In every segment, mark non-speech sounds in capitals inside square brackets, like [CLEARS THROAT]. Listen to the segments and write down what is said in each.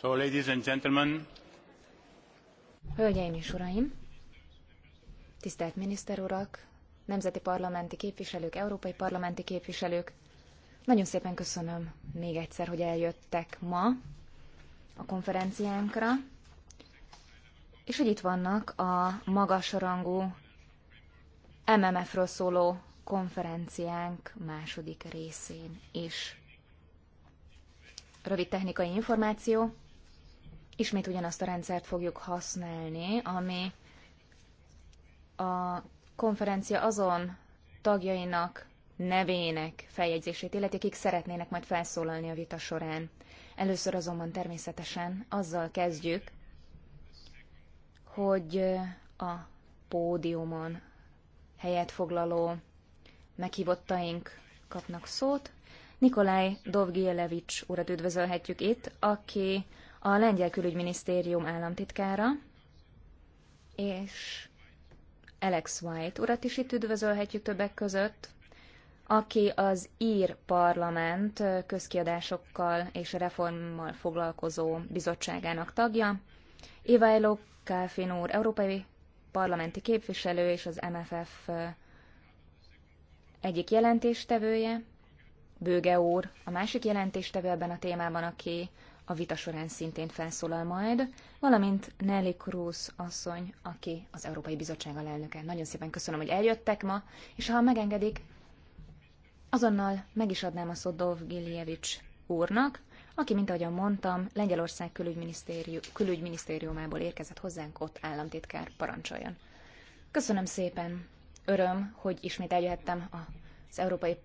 So, ladies and gentlemen. Hölgyeim és uraim, tisztelt miniszter urak, nemzeti parlamenti képviselők, európai parlamenti képviselők, nagyon szépen köszönöm még egyszer, hogy eljöttek ma a konferenciánkra, és hogy itt vannak a magasrangú MMF-ről szóló konferenciánk második részén is. Rövid technikai információ ismét ugyanazt a rendszert fogjuk használni, ami a konferencia azon tagjainak nevének feljegyzését illeti, akik szeretnének majd felszólalni a vita során. Először azonban természetesen azzal kezdjük, hogy a pódiumon helyet foglaló meghívottaink kapnak szót. Nikolaj Dovgielevics urat üdvözölhetjük itt, aki a lengyel külügyminisztérium államtitkára, és Alex White urat is itt üdvözölhetjük többek között, aki az ír parlament közkiadásokkal és reformmal foglalkozó bizottságának tagja, Ivailo Kálfin úr, európai parlamenti képviselő és az MFF egyik jelentéstevője, Bőge úr, a másik jelentéstevő ebben a témában, aki a vita során szintén felszólal majd, valamint Nelly Cruz asszony, aki az Európai Bizottság alelnöke. Nagyon szépen köszönöm, hogy eljöttek ma, és ha megengedik, azonnal meg is adnám a Szodov Gilievics Giljevics úrnak, aki, mint ahogyan mondtam, Lengyelország külügyminisztérium, külügyminisztériumából érkezett hozzánk, ott államtitkár parancsoljon. Köszönöm szépen, öröm, hogy ismét eljöhettem az Európai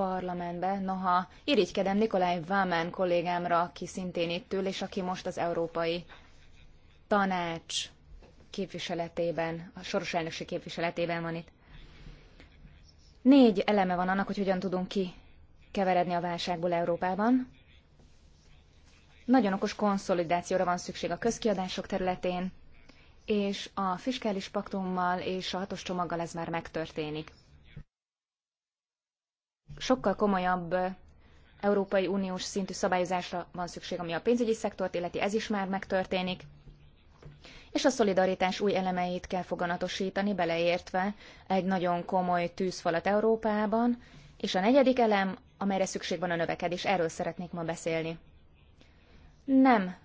parlamentbe, noha irigykedem Nikolaj Vámen kollégámra, aki szintén itt ül, és aki most az Európai Tanács képviseletében, a soros elnökség képviseletében van itt. Négy eleme van annak, hogy hogyan tudunk ki keveredni a válságból Európában. Nagyon okos konszolidációra van szükség a közkiadások területén, és a fiskális paktummal és a hatos csomaggal ez már megtörténik. Sokkal komolyabb Európai Uniós szintű szabályozásra van szükség, ami a pénzügyi szektort illeti, ez is már megtörténik. És a szolidaritás új elemeit kell foganatosítani, beleértve egy nagyon komoly tűzfalat Európában, és a negyedik elem, amelyre szükség van a növekedés, erről szeretnék ma beszélni. Nem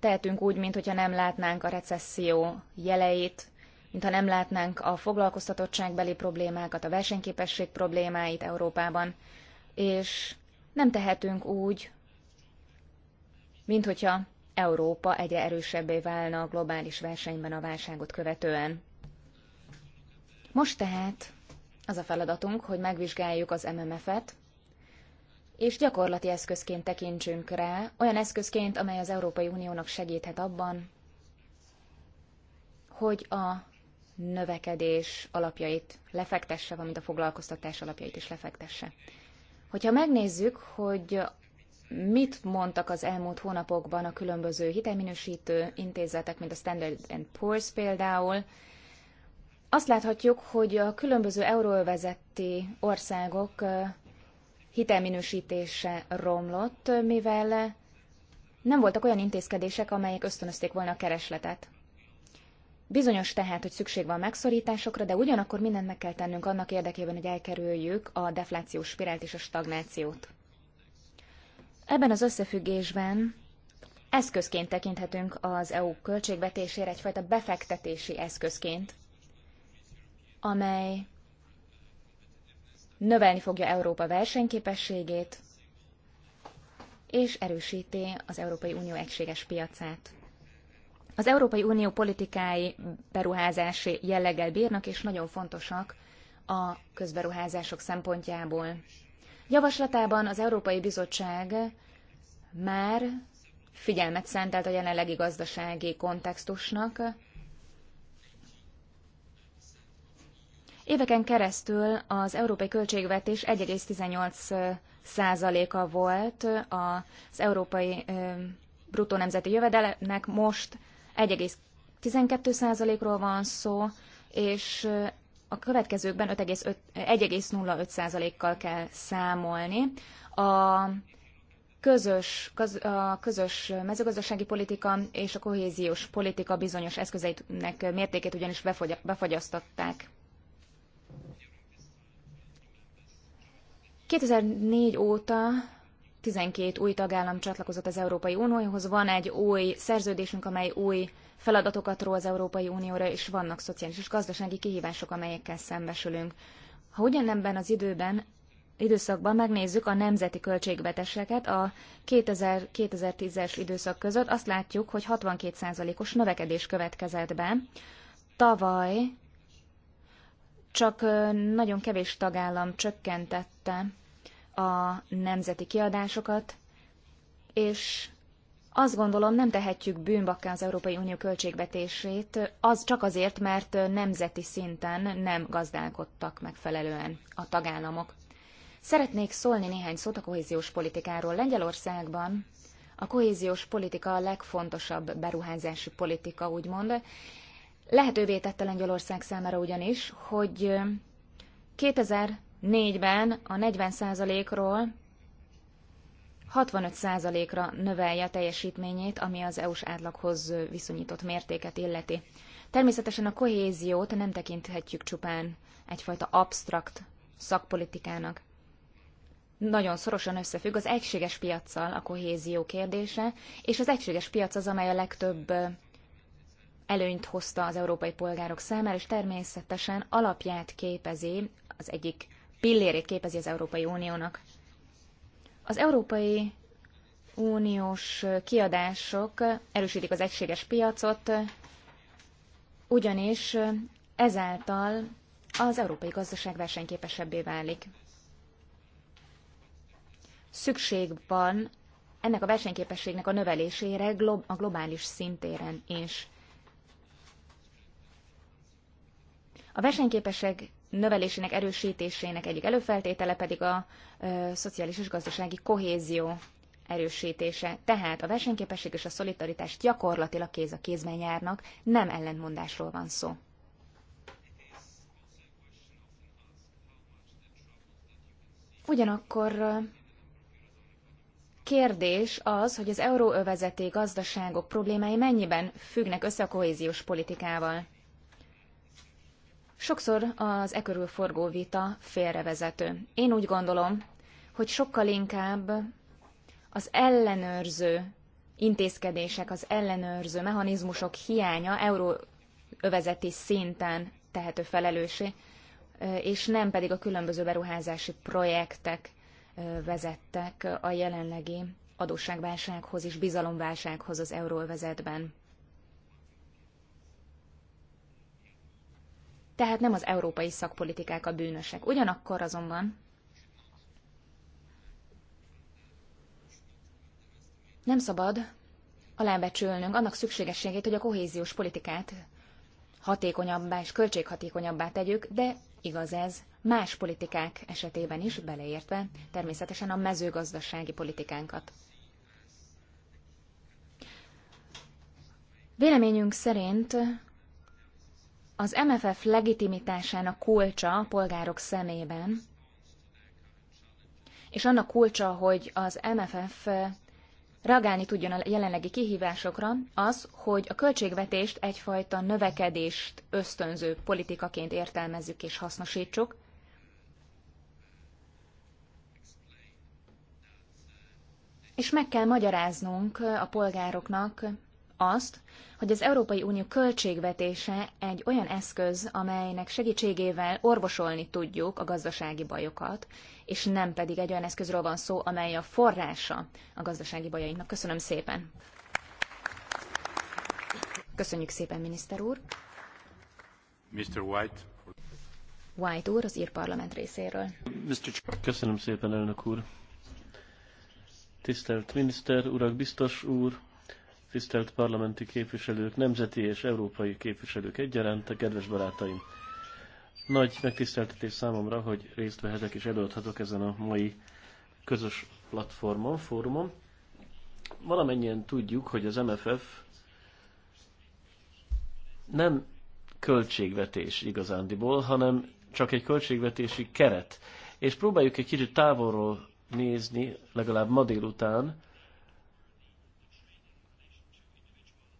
tehetünk úgy, mintha nem látnánk a recesszió jeleit, mintha nem látnánk a foglalkoztatottságbeli problémákat, a versenyképesség problémáit Európában, és nem tehetünk úgy, mint hogyha Európa egyre erősebbé válna a globális versenyben a válságot követően. Most tehát az a feladatunk, hogy megvizsgáljuk az MMF-et, és gyakorlati eszközként tekintsünk rá, olyan eszközként, amely az Európai Uniónak segíthet abban, hogy a növekedés alapjait lefektesse, valamint a foglalkoztatás alapjait is lefektesse. Hogyha megnézzük, hogy mit mondtak az elmúlt hónapokban a különböző hitelminősítő intézetek, mint a Standard Poor's például, azt láthatjuk, hogy a különböző euróvezeti országok hitelminősítése romlott, mivel nem voltak olyan intézkedések, amelyek ösztönözték volna a keresletet. Bizonyos tehát, hogy szükség van megszorításokra, de ugyanakkor mindent meg kell tennünk annak érdekében, hogy elkerüljük a deflációs spirált és a stagnációt. Ebben az összefüggésben eszközként tekinthetünk az EU költségvetésére, egyfajta befektetési eszközként, amely növelni fogja Európa versenyképességét, és erősíti az Európai Unió egységes piacát. Az Európai Unió politikái beruházási jelleggel bírnak, és nagyon fontosak a közberuházások szempontjából. Javaslatában az Európai Bizottság már figyelmet szentelt a jelenlegi gazdasági kontextusnak. Éveken keresztül az európai költségvetés 1,18 százaléka volt az európai bruttó nemzeti jövedelemnek, most 1,12%-ról van szó, és a következőkben 1,05%-kal kell számolni. A közös, a közös mezőgazdasági politika és a kohéziós politika bizonyos eszközeinek mértékét ugyanis befagyasztották. 2004 óta 12 új tagállam csatlakozott az Európai Unióhoz, van egy új szerződésünk, amely új feladatokat ró az Európai Unióra, és vannak szociális és gazdasági kihívások, amelyekkel szembesülünk. Ha ugyanebben az időben időszakban megnézzük a nemzeti költségvetéseket a 2000-2010-es időszak között, azt látjuk, hogy 62%-os növekedés következett be. Tavaly csak nagyon kevés tagállam csökkentette a nemzeti kiadásokat, és azt gondolom nem tehetjük bűnbakká az Európai Unió költségvetését, az csak azért, mert nemzeti szinten nem gazdálkodtak megfelelően a tagállamok. Szeretnék szólni néhány szót a kohéziós politikáról. Lengyelországban a kohéziós politika a legfontosabb beruházási politika, úgymond. Lehetővé tette Lengyelország számára ugyanis, hogy 2000 4-ben a 40%-ról 65%-ra növelje a teljesítményét, ami az EU-s átlaghoz viszonyított mértéket illeti. Természetesen a kohéziót nem tekinthetjük csupán egyfajta abstrakt szakpolitikának. Nagyon szorosan összefügg az egységes piaccal a kohézió kérdése, és az egységes piac az, amely a legtöbb előnyt hozta az európai polgárok számára, és természetesen alapját képezi az egyik pillérét képezi az Európai Uniónak. Az Európai Uniós kiadások erősítik az egységes piacot, ugyanis ezáltal az európai gazdaság versenyképesebbé válik. Szükség van ennek a versenyképességnek a növelésére a globális szintéren is. A versenyképesség növelésének, erősítésének egyik előfeltétele pedig a ö, szociális és gazdasági kohézió erősítése. Tehát a versenyképesség és a szolidaritás gyakorlatilag kéz a kézben járnak, nem ellentmondásról van szó. Ugyanakkor kérdés az, hogy az euróövezeti gazdaságok problémái mennyiben függnek össze a kohéziós politikával. Sokszor az e körül forgó vita félrevezető. Én úgy gondolom, hogy sokkal inkább az ellenőrző intézkedések, az ellenőrző mechanizmusok hiánya euróövezeti szinten tehető felelősé, és nem pedig a különböző beruházási projektek vezettek a jelenlegi adósságválsághoz és bizalomválsághoz az euróövezetben. tehát nem az európai szakpolitikák a bűnösek. Ugyanakkor azonban nem szabad alábecsülnünk annak szükségességét, hogy a kohéziós politikát hatékonyabbá és költséghatékonyabbá tegyük, de igaz ez más politikák esetében is, beleértve természetesen a mezőgazdasági politikánkat. Véleményünk szerint az MFF legitimitásának kulcsa a polgárok szemében, és annak kulcsa, hogy az MFF reagálni tudjon a jelenlegi kihívásokra, az, hogy a költségvetést egyfajta növekedést ösztönző politikaként értelmezzük és hasznosítsuk. És meg kell magyaráznunk a polgároknak, azt, hogy az Európai Unió költségvetése egy olyan eszköz, amelynek segítségével orvosolni tudjuk a gazdasági bajokat, és nem pedig egy olyan eszközről van szó, amely a forrása a gazdasági bajainknak. Köszönöm szépen! Köszönjük szépen, miniszter úr! Mr. White. White úr az ír parlament részéről. Köszönöm szépen, elnök úr! Tisztelt miniszter, urak, biztos úr, tisztelt parlamenti képviselők, nemzeti és európai képviselők egyaránt, a kedves barátaim! Nagy megtiszteltetés számomra, hogy részt vehetek és előadhatok ezen a mai közös platformon, fórumon. Valamennyien tudjuk, hogy az MFF nem költségvetés igazándiból, hanem csak egy költségvetési keret. És próbáljuk egy kicsit távolról nézni, legalább ma délután,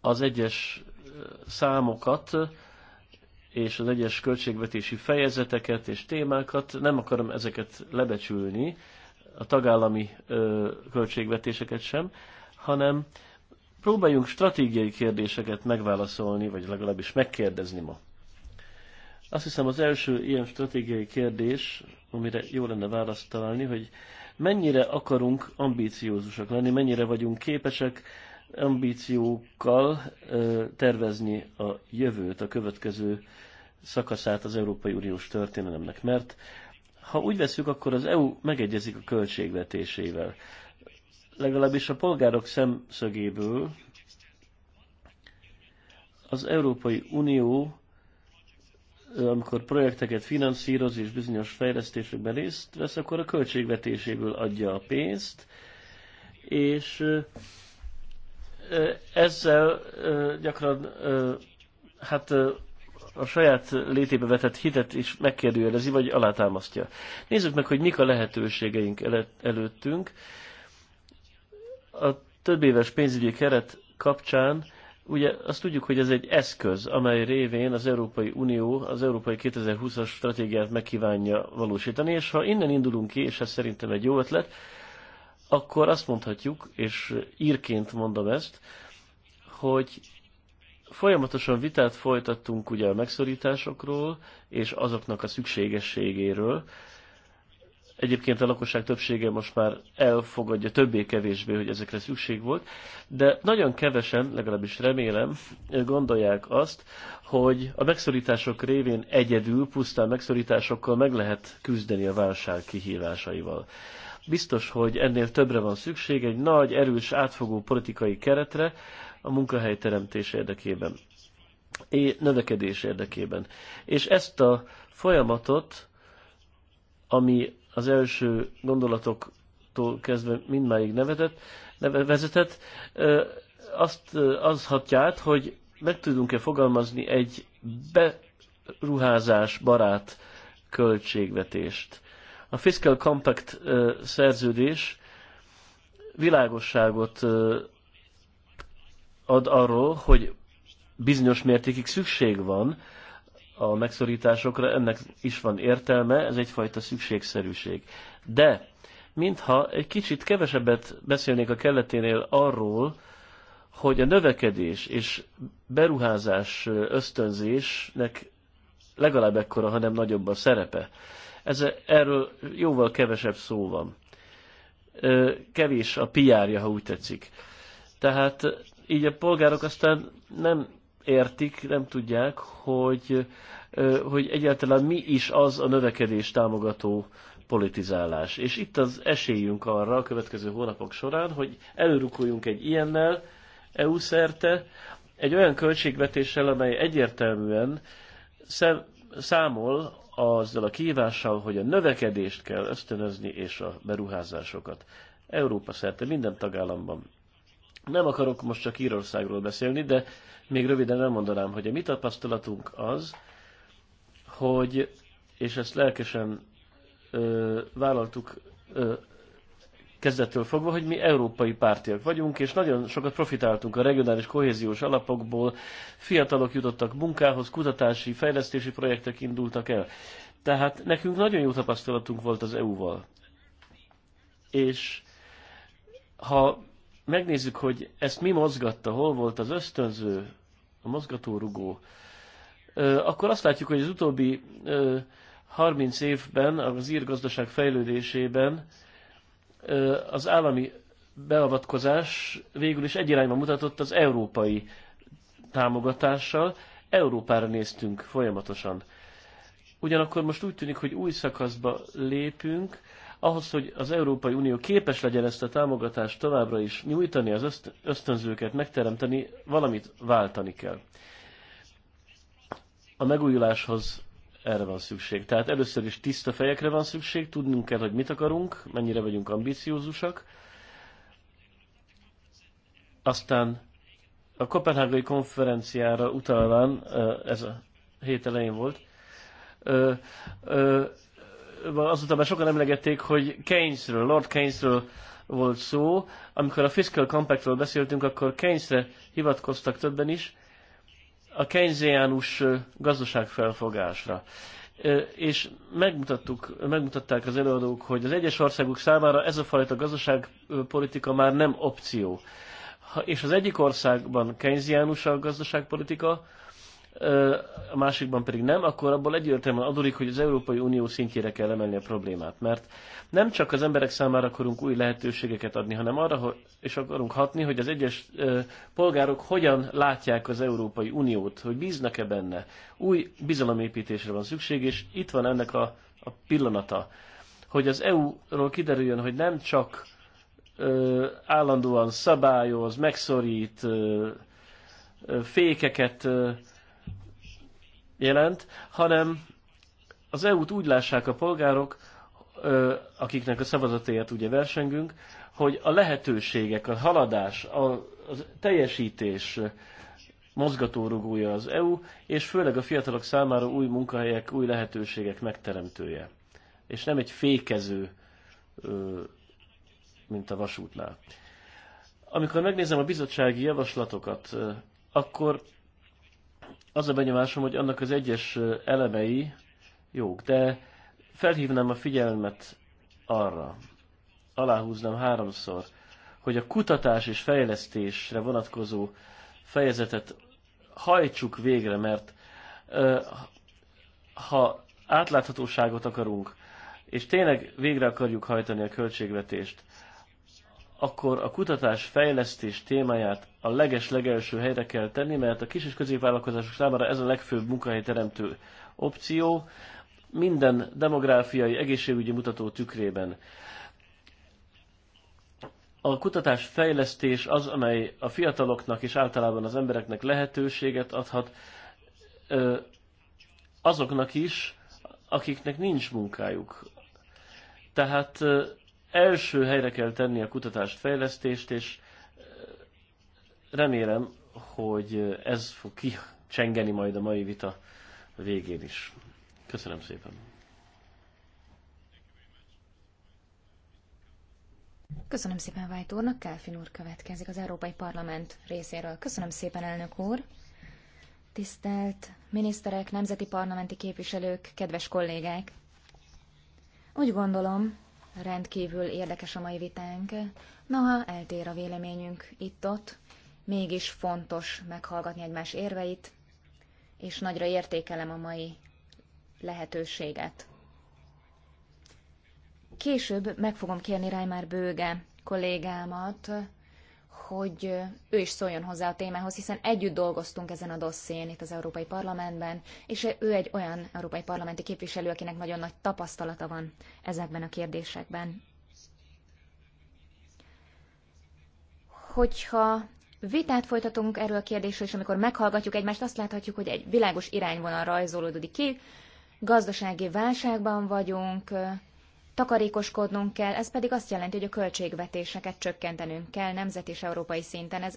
az egyes számokat és az egyes költségvetési fejezeteket és témákat, nem akarom ezeket lebecsülni, a tagállami ö, költségvetéseket sem, hanem próbáljunk stratégiai kérdéseket megválaszolni, vagy legalábbis megkérdezni ma. Azt hiszem az első ilyen stratégiai kérdés, amire jó lenne választ találni, hogy mennyire akarunk ambíciózusak lenni, mennyire vagyunk képesek ambíciókkal tervezni a jövőt, a következő szakaszát az Európai Uniós történelemnek, mert ha úgy veszük, akkor az EU megegyezik a költségvetésével. Legalábbis a polgárok szemszögéből az Európai Unió, amikor projekteket finanszíroz és bizonyos fejlesztésekben részt vesz, akkor a költségvetéséből adja a pénzt, és ezzel gyakran hát a saját létébe vetett hitet is megkérdőjelezi, vagy alátámasztja. Nézzük meg, hogy mik a lehetőségeink előttünk. A több éves pénzügyi keret kapcsán ugye azt tudjuk, hogy ez egy eszköz, amely révén az Európai Unió az Európai 2020-as stratégiát megkívánja valósítani, és ha innen indulunk ki, és ez szerintem egy jó ötlet, akkor azt mondhatjuk, és írként mondom ezt, hogy folyamatosan vitát folytattunk ugye a megszorításokról és azoknak a szükségességéről. Egyébként a lakosság többsége most már elfogadja többé-kevésbé, hogy ezekre szükség volt, de nagyon kevesen, legalábbis remélem, gondolják azt, hogy a megszorítások révén egyedül, pusztán megszorításokkal meg lehet küzdeni a válság kihívásaival. Biztos, hogy ennél többre van szükség, egy nagy, erős, átfogó politikai keretre a munkahelyteremtés érdekében, és növekedés érdekében. És ezt a folyamatot, ami az első gondolatoktól kezdve mindmáig nevetett, vezetett, azt az hatja át, hogy meg tudunk-e fogalmazni egy beruházás barát költségvetést. A Fiscal Compact szerződés világosságot ad arról, hogy bizonyos mértékig szükség van a megszorításokra, ennek is van értelme, ez egyfajta szükségszerűség. De mintha egy kicsit kevesebbet beszélnék a kelleténél arról, hogy a növekedés és beruházás ösztönzésnek legalább ekkora, hanem nagyobb a szerepe. Ez, erről jóval kevesebb szó van. Kevés a piárja, ha úgy tetszik. Tehát így a polgárok aztán nem értik, nem tudják, hogy, hogy egyáltalán mi is az a növekedés támogató politizálás. És itt az esélyünk arra a következő hónapok során, hogy előrukoljunk egy ilyennel EU szerte, egy olyan költségvetéssel, amely egyértelműen szem, számol azzal a kívással, hogy a növekedést kell ösztönözni és a beruházásokat. Európa szerte, minden tagállamban. Nem akarok most csak Írországról beszélni, de még röviden elmondanám, hogy a mi tapasztalatunk az, hogy, és ezt lelkesen ö, vállaltuk ö, kezdettől fogva, hogy mi európai pártiak vagyunk, és nagyon sokat profitáltunk a regionális kohéziós alapokból, fiatalok jutottak munkához, kutatási, fejlesztési projektek indultak el. Tehát nekünk nagyon jó tapasztalatunk volt az EU-val. És ha megnézzük, hogy ezt mi mozgatta, hol volt az ösztönző, a mozgatórugó, akkor azt látjuk, hogy az utóbbi 30 évben az ír gazdaság fejlődésében az állami beavatkozás végül is egy irányba mutatott az európai támogatással. Európára néztünk folyamatosan. Ugyanakkor most úgy tűnik, hogy új szakaszba lépünk, ahhoz, hogy az Európai Unió képes legyen ezt a támogatást továbbra is nyújtani, az ösztönzőket megteremteni, valamit váltani kell. A megújuláshoz erre van szükség. Tehát először is tiszta fejekre van szükség, tudnunk kell, hogy mit akarunk, mennyire vagyunk ambiciózusak. Aztán a Kopenhágai konferenciára utalván, ez a hét elején volt, azóta már sokan emlegették, hogy Keynesről, Lord Keynesről volt szó. Amikor a Fiscal Compactról beszéltünk, akkor Keynesre hivatkoztak többen is, a keynesiánus gazdaságfelfogásra. És megmutattuk, megmutatták az előadók, hogy az egyes országok számára ez a fajta gazdaságpolitika már nem opció. És az egyik országban keynesiánus a gazdaságpolitika, a másikban pedig nem, akkor abból egyértelműen adódik, hogy az Európai Unió szintjére kell emelni a problémát. Mert nem csak az emberek számára akarunk új lehetőségeket adni, hanem arra és akarunk hatni, hogy az egyes polgárok hogyan látják az Európai Uniót, hogy bíznak-e benne. Új bizalomépítésre van szükség, és itt van ennek a, a pillanata, hogy az EU-ról kiderüljön, hogy nem csak ö, állandóan szabályoz, megszorít, ö, fékeket jelent, hanem az EU-t úgy lássák a polgárok, akiknek a szavazatért ugye versengünk, hogy a lehetőségek, a haladás, a, a teljesítés mozgatórugója az EU, és főleg a fiatalok számára új munkahelyek, új lehetőségek megteremtője. És nem egy fékező, mint a vasútnál. Amikor megnézem a bizottsági javaslatokat, akkor az a benyomásom, hogy annak az egyes elemei jók, de felhívnám a figyelmet arra, aláhúznám háromszor, hogy a kutatás és fejlesztésre vonatkozó fejezetet hajtsuk végre, mert ha átláthatóságot akarunk, és tényleg végre akarjuk hajtani a költségvetést, akkor a kutatás fejlesztés témáját a leges legelső helyre kell tenni, mert a kis és középvállalkozások számára ez a legfőbb munkahelyteremtő opció minden demográfiai egészségügyi mutató tükrében. A kutatás fejlesztés az, amely a fiataloknak és általában az embereknek lehetőséget adhat azoknak is, akiknek nincs munkájuk. Tehát első helyre kell tenni a kutatást, fejlesztést, és eh, remélem, hogy ez fog kicsengeni majd a mai vita végén is. Köszönöm szépen! Köszönöm szépen Vájt úrnak, Kálfin úr következik az Európai Parlament részéről. Köszönöm szépen, elnök úr! Tisztelt miniszterek, nemzeti parlamenti képviselők, kedves kollégák! Úgy gondolom, Rendkívül érdekes a mai vitánk. Noha eltér a véleményünk itt-ott, mégis fontos meghallgatni egymás érveit, és nagyra értékelem a mai lehetőséget. Később meg fogom kérni Reimer Bőge kollégámat, hogy ő is szóljon hozzá a témához, hiszen együtt dolgoztunk ezen a dosszén itt az Európai Parlamentben, és ő egy olyan európai parlamenti képviselő, akinek nagyon nagy tapasztalata van ezekben a kérdésekben. Hogyha vitát folytatunk erről a kérdésről, és amikor meghallgatjuk egymást, azt láthatjuk, hogy egy világos irányvonal rajzolódik ki, gazdasági válságban vagyunk, takarékoskodnunk kell, ez pedig azt jelenti, hogy a költségvetéseket csökkentenünk kell nemzeti és európai szinten. Ez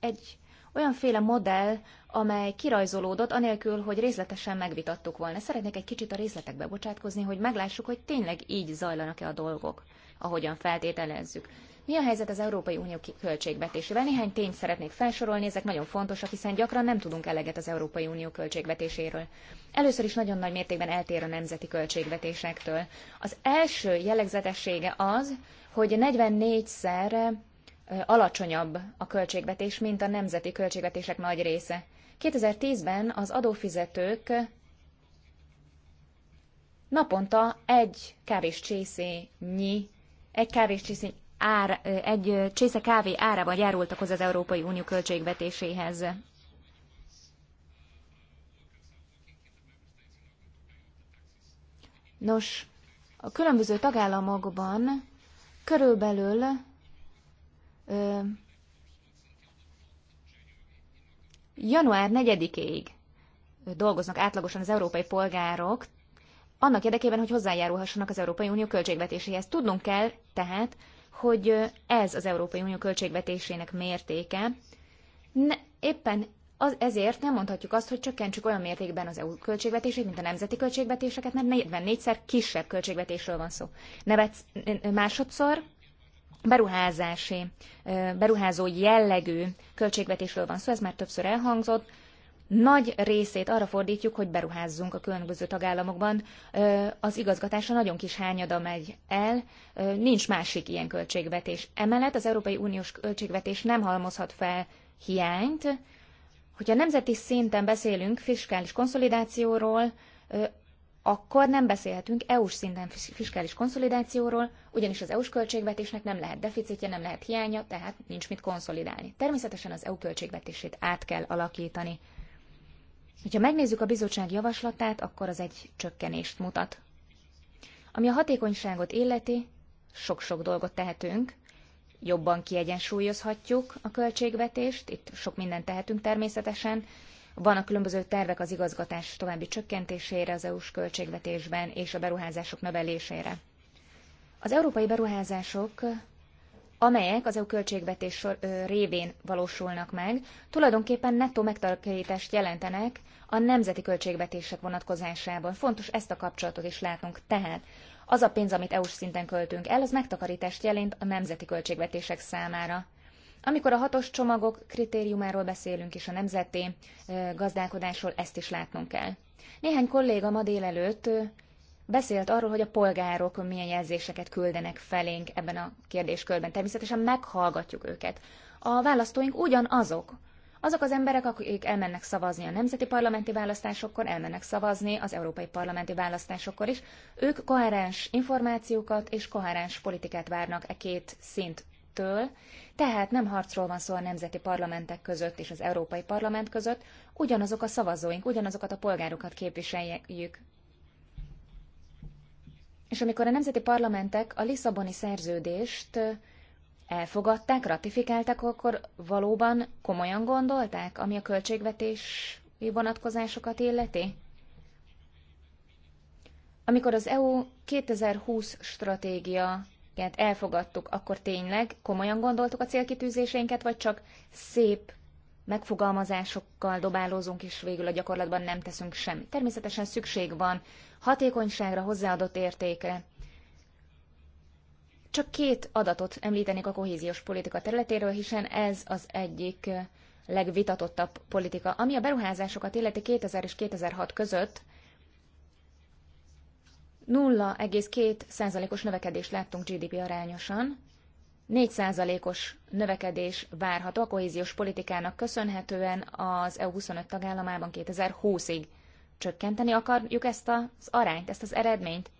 egy olyanféle modell, amely kirajzolódott, anélkül, hogy részletesen megvitattuk volna. Szeretnék egy kicsit a részletekbe bocsátkozni, hogy meglássuk, hogy tényleg így zajlanak-e a dolgok, ahogyan feltételezzük. Mi a helyzet az Európai Unió költségvetésével? Néhány tényt szeretnék felsorolni, ezek nagyon fontosak, hiszen gyakran nem tudunk eleget az Európai Unió költségvetéséről. Először is nagyon nagy mértékben eltér a nemzeti költségvetésektől. Az első jellegzetessége az, hogy 44-szer alacsonyabb a költségvetés, mint a nemzeti költségvetések nagy része. 2010-ben az adófizetők naponta egy kávés csészényi, egy kávés csészényi ár, egy csésze kávé árában járultak hozzá az Európai Unió költségvetéséhez. Nos, a különböző tagállamokban körülbelül ö, január 4-ig dolgoznak átlagosan az európai polgárok, annak érdekében, hogy hozzájárulhassanak az Európai Unió költségvetéséhez. Tudnunk kell tehát, hogy ez az Európai Unió költségvetésének mértéke. Ne, éppen az, ezért nem mondhatjuk azt, hogy csökkentsük olyan mértékben az EU költségvetését, mint a nemzeti költségvetéseket, mert 44-szer kisebb költségvetésről van szó. Nevet, másodszor beruházási, beruházó jellegű költségvetésről van szó, ez már többször elhangzott, nagy részét arra fordítjuk, hogy beruházzunk a különböző tagállamokban. Az igazgatása nagyon kis hányada megy el, nincs másik ilyen költségvetés. Emellett az Európai Uniós költségvetés nem halmozhat fel hiányt. Hogyha nemzeti szinten beszélünk fiskális konszolidációról, akkor nem beszélhetünk EU-s szinten fiskális konszolidációról, ugyanis az EU-s költségvetésnek nem lehet deficitje, nem lehet hiánya, tehát nincs mit konszolidálni. Természetesen az EU költségvetését át kell alakítani. Ha megnézzük a bizottság javaslatát, akkor az egy csökkenést mutat. Ami a hatékonyságot illeti, sok-sok dolgot tehetünk, jobban kiegyensúlyozhatjuk a költségvetést, itt sok mindent tehetünk természetesen, vannak különböző tervek az igazgatás további csökkentésére az EU-s költségvetésben és a beruházások növelésére. Az európai beruházások amelyek az EU költségvetés révén valósulnak meg, tulajdonképpen nettó megtakarítást jelentenek a nemzeti költségvetések vonatkozásában. Fontos ezt a kapcsolatot is látnunk. Tehát az a pénz, amit EU-s szinten költünk el, az megtakarítást jelent a nemzeti költségvetések számára. Amikor a hatos csomagok kritériumáról beszélünk és a nemzeti gazdálkodásról, ezt is látnunk kell. Néhány kolléga ma délelőtt beszélt arról, hogy a polgárok milyen jelzéseket küldenek felénk ebben a kérdéskörben. Természetesen meghallgatjuk őket. A választóink ugyanazok. Azok az emberek, akik elmennek szavazni a nemzeti parlamenti választásokkor, elmennek szavazni az európai parlamenti választásokkor is, ők koherens információkat és koherens politikát várnak e két szinttől, tehát nem harcról van szó a nemzeti parlamentek között és az európai parlament között, ugyanazok a szavazóink, ugyanazokat a polgárokat képviseljük és amikor a nemzeti parlamentek a Lisszaboni szerződést elfogadták, ratifikáltak, akkor valóban komolyan gondolták, ami a költségvetési vonatkozásokat illeti? Amikor az EU 2020 stratégia elfogadtuk, akkor tényleg komolyan gondoltuk a célkitűzéseinket, vagy csak szép megfogalmazásokkal dobálózunk, és végül a gyakorlatban nem teszünk semmit. Természetesen szükség van hatékonyságra, hozzáadott értékre. Csak két adatot említenék a kohéziós politika területéről, hiszen ez az egyik legvitatottabb politika. Ami a beruházásokat illeti 2000 és 2006 között 0,2%-os növekedést láttunk GDP arányosan, 4%-os növekedés várható a kohéziós politikának köszönhetően az EU 25 tagállamában 2020-ig. Csökkenteni akarjuk ezt az arányt, ezt az eredményt?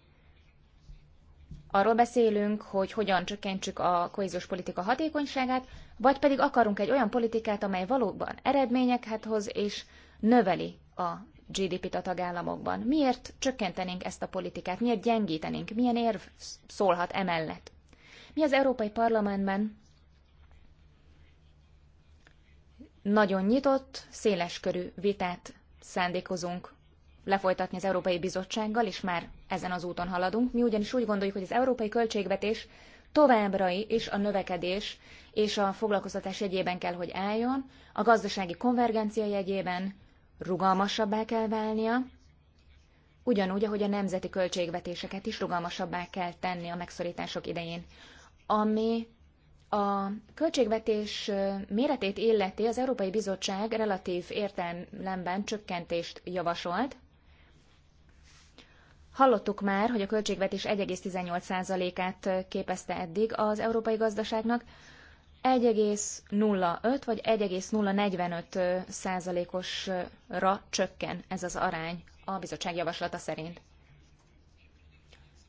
Arról beszélünk, hogy hogyan csökkentsük a kohéziós politika hatékonyságát, vagy pedig akarunk egy olyan politikát, amely valóban eredményeket hoz és növeli a GDP-t a tagállamokban. Miért csökkentenénk ezt a politikát? Miért gyengítenénk? Milyen érv szólhat emellett? Mi az Európai Parlamentben nagyon nyitott, széleskörű vitát szándékozunk lefolytatni az Európai Bizottsággal, és már ezen az úton haladunk. Mi ugyanis úgy gondoljuk, hogy az európai költségvetés továbbra is a növekedés és a foglalkoztatás jegyében kell, hogy álljon, a gazdasági konvergencia jegyében rugalmasabbá kell válnia, ugyanúgy, ahogy a nemzeti költségvetéseket is rugalmasabbá kell tenni a megszorítások idején. Ami a költségvetés méretét illeti az Európai Bizottság relatív értelemben csökkentést javasolt, Hallottuk már, hogy a költségvetés 1,18%-át képezte eddig az európai gazdaságnak, 1,05 vagy 1,045 százalékosra csökken ez az arány a bizottság javaslata szerint.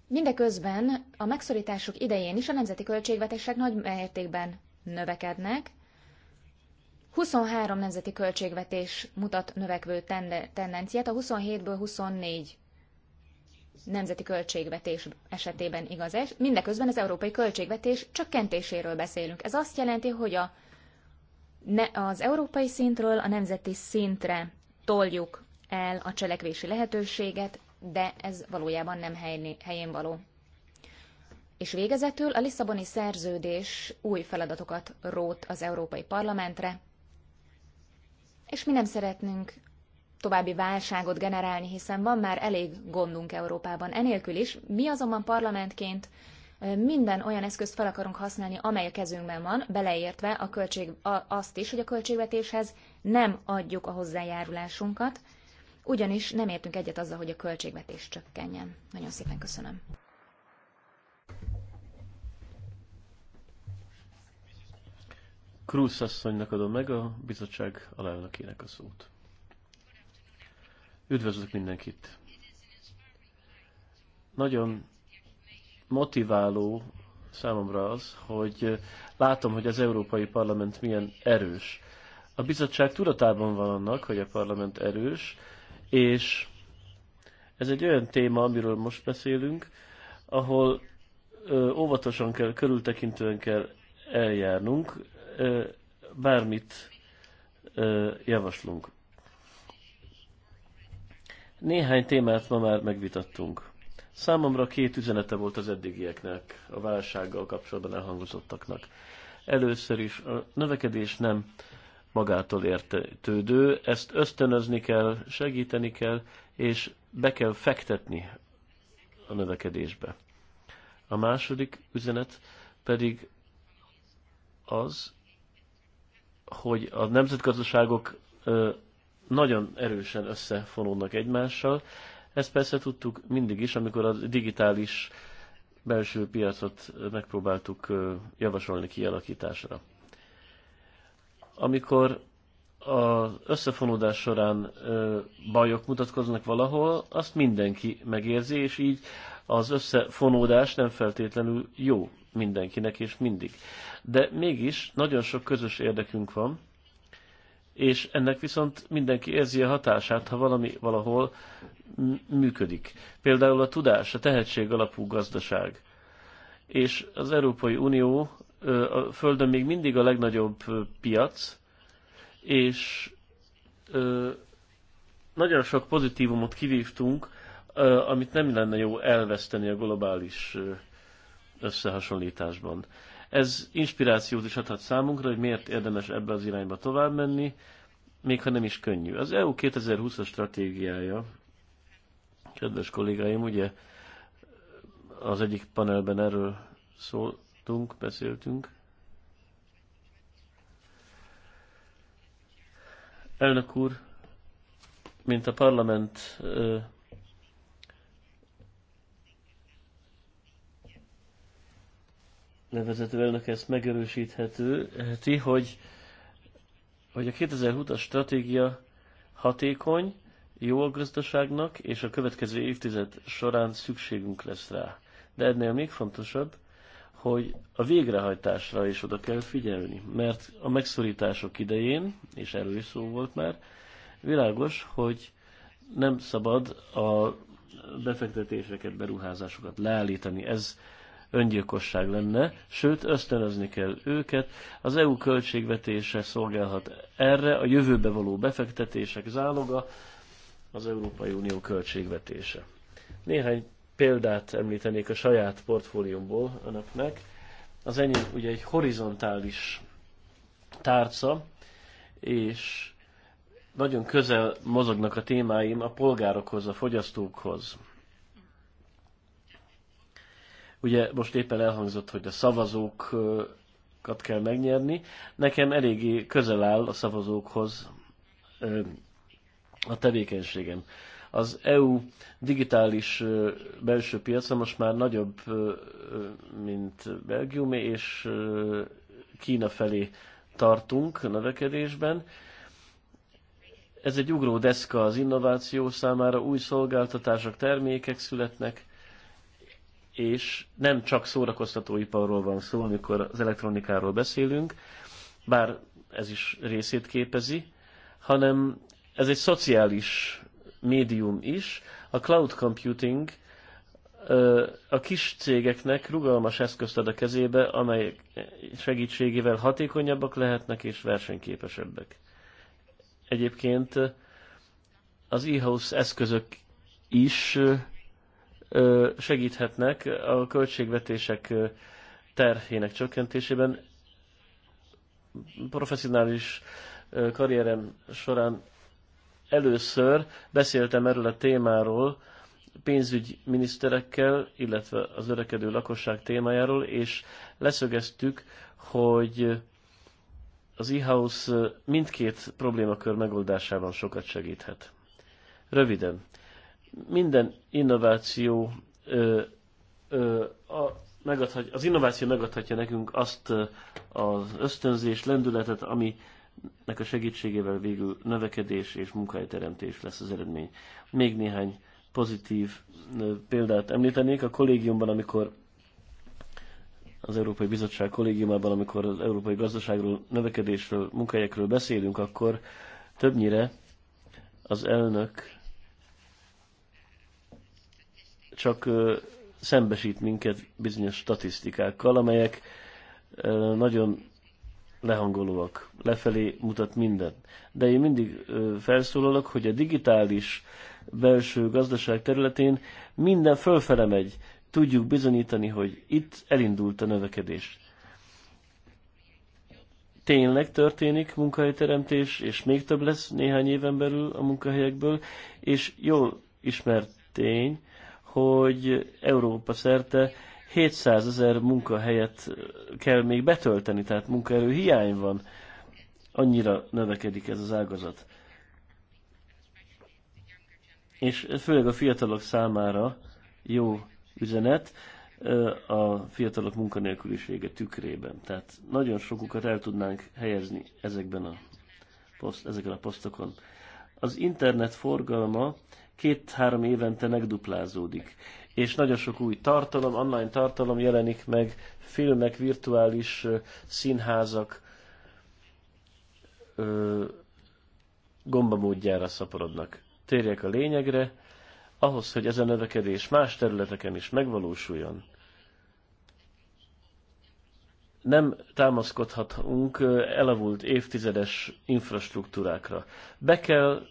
Mindeközben a megszorítások idején is a nemzeti költségvetések nagy mértékben növekednek. 23 nemzeti költségvetés mutat növekvő tendenciát, a 27-ből 24 nemzeti költségvetés esetében igaz ez, mindeközben az európai költségvetés csökkentéséről beszélünk. Ez azt jelenti, hogy a, ne, az európai szintről a nemzeti szintre toljuk el a cselekvési lehetőséget, de ez valójában nem helyén való. És végezetül a Lisszaboni szerződés új feladatokat rót az Európai Parlamentre, és mi nem szeretnénk további válságot generálni, hiszen van már elég gondunk Európában enélkül is. Mi azonban parlamentként minden olyan eszközt fel akarunk használni, amely a kezünkben van, beleértve a költség, a, azt is, hogy a költségvetéshez nem adjuk a hozzájárulásunkat, ugyanis nem értünk egyet azzal, hogy a költségvetés csökkenjen. Nagyon szépen köszönöm. Krúz asszonynak adom meg a bizottság alelnökének a szót. Üdvözlök mindenkit! Nagyon motiváló számomra az, hogy látom, hogy az Európai Parlament milyen erős. A bizottság tudatában van annak, hogy a parlament erős, és ez egy olyan téma, amiről most beszélünk, ahol óvatosan kell, körültekintően kell eljárnunk, bármit javaslunk. Néhány témát ma már megvitattunk. Számomra két üzenete volt az eddigieknek, a válsággal kapcsolatban elhangozottaknak. Először is a növekedés nem magától értetődő, ezt ösztönözni kell, segíteni kell, és be kell fektetni a növekedésbe. A második üzenet pedig az, hogy a nemzetgazdaságok nagyon erősen összefonódnak egymással. Ezt persze tudtuk mindig is, amikor a digitális belső piacot megpróbáltuk javasolni kialakításra. Amikor az összefonódás során bajok mutatkoznak valahol, azt mindenki megérzi, és így az összefonódás nem feltétlenül jó mindenkinek és mindig. De mégis nagyon sok közös érdekünk van, és ennek viszont mindenki érzi a hatását, ha valami valahol működik. Például a tudás, a tehetség alapú gazdaság. És az Európai Unió a Földön még mindig a legnagyobb piac, és nagyon sok pozitívumot kivívtunk, amit nem lenne jó elveszteni a globális összehasonlításban. Ez inspirációt is adhat számunkra, hogy miért érdemes ebbe az irányba tovább menni, még ha nem is könnyű. Az EU 2020-as stratégiája, kedves kollégáim, ugye az egyik panelben erről szóltunk, beszéltünk. Elnök úr, mint a parlament nevezető elnök ezt megerősítheti, hogy, hogy a 2020-as stratégia hatékony, jó a gazdaságnak, és a következő évtized során szükségünk lesz rá. De ennél még fontosabb, hogy a végrehajtásra is oda kell figyelni, mert a megszorítások idején, és erről is szó volt már, világos, hogy nem szabad a befektetéseket, beruházásokat leállítani. Ez öngyilkosság lenne, sőt ösztönözni kell őket. Az EU költségvetése szolgálhat erre, a jövőbe való befektetések záloga az Európai Unió költségvetése. Néhány példát említenék a saját portfóliumból önöknek. Az enyém ugye egy horizontális tárca, és nagyon közel mozognak a témáim a polgárokhoz, a fogyasztókhoz. Ugye most éppen elhangzott, hogy a szavazókat kell megnyerni. Nekem eléggé közel áll a szavazókhoz a tevékenységem. Az EU digitális belső piaca most már nagyobb, mint Belgium, és Kína felé tartunk növekedésben. Ez egy ugró deszka az innováció számára, új szolgáltatások, termékek születnek, és nem csak szórakoztatóiparról van szó, amikor az elektronikáról beszélünk, bár ez is részét képezi, hanem ez egy szociális médium is. A cloud computing a kis cégeknek rugalmas eszközt ad a kezébe, amely segítségével hatékonyabbak lehetnek és versenyképesebbek. Egyébként az e-house eszközök is segíthetnek a költségvetések terhének csökkentésében. Professzionális karrierem során először beszéltem erről a témáról pénzügyminiszterekkel, illetve az örekedő lakosság témájáról, és leszögeztük, hogy az e-house mindkét problémakör megoldásában sokat segíthet. Röviden, minden innováció ö, ö, a, megadhat, az innováció megadhatja nekünk azt az ösztönzés, lendületet, nek a segítségével végül növekedés és munkahelyteremtés lesz az eredmény. Még néhány pozitív példát említenék. A kollégiumban, amikor az Európai Bizottság kollégiumában, amikor az európai gazdaságról, növekedésről, munkahelyekről beszélünk, akkor többnyire az elnök csak szembesít minket bizonyos statisztikákkal, amelyek nagyon lehangolóak, lefelé mutat minden. De én mindig felszólalok, hogy a digitális belső gazdaság területén minden fölfele megy. Tudjuk bizonyítani, hogy itt elindult a növekedés. Tényleg történik munkahelyteremtés, és még több lesz néhány éven belül a munkahelyekből, és jól ismert tény, hogy Európa szerte 700 ezer munkahelyet kell még betölteni, tehát munkaerő hiány van. Annyira növekedik ez az ágazat. És főleg a fiatalok számára jó üzenet a fiatalok munkanélkülisége tükrében. Tehát nagyon sokukat el tudnánk helyezni ezekben a poszt, ezekben a posztokon. Az internet forgalma két-három évente megduplázódik. És nagyon sok új tartalom, online tartalom jelenik meg, filmek, virtuális színházak ö, gombamódjára szaporodnak. Térjek a lényegre, ahhoz, hogy ez a növekedés más területeken is megvalósuljon, nem támaszkodhatunk elavult évtizedes infrastruktúrákra. Be kell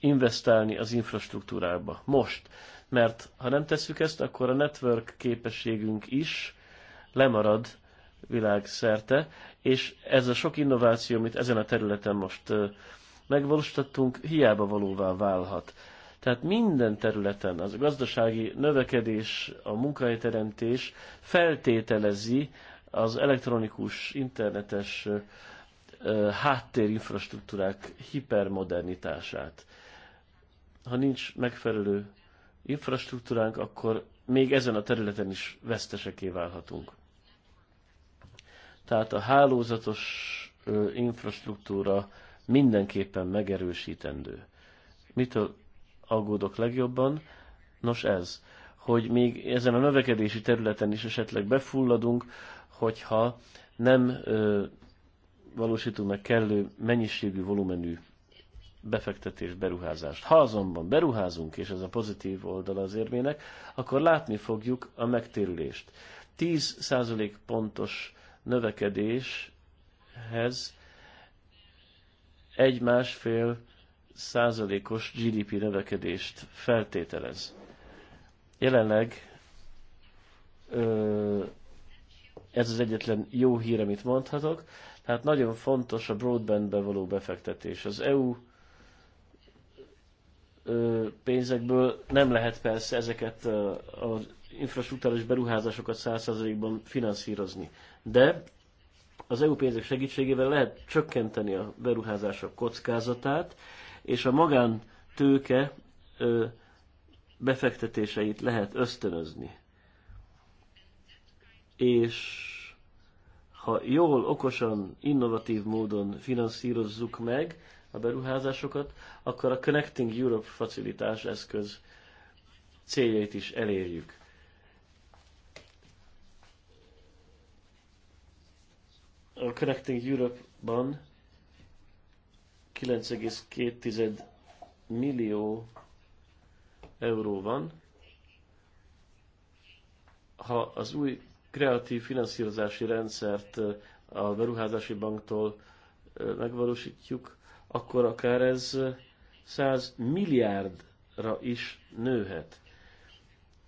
investálni az infrastruktúrába. Most. Mert ha nem tesszük ezt, akkor a network képességünk is lemarad világszerte, és ez a sok innováció, amit ezen a területen most megvalósítottunk, hiába valóvá válhat. Tehát minden területen az a gazdasági növekedés, a munkahelyteremtés feltételezi az elektronikus, internetes háttérinfrastruktúrák hipermodernitását ha nincs megfelelő infrastruktúránk, akkor még ezen a területen is veszteseké válhatunk. Tehát a hálózatos infrastruktúra mindenképpen megerősítendő. Mitől aggódok legjobban? Nos ez, hogy még ezen a növekedési területen is esetleg befulladunk, hogyha nem ö, valósítunk meg kellő mennyiségű, volumenű befektetés, beruházást. Ha azonban beruházunk, és ez a pozitív oldala az érmének, akkor látni fogjuk a megtérülést. 10% pontos növekedéshez egy másfél százalékos GDP növekedést feltételez. Jelenleg ez az egyetlen jó hír, amit mondhatok. Tehát nagyon fontos a broadbandbe való befektetés. Az EU pénzekből nem lehet persze ezeket az infrastruktúrális beruházásokat 100%-ban finanszírozni. De az EU pénzek segítségével lehet csökkenteni a beruházások kockázatát, és a magántőke befektetéseit lehet ösztönözni. És ha jól, okosan, innovatív módon finanszírozzuk meg, a beruházásokat, akkor a Connecting Europe facilitás eszköz céljait is elérjük. A Connecting Europe-ban 9,2 millió euró van. Ha az új kreatív finanszírozási rendszert a beruházási banktól megvalósítjuk, akkor akár ez 100 eh, milliárdra is nőhet.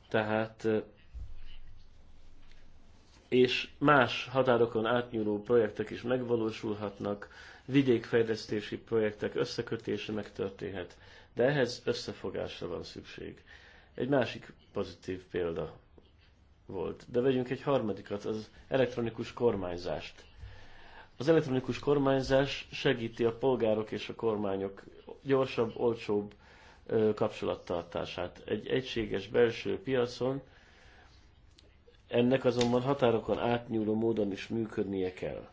Tehát eh, és más határokon átnyúló projektek is megvalósulhatnak, vidékfejlesztési projektek összekötése megtörténhet, de ehhez összefogásra van szükség. Egy másik pozitív példa volt. De vegyünk egy harmadikat, az elektronikus kormányzást. Az elektronikus kormányzás segíti a polgárok és a kormányok gyorsabb, olcsóbb kapcsolattartását. Egy egységes belső piacon ennek azonban határokon átnyúló módon is működnie kell.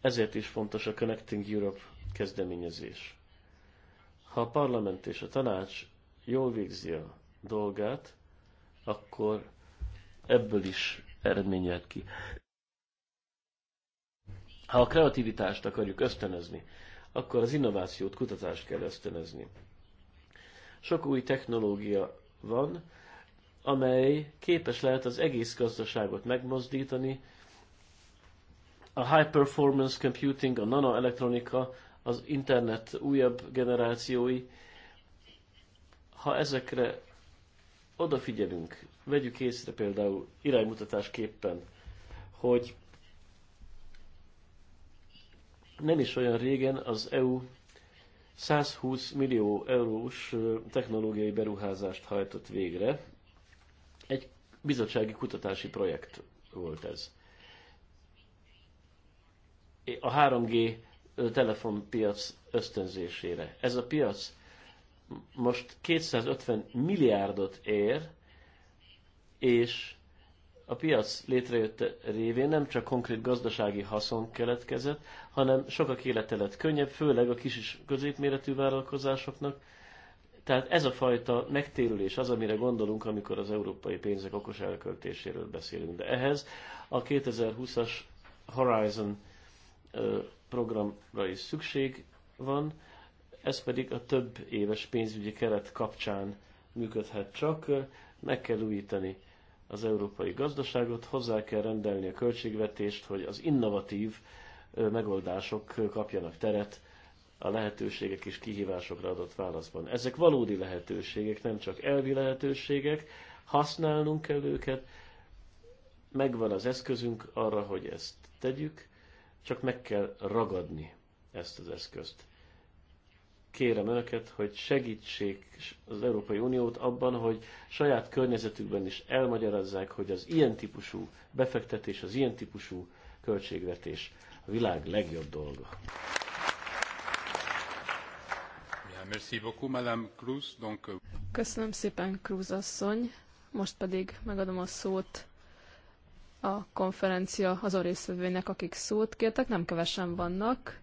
Ezért is fontos a Connecting Europe kezdeményezés. Ha a parlament és a tanács jól végzi a dolgát, akkor ebből is eredmény ki. Ha a kreativitást akarjuk ösztönözni, akkor az innovációt, kutatást kell ösztönözni. Sok új technológia van, amely képes lehet az egész gazdaságot megmozdítani. A high performance computing, a nanoelektronika, az internet újabb generációi. Ha ezekre odafigyelünk, vegyük észre például iránymutatásképpen, hogy nem is olyan régen az EU 120 millió eurós technológiai beruházást hajtott végre. Egy bizottsági kutatási projekt volt ez. A 3G telefonpiac ösztönzésére. Ez a piac most 250 milliárdot ér, és a piac létrejött révén nem csak konkrét gazdasági haszon keletkezett, hanem sokak élete lett könnyebb, főleg a kis és középméretű vállalkozásoknak. Tehát ez a fajta megtérülés az, amire gondolunk, amikor az európai pénzek okos elköltéséről beszélünk. De ehhez a 2020-as Horizon programra is szükség van, ez pedig a több éves pénzügyi keret kapcsán működhet csak, meg kell újítani az európai gazdaságot, hozzá kell rendelni a költségvetést, hogy az innovatív megoldások kapjanak teret a lehetőségek és kihívásokra adott válaszban. Ezek valódi lehetőségek, nem csak elvi lehetőségek, használnunk kell őket, megvan az eszközünk arra, hogy ezt tegyük, csak meg kell ragadni ezt az eszközt kérem Önöket, hogy segítsék az Európai Uniót abban, hogy saját környezetükben is elmagyarázzák, hogy az ilyen típusú befektetés, az ilyen típusú költségvetés a világ legjobb dolga. Euh, Köszönöm szépen, Cruz asszony. Most pedig megadom a szót a konferencia azon részvevőinek, akik szót kértek, nem kevesen vannak.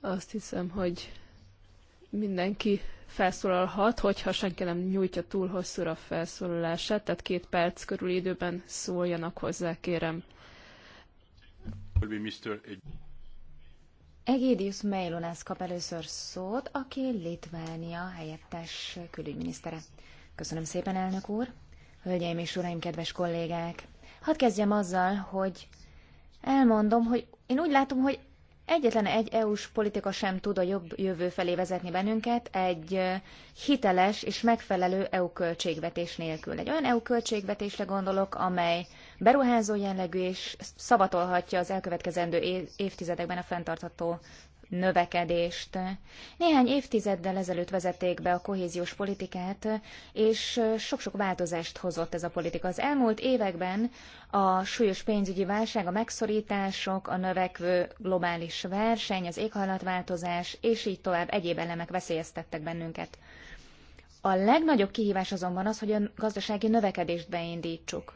Azt hiszem, hogy mindenki felszólalhat, hogyha senki nem nyújtja túl hosszúra a felszólalását, tehát két perc körül időben szóljanak hozzá, kérem. Egédius Mejlonász kap először szót, aki Litvánia helyettes külügyminisztere. Köszönöm szépen, elnök úr! Hölgyeim és uraim, kedves kollégák! Hadd kezdjem azzal, hogy elmondom, hogy én úgy látom, hogy Egyetlen egy EU-s politika sem tud a jobb jövő felé vezetni bennünket egy hiteles és megfelelő EU költségvetés nélkül. Egy olyan EU költségvetésre gondolok, amely beruházó jellegű és szavatolhatja az elkövetkezendő évtizedekben a fenntartható növekedést. Néhány évtizeddel ezelőtt vezették be a kohéziós politikát, és sok-sok változást hozott ez a politika. Az elmúlt években a súlyos pénzügyi válság, a megszorítások, a növekvő globális verseny, az éghajlatváltozás, és így tovább egyéb elemek veszélyeztettek bennünket. A legnagyobb kihívás azonban az, hogy a gazdasági növekedést beindítsuk.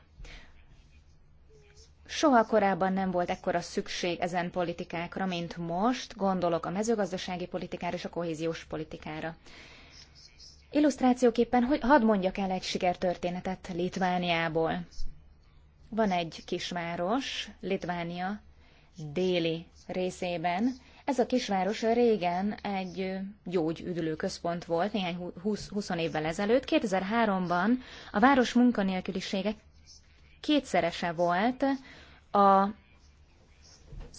Soha korábban nem volt ekkora szükség ezen politikákra, mint most, gondolok a mezőgazdasági politikára és a kohéziós politikára. Illusztrációképpen, hogy hadd mondjak el egy sikertörténetet Litvániából. Van egy kisváros, Litvánia déli részében. Ez a kisváros régen egy gyógyüdülő központ volt, néhány 20, 20 évvel ezelőtt. 2003-ban a város munkanélkülisége kétszerese volt a, az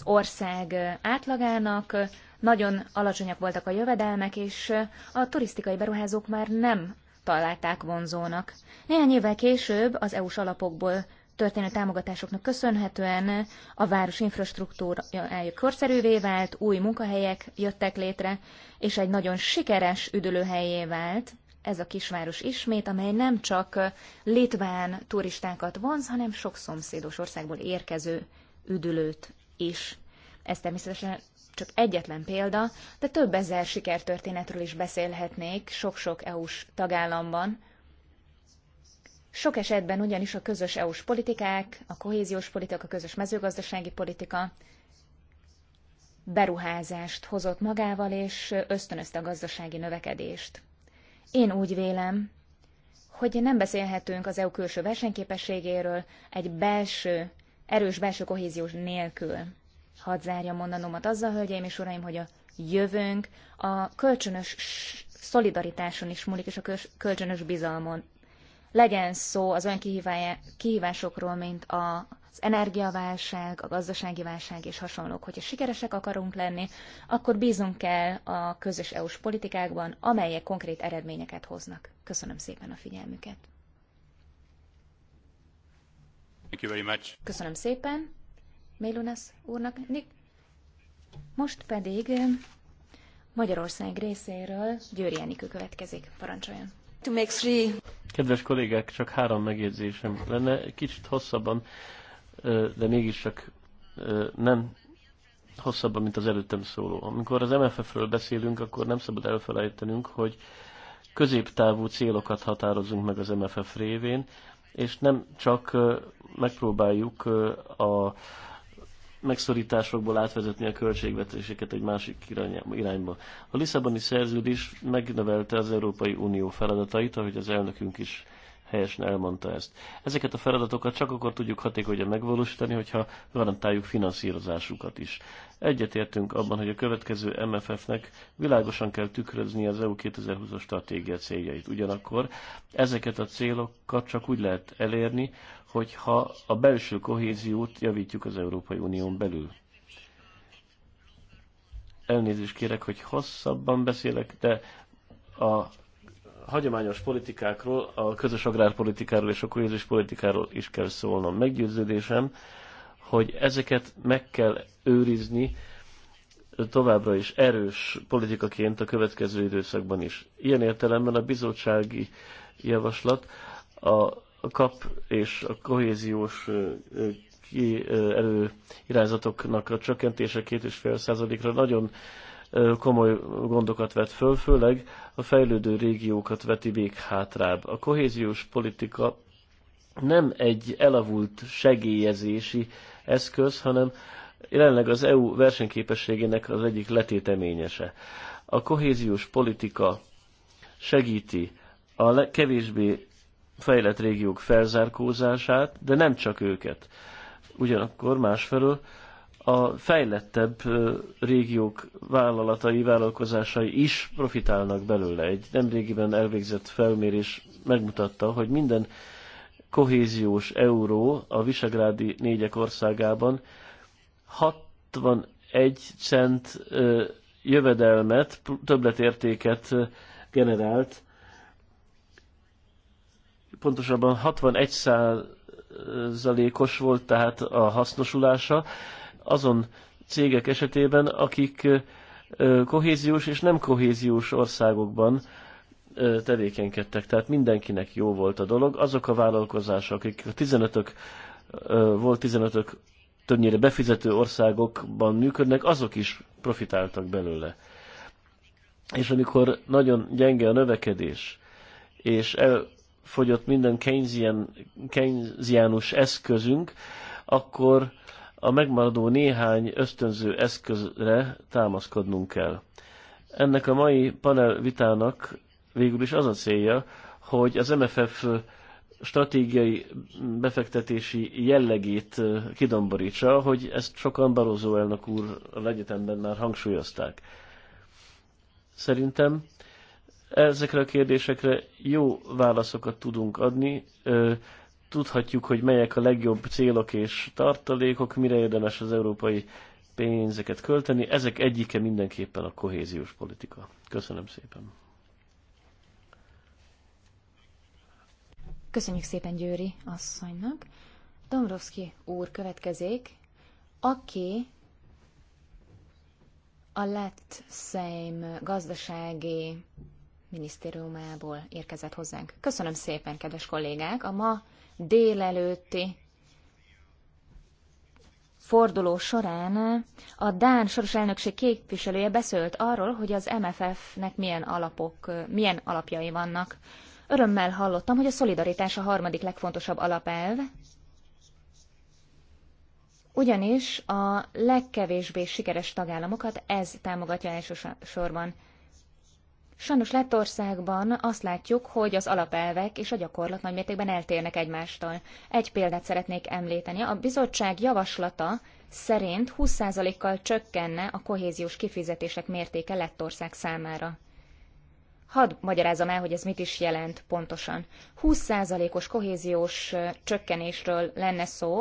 ország átlagának, nagyon alacsonyak voltak a jövedelmek, és a turisztikai beruházók már nem találták vonzónak. Néhány évvel később az EU-s alapokból történő támogatásoknak köszönhetően a város infrastruktúrája korszerűvé vált, új munkahelyek jöttek létre, és egy nagyon sikeres üdülőhelyé vált ez a kisváros ismét, amely nem csak litván turistákat vonz, hanem sok szomszédos országból érkező üdülőt is. Ez természetesen csak egyetlen példa, de több ezer sikertörténetről is beszélhetnék sok-sok EU-s tagállamban. Sok esetben ugyanis a közös EU-s politikák, a kohéziós politika, a közös mezőgazdasági politika beruházást hozott magával, és ösztönözte a gazdasági növekedést. Én úgy vélem, hogy nem beszélhetünk az EU külső versenyképességéről egy belső, erős belső kohéziós nélkül. Hadd zárja mondanomat azzal, hölgyeim és uraim, hogy a jövőnk a kölcsönös szolidaritáson is múlik, és a kölcsönös bizalmon. Legyen szó az olyan kihívásokról, mint a energiaválság, a gazdasági válság és hasonlók. Hogyha sikeresek akarunk lenni, akkor bízunk kell a közös EU-s politikákban, amelyek konkrét eredményeket hoznak. Köszönöm szépen a figyelmüket. Thank you very much. Köszönöm szépen Mélunas úrnak. Most pedig um, Magyarország részéről Győri Enikő következik. Parancsoljon! Kedves kollégák, csak három megjegyzésem lenne, kicsit hosszabban de mégis csak nem hosszabb, mint az előttem szóló. Amikor az MFF-ről beszélünk, akkor nem szabad elfelejtenünk, hogy középtávú célokat határozunk meg az MFF révén, és nem csak megpróbáljuk a megszorításokból átvezetni a költségvetéseket egy másik irányba. A Lisszaboni szerződés megnövelte az Európai Unió feladatait, ahogy az elnökünk is helyesen elmondta ezt. Ezeket a feladatokat csak akkor tudjuk hatékonyan megvalósítani, hogyha garantáljuk finanszírozásukat is. Egyetértünk abban, hogy a következő MFF-nek világosan kell tükrözni az EU 2020-as stratégia céljait. Ugyanakkor ezeket a célokat csak úgy lehet elérni, hogyha a belső kohéziót javítjuk az Európai Unión belül. Elnézést kérek, hogy hosszabban beszélek, de a hagyományos politikákról, a közös agrárpolitikáról és a kohéziós politikáról is kell szólnom. Meggyőződésem, hogy ezeket meg kell őrizni továbbra is erős politikaként a következő időszakban is. Ilyen értelemben a bizottsági javaslat a kap és a kohéziós előirányzatoknak a csökkentése 2,5%-ra nagyon komoly gondokat vet föl, főleg a fejlődő régiókat veti még hátrább. A kohéziós politika nem egy elavult segélyezési eszköz, hanem jelenleg az EU versenyképességének az egyik letéteményese. A kohéziós politika segíti a kevésbé fejlett régiók felzárkózását, de nem csak őket. Ugyanakkor másfelől a fejlettebb régiók vállalatai, vállalkozásai is profitálnak belőle. Egy nemrégiben elvégzett felmérés megmutatta, hogy minden kohéziós euró a visegrádi négyek országában 61 cent jövedelmet, többletértéket generált, pontosabban 61 százalékos volt tehát a hasznosulása, azon cégek esetében, akik kohéziós és nem kohéziós országokban tevékenykedtek. Tehát mindenkinek jó volt a dolog. Azok a vállalkozások, akik a 15-ök, volt 15-ök többnyire befizető országokban működnek, azok is profitáltak belőle. És amikor nagyon gyenge a növekedés, és elfogyott minden Keynesian, Keynesianus eszközünk, akkor a megmaradó néhány ösztönző eszközre támaszkodnunk kell. Ennek a mai panel vitának végül is az a célja, hogy az MFF stratégiai befektetési jellegét kidomborítsa, hogy ezt sokan Barózó elnök úr a legyetemben már hangsúlyozták. Szerintem ezekre a kérdésekre jó válaszokat tudunk adni, tudhatjuk, hogy melyek a legjobb célok és tartalékok, mire érdemes az európai pénzeket költeni. Ezek egyike mindenképpen a kohéziós politika. Köszönöm szépen. Köszönjük szépen Győri asszonynak. Domrovski úr következik, aki a lett Szejm gazdasági minisztériumából érkezett hozzánk. Köszönöm szépen, kedves kollégák! A ma délelőtti forduló során a Dán soros elnökség képviselője beszélt arról, hogy az MFF-nek milyen alapok, milyen alapjai vannak. Örömmel hallottam, hogy a szolidaritás a harmadik legfontosabb alapelv, ugyanis a legkevésbé sikeres tagállamokat ez támogatja elsősorban. Sajnos Lettországban azt látjuk, hogy az alapelvek és a gyakorlat nagymértékben eltérnek egymástól. Egy példát szeretnék említeni. A bizottság javaslata szerint 20%-kal csökkenne a kohéziós kifizetések mértéke Lettország számára. Hadd magyarázom el, hogy ez mit is jelent pontosan. 20%-os kohéziós csökkenésről lenne szó,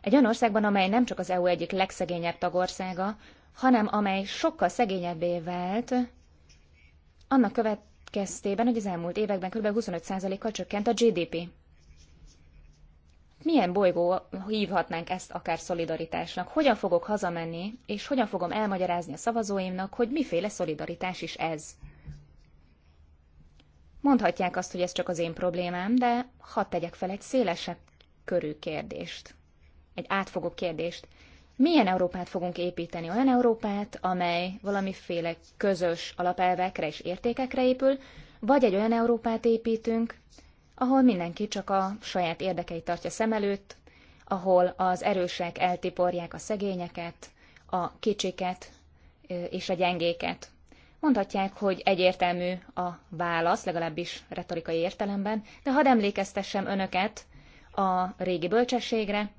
egy olyan országban, amely nem csak az EU egyik legszegényebb tagországa, hanem amely sokkal szegényebbé vált, annak következtében, hogy az elmúlt években kb. 25%-kal csökkent a GDP. Milyen bolygó hívhatnánk ezt akár szolidaritásnak? Hogyan fogok hazamenni, és hogyan fogom elmagyarázni a szavazóimnak, hogy miféle szolidaritás is ez? Mondhatják azt, hogy ez csak az én problémám, de hadd tegyek fel egy szélesebb körű kérdést. Egy átfogó kérdést. Milyen Európát fogunk építeni? Olyan Európát, amely valamiféle közös alapelvekre és értékekre épül, vagy egy olyan Európát építünk, ahol mindenki csak a saját érdekeit tartja szem előtt, ahol az erősek eltiporják a szegényeket, a kicsiket és a gyengéket. Mondhatják, hogy egyértelmű a válasz, legalábbis retorikai értelemben, de hadd emlékeztessem önöket a régi bölcsességre,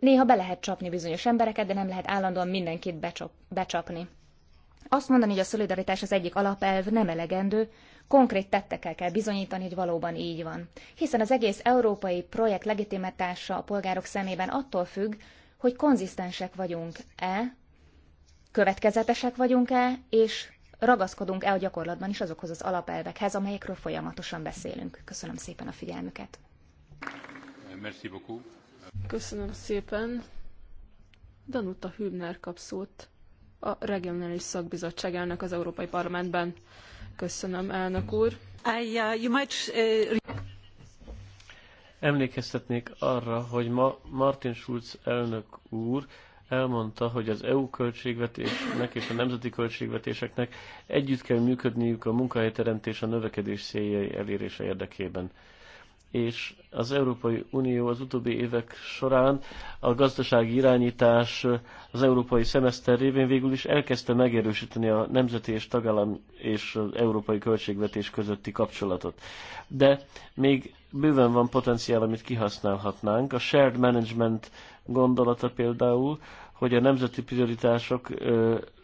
Néha be lehet csapni bizonyos embereket, de nem lehet állandóan mindenkit becsop, becsapni. Azt mondani, hogy a szolidaritás az egyik alapelv nem elegendő, konkrét tettekkel kell bizonyítani, hogy valóban így van. Hiszen az egész európai projekt legitimitása a polgárok szemében attól függ, hogy konzisztensek vagyunk-e, következetesek vagyunk-e, és ragaszkodunk-e a gyakorlatban is azokhoz az alapelvekhez, amelyekről folyamatosan beszélünk. Köszönöm szépen a figyelmüket. Merci beaucoup. Köszönöm szépen. Danuta Hübner kap szót a Regionális Szakbizottságának az Európai Parlamentben. Köszönöm, elnök úr. I, uh, you might, uh... Emlékeztetnék arra, hogy ma Martin Schulz elnök úr elmondta, hogy az EU költségvetésnek és a nemzeti költségvetéseknek együtt kell működniük a munkahelyteremtés a növekedés céljai elérése érdekében és az Európai Unió az utóbbi évek során a gazdasági irányítás az európai szemeszter révén végül is elkezdte megerősíteni a nemzeti és tagállam és az európai költségvetés közötti kapcsolatot. De még bőven van potenciál, amit kihasználhatnánk. A shared management gondolata például, hogy a nemzeti prioritások,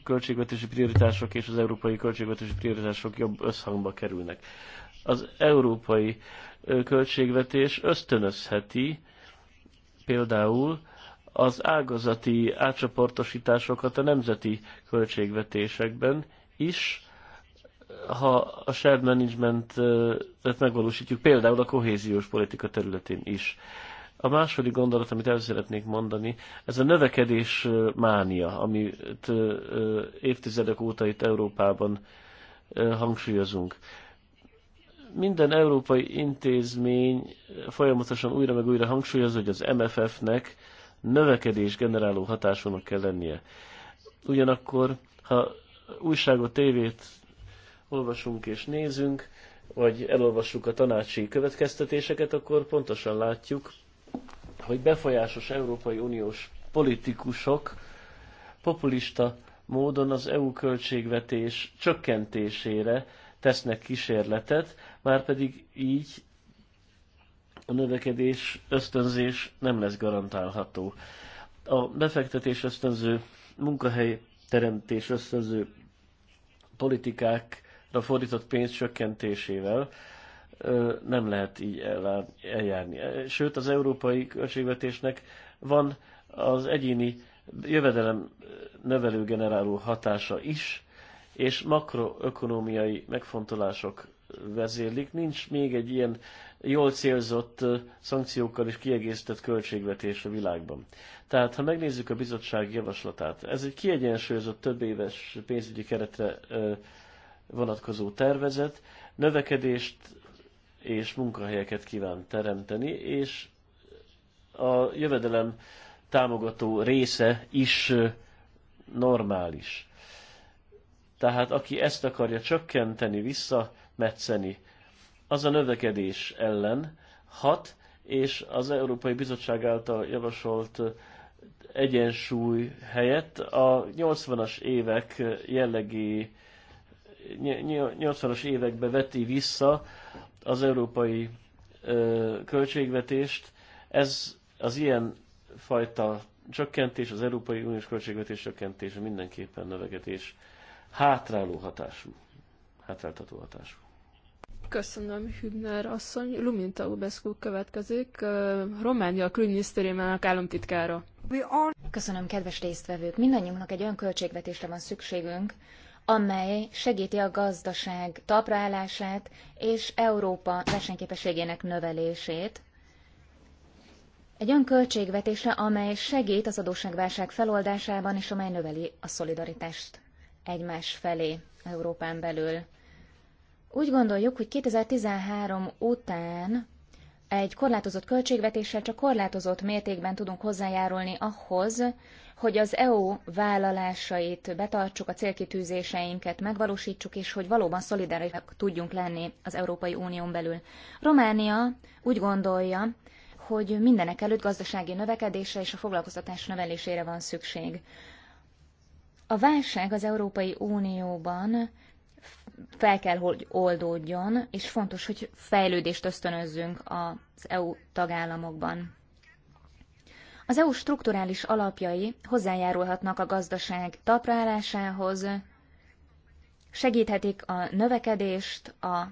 költségvetési prioritások és az európai költségvetési prioritások jobb összhangba kerülnek. Az európai költségvetés ösztönözheti például az ágazati átcsoportosításokat a nemzeti költségvetésekben is, ha a shared management megvalósítjuk például a kohéziós politika területén is. A második gondolat, amit el szeretnék mondani, ez a növekedés mánia, amit évtizedek óta itt Európában hangsúlyozunk. Minden európai intézmény folyamatosan újra meg újra hangsúlyozza, hogy az MFF-nek növekedés generáló hatásonak kell lennie. Ugyanakkor, ha újságot, tévét olvasunk és nézünk, vagy elolvassuk a tanácsi következtetéseket, akkor pontosan látjuk, hogy befolyásos Európai Uniós politikusok populista módon az EU költségvetés csökkentésére tesznek kísérletet, már pedig így a növekedés, ösztönzés nem lesz garantálható. A befektetés ösztönző, munkahely teremtés ösztönző politikákra fordított pénz csökkentésével nem lehet így eljárni. Sőt, az európai költségvetésnek van az egyéni jövedelem növelő generáló hatása is, és makroökonomiai megfontolások vezérlik. Nincs még egy ilyen jól célzott szankciókkal és kiegészített költségvetés a világban. Tehát, ha megnézzük a bizottság javaslatát, ez egy kiegyensúlyozott több éves pénzügyi keretre vonatkozó tervezet, növekedést és munkahelyeket kíván teremteni, és a jövedelem támogató része is normális. Tehát aki ezt akarja csökkenteni, vissza metszeni. Az a növekedés ellen hat, és az Európai Bizottság által javasolt egyensúly helyett a 80-as évek jellegi 80-as évekbe veti vissza az európai költségvetést. Ez az ilyen fajta csökkentés, az Európai Uniós költségvetés csökkentése mindenképpen növekedés hátráló hatású, hátráltató hatású. Köszönöm, Hübner asszony. Luminta Ubescu következik, Románia külügyminisztériumának államtitkára. Köszönöm, kedves résztvevők! Mindannyiunknak egy olyan költségvetésre van szükségünk, amely segíti a gazdaság talpraállását és Európa versenyképességének növelését. Egy olyan költségvetésre, amely segít az adósságválság feloldásában, és amely növeli a szolidaritást egymás felé Európán belül. Úgy gondoljuk, hogy 2013 után egy korlátozott költségvetéssel csak korlátozott mértékben tudunk hozzájárulni ahhoz, hogy az EU vállalásait betartsuk, a célkitűzéseinket megvalósítsuk, és hogy valóban szolidárisak tudjunk lenni az Európai Unión belül. Románia úgy gondolja, hogy mindenek előtt gazdasági növekedésre és a foglalkoztatás növelésére van szükség. A válság az Európai Unióban fel kell, hogy oldódjon, és fontos, hogy fejlődést ösztönözzünk az EU tagállamokban. Az EU strukturális alapjai hozzájárulhatnak a gazdaság taprálásához, segíthetik a növekedést, a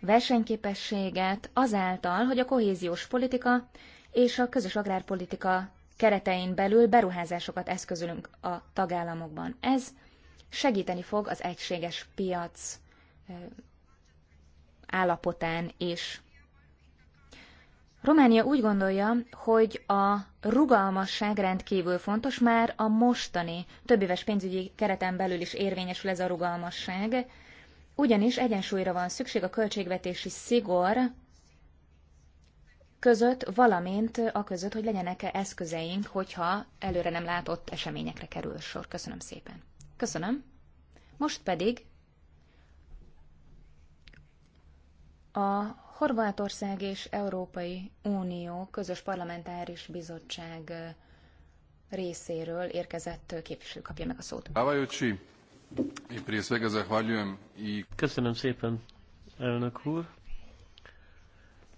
versenyképességet azáltal, hogy a kohéziós politika és a közös agrárpolitika keretein belül beruházásokat eszközölünk a tagállamokban. Ez segíteni fog az egységes piac állapotán is. Románia úgy gondolja, hogy a rugalmasság rendkívül fontos, már a mostani többéves pénzügyi kereten belül is érvényesül ez a rugalmasság, ugyanis egyensúlyra van szükség a költségvetési szigor között, valamint a között, hogy legyenek -e eszközeink, hogyha előre nem látott eseményekre kerül sor. Köszönöm szépen. Köszönöm. Most pedig a Horvátország és Európai Unió közös parlamentáris bizottság részéről érkezett képviselő kapja meg a szót. Köszönöm szépen, elnök úr.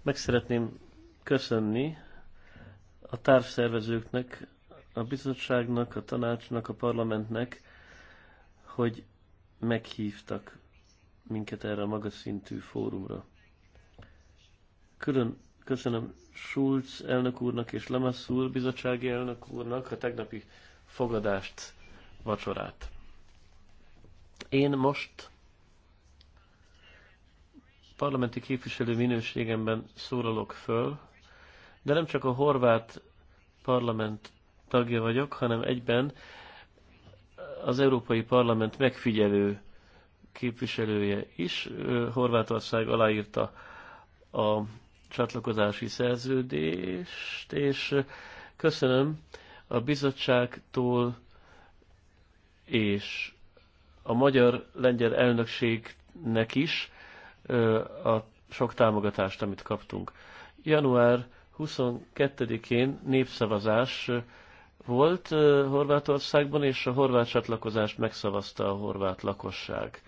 Meg szeretném köszönni a társszervezőknek, a bizottságnak, a tanácsnak, a parlamentnek hogy meghívtak minket erre a magas szintű fórumra. Külön köszönöm Schulz elnök úrnak és Lemasszúr bizottsági elnök úrnak a tegnapi fogadást, vacsorát. Én most parlamenti képviselő minőségemben szólalok föl, de nem csak a horvát parlament tagja vagyok, hanem egyben az Európai Parlament megfigyelő képviselője is. Horvátország aláírta a csatlakozási szerződést, és köszönöm a bizottságtól és a magyar-lengyel elnökségnek is a sok támogatást, amit kaptunk. Január 22-én népszavazás volt Horvátországban, és a horvát csatlakozást megszavazta a horvát lakosság.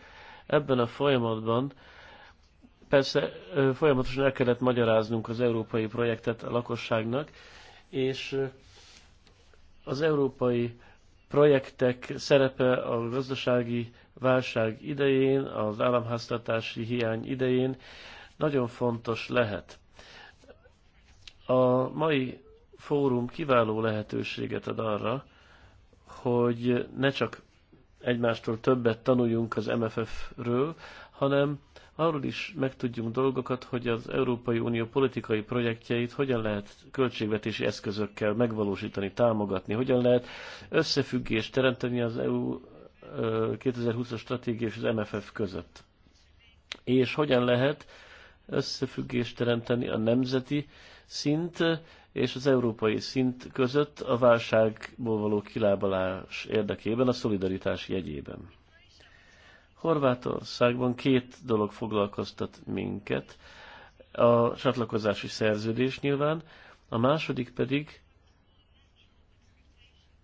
Ebben a folyamatban persze folyamatosan el kellett magyaráznunk az európai projektet a lakosságnak, és az európai projektek szerepe a gazdasági válság idején, az államháztartási hiány idején nagyon fontos lehet. A mai fórum kiváló lehetőséget ad arra, hogy ne csak egymástól többet tanuljunk az MFF-ről, hanem arról is megtudjunk dolgokat, hogy az Európai Unió politikai projektjeit hogyan lehet költségvetési eszközökkel megvalósítani, támogatni, hogyan lehet összefüggést teremteni az EU 2020-as stratégia és az MFF között. És hogyan lehet összefüggést teremteni a nemzeti szint és az európai szint között a válságból való kilábalás érdekében, a szolidaritás jegyében. Horvátországban két dolog foglalkoztat minket. A csatlakozási szerződés nyilván, a második pedig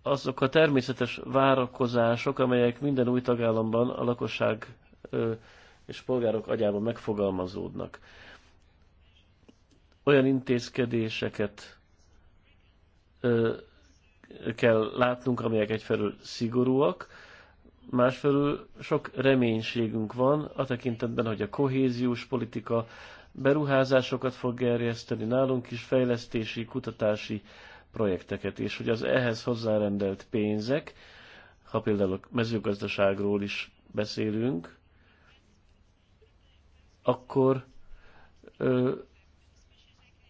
azok a természetes várakozások, amelyek minden új tagállamban a lakosság és polgárok agyában megfogalmazódnak. Olyan intézkedéseket kell látnunk, amelyek egyfelől szigorúak, másfelől sok reménységünk van a tekintetben, hogy a kohéziós politika beruházásokat fog gerjeszteni nálunk is, fejlesztési, kutatási projekteket, és hogy az ehhez hozzárendelt pénzek, ha például a mezőgazdaságról is beszélünk, akkor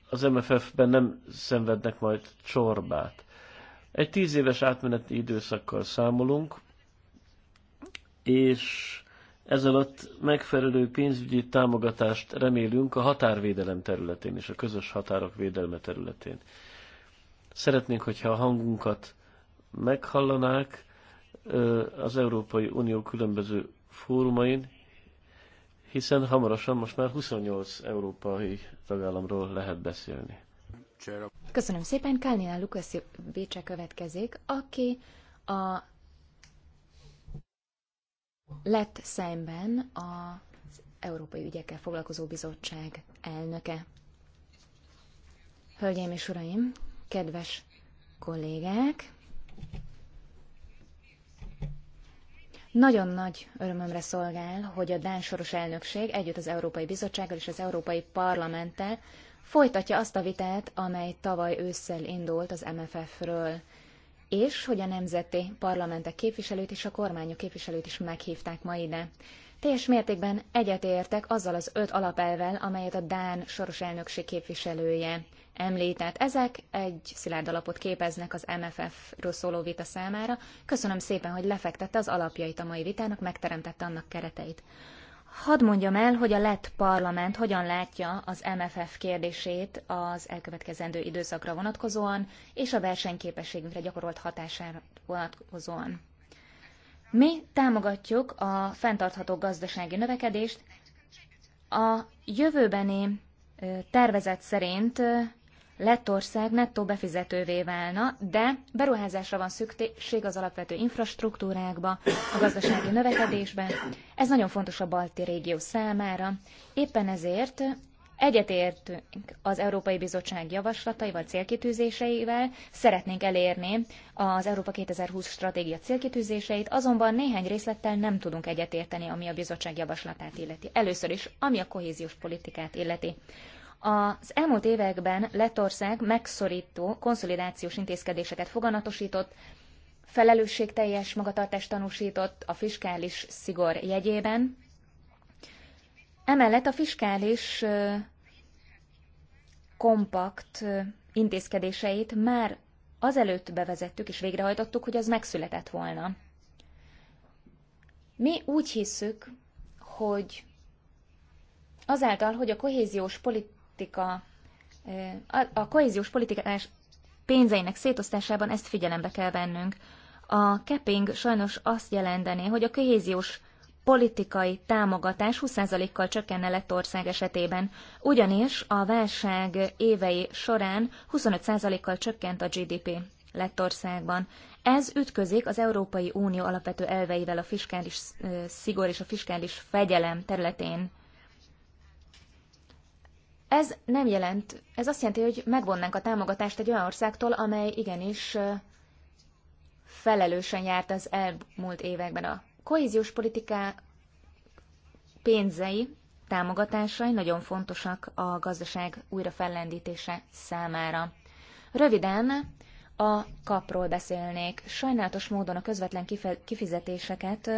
az MFF-ben nem szenvednek majd csorbát. Egy tíz éves átmeneti időszakkal számolunk, és ez alatt megfelelő pénzügyi támogatást remélünk a határvédelem területén és a közös határok védelme területén. Szeretnénk, hogyha a hangunkat meghallanák az Európai Unió különböző fórumain, hiszen hamarosan most már 28 európai tagállamról lehet beszélni. Köszönöm szépen, Kálnina Lukasz Bécse következik, aki a lett szemben az Európai Ügyekkel Foglalkozó Bizottság elnöke. Hölgyeim és uraim, kedves kollégák, Nagyon nagy örömömre szolgál, hogy a Dán Soros elnökség együtt az Európai Bizottsággal és az Európai Parlamenttel folytatja azt a vitát, amely tavaly ősszel indult az MFF-ről, és hogy a nemzeti parlamentek képviselőt és a kormányok képviselőt is meghívták ma ide. Teljes mértékben egyetértek azzal az öt alapelvel, amelyet a Dán soros elnökség képviselője említett. Ezek egy szilárd alapot képeznek az MFF-ről szóló vita számára. Köszönöm szépen, hogy lefektette az alapjait a mai vitának, megteremtette annak kereteit. Hadd mondjam el, hogy a lett parlament hogyan látja az MFF kérdését az elkövetkezendő időszakra vonatkozóan, és a versenyképességünkre gyakorolt hatására vonatkozóan. Mi támogatjuk a fenntartható gazdasági növekedést. A jövőbeni tervezet szerint Lettország nettó befizetővé válna, de beruházásra van szükség az alapvető infrastruktúrákba, a gazdasági növekedésben. Ez nagyon fontos a balti régió számára. Éppen ezért egyetértünk az Európai Bizottság javaslataival, célkitűzéseivel, szeretnénk elérni az Európa 2020 stratégia célkitűzéseit, azonban néhány részlettel nem tudunk egyetérteni, ami a bizottság javaslatát illeti. Először is, ami a kohéziós politikát illeti. Az elmúlt években Lettország megszorító konszolidációs intézkedéseket foganatosított, felelősségteljes magatartást tanúsított a fiskális szigor jegyében. Emellett a fiskális kompakt intézkedéseit már azelőtt bevezettük és végrehajtottuk, hogy az megszületett volna. Mi úgy hisszük, hogy azáltal, hogy a kohéziós politika politika, a kohéziós politikás pénzeinek szétosztásában ezt figyelembe kell vennünk. A keping sajnos azt jelentené, hogy a kohéziós politikai támogatás 20%-kal csökkenne Lettország esetében, ugyanis a válság évei során 25%-kal csökkent a GDP Lettországban. Ez ütközik az Európai Unió alapvető elveivel a fiskális szigor és a fiskális fegyelem területén ez nem jelent, ez azt jelenti, hogy megvonnánk a támogatást egy olyan országtól, amely igenis felelősen járt az elmúlt években. A kohéziós politiká pénzei, támogatásai nagyon fontosak a gazdaság újrafellendítése számára. Röviden a kapról beszélnék. Sajnálatos módon a közvetlen kifizetéseket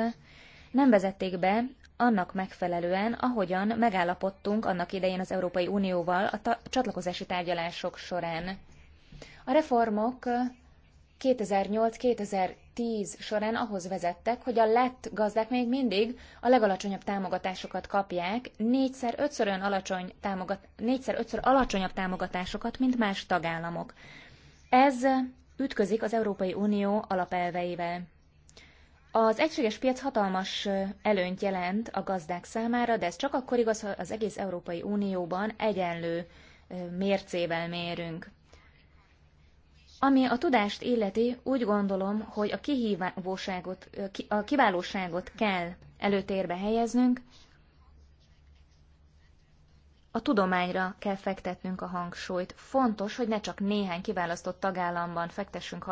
nem vezették be annak megfelelően, ahogyan megállapodtunk annak idején az Európai Unióval a csatlakozási tárgyalások során. A reformok 2008-2010 során ahhoz vezettek, hogy a lett gazdák még mindig a legalacsonyabb támogatásokat kapják, négyszer ötször, alacsony támogat, négyszer ötször alacsonyabb támogatásokat, mint más tagállamok. Ez ütközik az Európai Unió alapelveivel. Az egységes piac hatalmas előnyt jelent a gazdák számára, de ez csak akkor igaz, ha az egész Európai Unióban egyenlő mércével mérünk. Ami a tudást illeti, úgy gondolom, hogy a kihívóságot, a kiválóságot kell előtérbe helyeznünk, a tudományra kell fektetnünk a hangsúlyt. Fontos, hogy ne csak néhány kiválasztott tagállamban fektessünk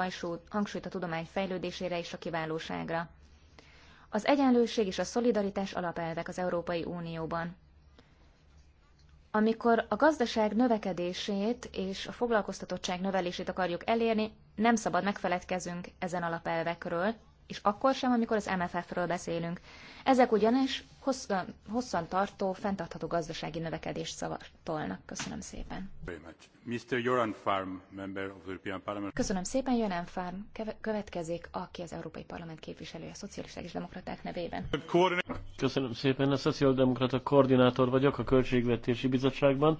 hangsúlyt a tudomány fejlődésére és a kiválóságra az egyenlőség és a szolidaritás alapelvek az Európai Unióban. Amikor a gazdaság növekedését és a foglalkoztatottság növelését akarjuk elérni, nem szabad megfeledkezünk ezen alapelvekről, és akkor sem, amikor az MFF-ről beszélünk. Ezek ugyanis hosszan, hosszan tartó, fenntartható gazdasági növekedést szavatolnak. Köszönöm szépen. Mr. Joran Farm, member of the European Parliament. Köszönöm szépen, Joran Farm. Következik, aki az Európai Parlament képviselője a szocialisták és demokraták nevében. Köszönöm szépen, a szociáldemokrata koordinátor vagyok a Költségvetési Bizottságban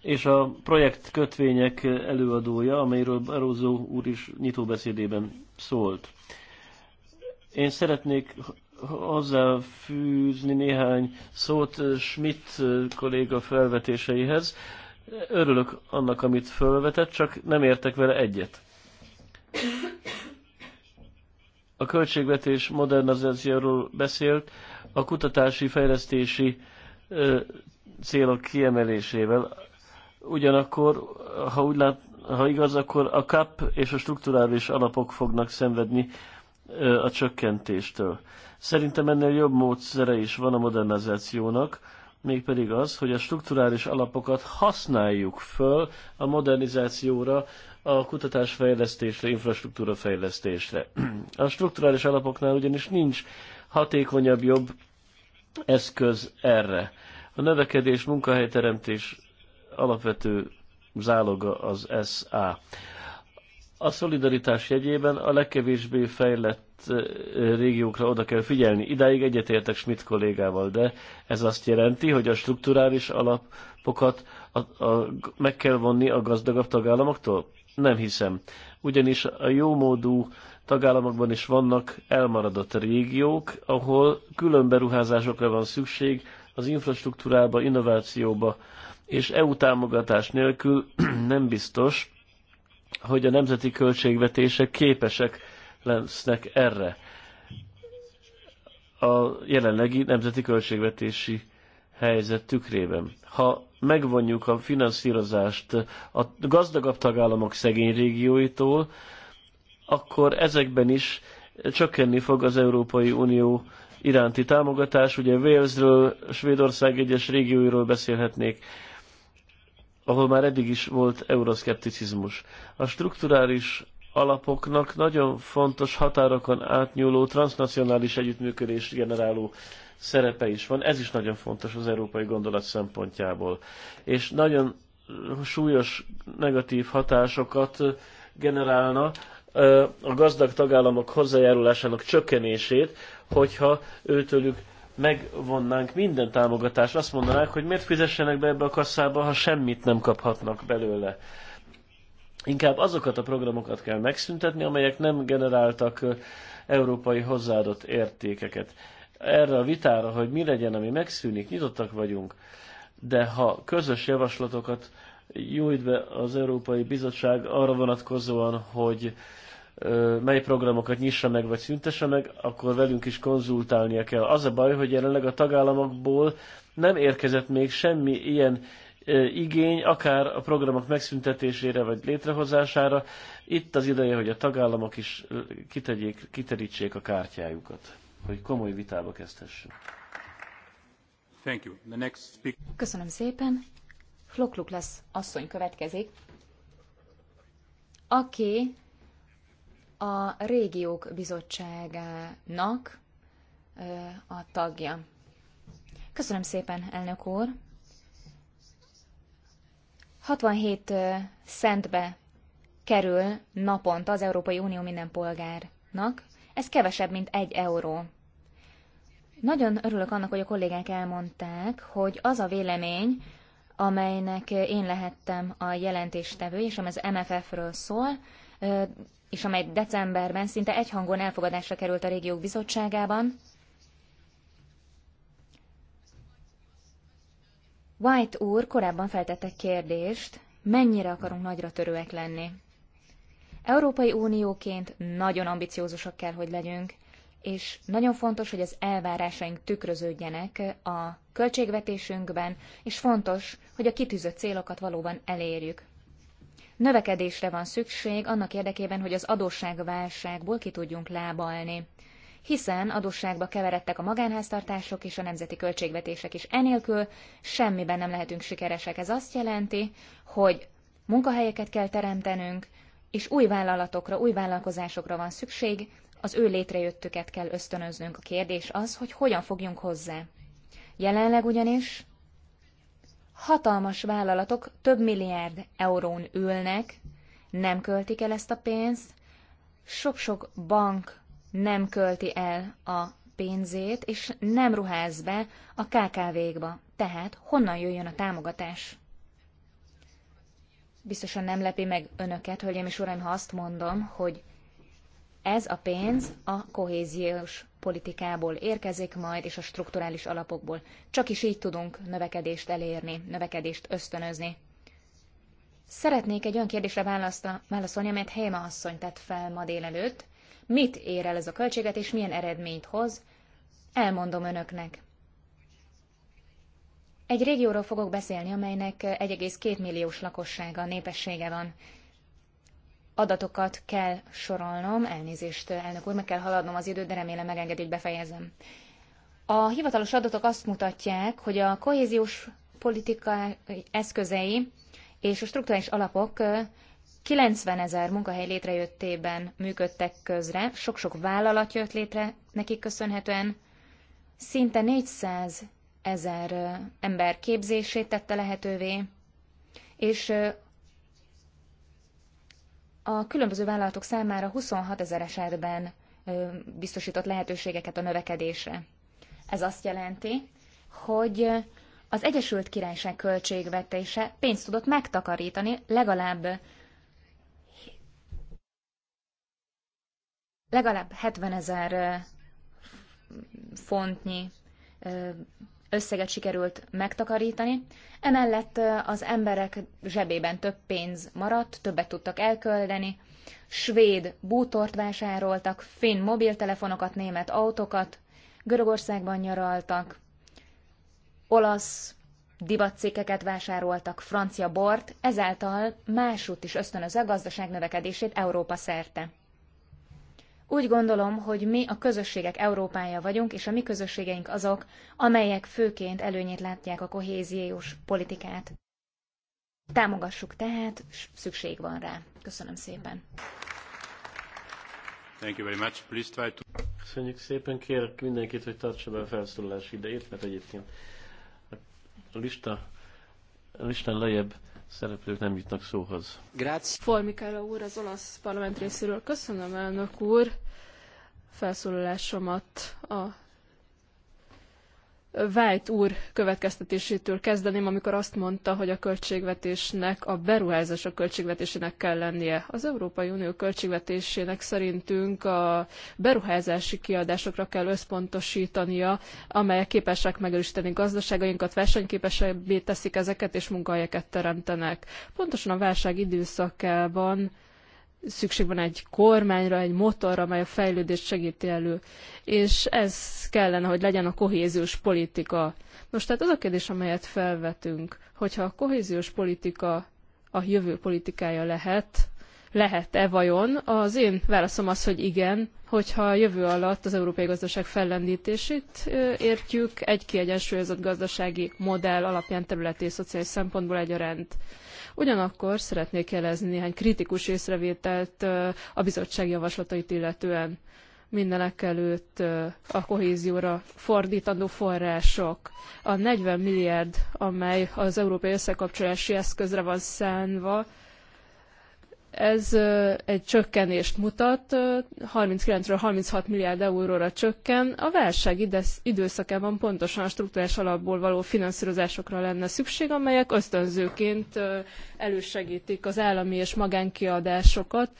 és a projekt kötvények előadója, amelyről Barózó úr is nyitóbeszédében szólt. Én szeretnék hozzáfűzni néhány szót Schmidt kolléga felvetéseihez. Örülök annak, amit felvetett, csak nem értek vele egyet. A költségvetés modernizációról beszélt, a kutatási fejlesztési ö, célok kiemelésével. Ugyanakkor, ha úgy lát, ha igaz, akkor a CAP és a strukturális alapok fognak szenvedni a csökkentéstől. Szerintem ennél jobb módszere is van a modernizációnak, mégpedig az, hogy a strukturális alapokat használjuk föl a modernizációra, a kutatásfejlesztésre, infrastruktúra fejlesztésre. A strukturális alapoknál ugyanis nincs hatékonyabb, jobb eszköz erre. A növekedés, munkahelyteremtés alapvető záloga az SA a szolidaritás jegyében a legkevésbé fejlett eh, régiókra oda kell figyelni. Idáig egyetértek Schmidt kollégával, de ez azt jelenti, hogy a strukturális alapokat a, a, meg kell vonni a gazdagabb tagállamoktól? Nem hiszem. Ugyanis a jómódú tagállamokban is vannak elmaradott régiók, ahol külön beruházásokra van szükség az infrastruktúrába, innovációba, és EU támogatás nélkül [CLEARS THROAT] nem biztos, hogy a nemzeti költségvetések képesek lesznek erre a jelenlegi nemzeti költségvetési helyzet tükrében. Ha megvonjuk a finanszírozást a gazdagabb tagállamok szegény régióitól, akkor ezekben is csökkenni fog az Európai Unió iránti támogatás. Ugye Walesről, Svédország egyes régióiról beszélhetnék, ahol már eddig is volt euroszkepticizmus. A strukturális alapoknak nagyon fontos határokon átnyúló transnacionális együttműködés generáló szerepe is van. Ez is nagyon fontos az európai gondolat szempontjából. És nagyon súlyos negatív hatásokat generálna a gazdag tagállamok hozzájárulásának csökkenését, hogyha őtőlük megvonnánk minden támogatást, azt mondanák, hogy miért fizessenek be ebbe a kasszába, ha semmit nem kaphatnak belőle. Inkább azokat a programokat kell megszüntetni, amelyek nem generáltak európai hozzáadott értékeket. Erre a vitára, hogy mi legyen, ami megszűnik, nyitottak vagyunk, de ha közös javaslatokat nyújt be az Európai Bizottság arra vonatkozóan, hogy mely programokat nyissa meg, vagy szüntesse meg, akkor velünk is konzultálnia kell. Az a baj, hogy jelenleg a tagállamokból nem érkezett még semmi ilyen igény, akár a programok megszüntetésére vagy létrehozására. Itt az ideje, hogy a tagállamok is kitegyék, kiterítsék a kártyájukat, hogy komoly vitába kezdhessünk. Thank you. The next speaker... Köszönöm szépen. Flokluk lesz asszony következik, aki a régiók bizottságának a tagja. Köszönöm szépen, elnök úr! 67 centbe kerül naponta az Európai Unió minden polgárnak. Ez kevesebb, mint egy euró. Nagyon örülök annak, hogy a kollégák elmondták, hogy az a vélemény, amelynek én lehettem a jelentéstevő, és ami az MFF-ről szól, és amely decemberben szinte egyhangon elfogadásra került a régiók bizottságában. White úr korábban feltette kérdést, mennyire akarunk nagyra törőek lenni. Európai Unióként nagyon ambiciózusak kell, hogy legyünk, és nagyon fontos, hogy az elvárásaink tükröződjenek a költségvetésünkben, és fontos, hogy a kitűzött célokat valóban elérjük. Növekedésre van szükség annak érdekében, hogy az adósságválságból ki tudjunk lábalni hiszen adósságba keveredtek a magánháztartások és a nemzeti költségvetések is. Enélkül semmiben nem lehetünk sikeresek. Ez azt jelenti, hogy munkahelyeket kell teremtenünk, és új vállalatokra, új vállalkozásokra van szükség, az ő létrejöttüket kell ösztönöznünk. A kérdés az, hogy hogyan fogjunk hozzá. Jelenleg ugyanis hatalmas vállalatok több milliárd eurón ülnek, nem költik el ezt a pénzt, sok-sok bank nem költi el a pénzét, és nem ruház be a KKV-kba. Tehát honnan jöjjön a támogatás? Biztosan nem lepi meg önöket, hölgyeim és uraim, ha azt mondom, hogy ez a pénz a kohéziós politikából érkezik majd, és a strukturális alapokból. Csak is így tudunk növekedést elérni, növekedést ösztönözni. Szeretnék egy olyan kérdésre válaszolni, amelyet Helyma asszony tett fel ma délelőtt. Mit ér el ez a költséget, és milyen eredményt hoz? Elmondom önöknek. Egy régióról fogok beszélni, amelynek 1,2 milliós lakossága, népessége van adatokat kell sorolnom, elnézést, elnök úr, meg kell haladnom az időt, de remélem megengedi, hogy befejezem. A hivatalos adatok azt mutatják, hogy a kohéziós politika eszközei és a strukturális alapok 90 ezer munkahely létrejöttében működtek közre, sok-sok vállalat jött létre nekik köszönhetően, szinte 400 ezer ember képzését tette lehetővé, és a különböző vállalatok számára 26 ezer esetben biztosított lehetőségeket a növekedésre. Ez azt jelenti, hogy az Egyesült Királyság költségvetése pénzt tudott megtakarítani legalább legalább 70 ezer fontnyi összeget sikerült megtakarítani, emellett az emberek zsebében több pénz maradt, többet tudtak elköldeni, svéd bútort vásároltak, finn mobiltelefonokat, német autókat, Görögországban nyaraltak, olasz divatcikkeket vásároltak, francia bort, ezáltal másút is ösztönözze a gazdaság növekedését Európa szerte. Úgy gondolom, hogy mi a közösségek Európája vagyunk, és a mi közösségeink azok, amelyek főként előnyét látják a kohéziós politikát. Támogassuk tehát, szükség van rá. Köszönöm szépen. Thank you very much. Please try to... Köszönjük szépen, kérek mindenkit, hogy tartsa be a felszólalási idejét, mert egyébként a lista, a listán lejjebb szereplők nem jutnak szóhoz. Grazie. Formikára úr az olasz parlament részéről. Köszönöm, elnök úr, felszólalásomat a Vájt úr következtetésétől kezdeném, amikor azt mondta, hogy a költségvetésnek a beruházás a költségvetésének kell lennie. Az Európai Unió költségvetésének szerintünk a beruházási kiadásokra kell összpontosítania, amelyek képesek megerősíteni gazdaságainkat, versenyképesebbé teszik ezeket és munkahelyeket teremtenek. Pontosan a válság időszakában szükség van egy kormányra, egy motorra, amely a fejlődést segíti elő. És ez kellene, hogy legyen a kohéziós politika. Most tehát az a kérdés, amelyet felvetünk, hogyha a kohéziós politika a jövő politikája lehet, lehet-e vajon? Az én válaszom az, hogy igen, hogyha a jövő alatt az európai gazdaság fellendítését értjük egy kiegyensúlyozott gazdasági modell alapján területi és szociális szempontból egyaránt. Ugyanakkor szeretnék jelezni néhány kritikus észrevételt a bizottság javaslatait illetően. Mindenek előtt a kohézióra fordítandó források. A 40 milliárd, amely az európai összekapcsolási eszközre van szánva, ez egy csökkenést mutat, 39-ről 36 milliárd euróra csökken. A válság időszakában pontosan a struktúrás alapból való finanszírozásokra lenne szükség, amelyek ösztönzőként elősegítik az állami és magánkiadásokat,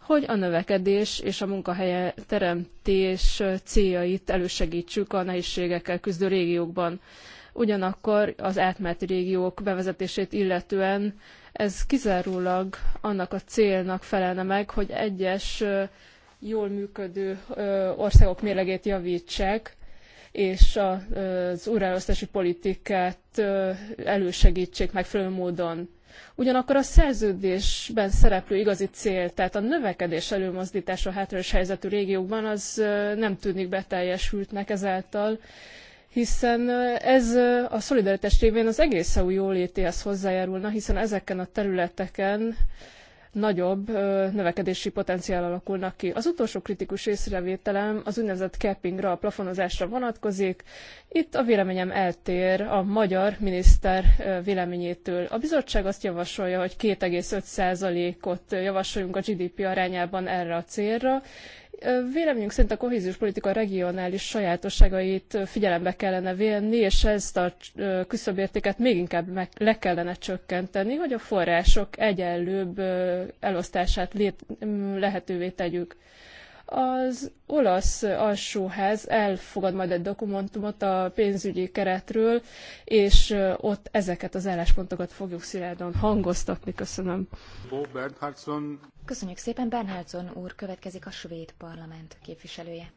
hogy a növekedés és a munkahelye teremtés céljait elősegítsük a nehézségekkel küzdő régiókban ugyanakkor az átmeneti régiók bevezetését illetően ez kizárólag annak a célnak felelne meg, hogy egyes jól működő országok mérlegét javítsák, és az újraelosztási politikát elősegítsék megfelelő módon. Ugyanakkor a szerződésben szereplő igazi cél, tehát a növekedés előmozdítása a hátrányos helyzetű régiókban, az nem tűnik beteljesültnek ezáltal, hiszen ez a szolidaritás révén az egész EU jólétéhez hozzájárulna, hiszen ezeken a területeken nagyobb növekedési potenciál alakulnak ki. Az utolsó kritikus észrevételem az úgynevezett cappingra, a plafonozásra vonatkozik. Itt a véleményem eltér a magyar miniszter véleményétől. A bizottság azt javasolja, hogy 2,5%-ot javasoljunk a GDP arányában erre a célra, Véleményünk szerint a kohéziós politika regionális sajátosságait figyelembe kellene venni, és ezt a küszöbértéket még inkább meg, le kellene csökkenteni, hogy a források egyenlőbb elosztását lét, lehetővé tegyük. Az olasz alsóház elfogad majd egy dokumentumot a pénzügyi keretről, és ott ezeket az álláspontokat fogjuk szilárdan hangoztatni. Köszönöm. Köszönjük szépen. Bernhardson úr következik a svéd parlament képviselője.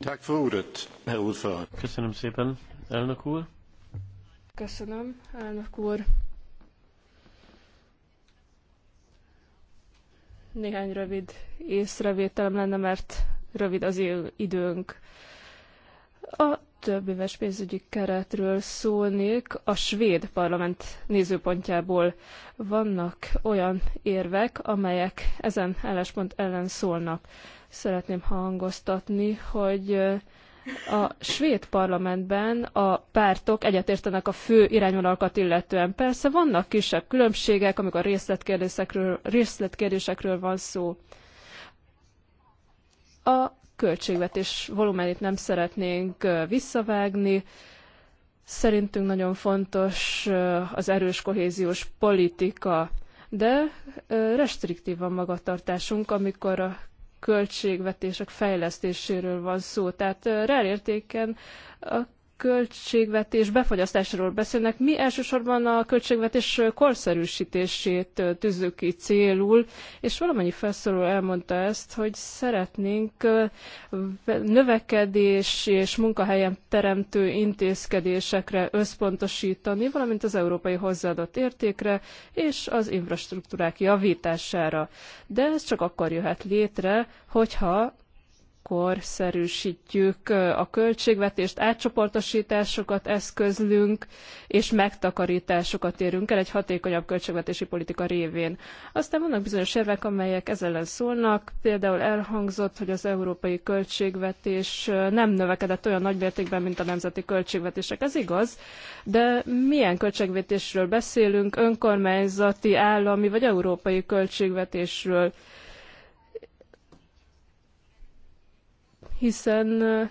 Köszönöm szépen, elnök úr. Köszönöm, elnök úr. Néhány rövid észrevételem lenne, mert rövid az időnk. A több éves pénzügyi keretről szólnék a svéd parlament nézőpontjából. Vannak olyan érvek, amelyek ezen álláspont ellen szólnak. Szeretném hangoztatni, hogy a svéd parlamentben a pártok egyetértenek a fő irányvonalakat illetően. Persze vannak kisebb különbségek, amikor részletkérdésekről, részletkérdésekről van szó. A költségvetés volumenét nem szeretnénk visszavágni. Szerintünk nagyon fontos az erős kohéziós politika, de restriktív a magatartásunk, amikor a költségvetések fejlesztéséről van szó. Tehát reálértéken a költségvetés befogyasztásáról beszélnek. Mi elsősorban a költségvetés korszerűsítését tűzzük ki célul, és valamennyi felszóló elmondta ezt, hogy szeretnénk növekedés és munkahelyen teremtő intézkedésekre összpontosítani, valamint az európai hozzáadott értékre és az infrastruktúrák javítására. De ez csak akkor jöhet létre, hogyha korszerűsítjük a költségvetést, átcsoportosításokat eszközlünk, és megtakarításokat érünk el egy hatékonyabb költségvetési politika révén. Aztán vannak bizonyos érvek, amelyek ezzel ellen szólnak. Például elhangzott, hogy az európai költségvetés nem növekedett olyan nagy mértékben mint a nemzeti költségvetések. Ez igaz, de milyen költségvetésről beszélünk, önkormányzati, állami vagy európai költségvetésről? hiszen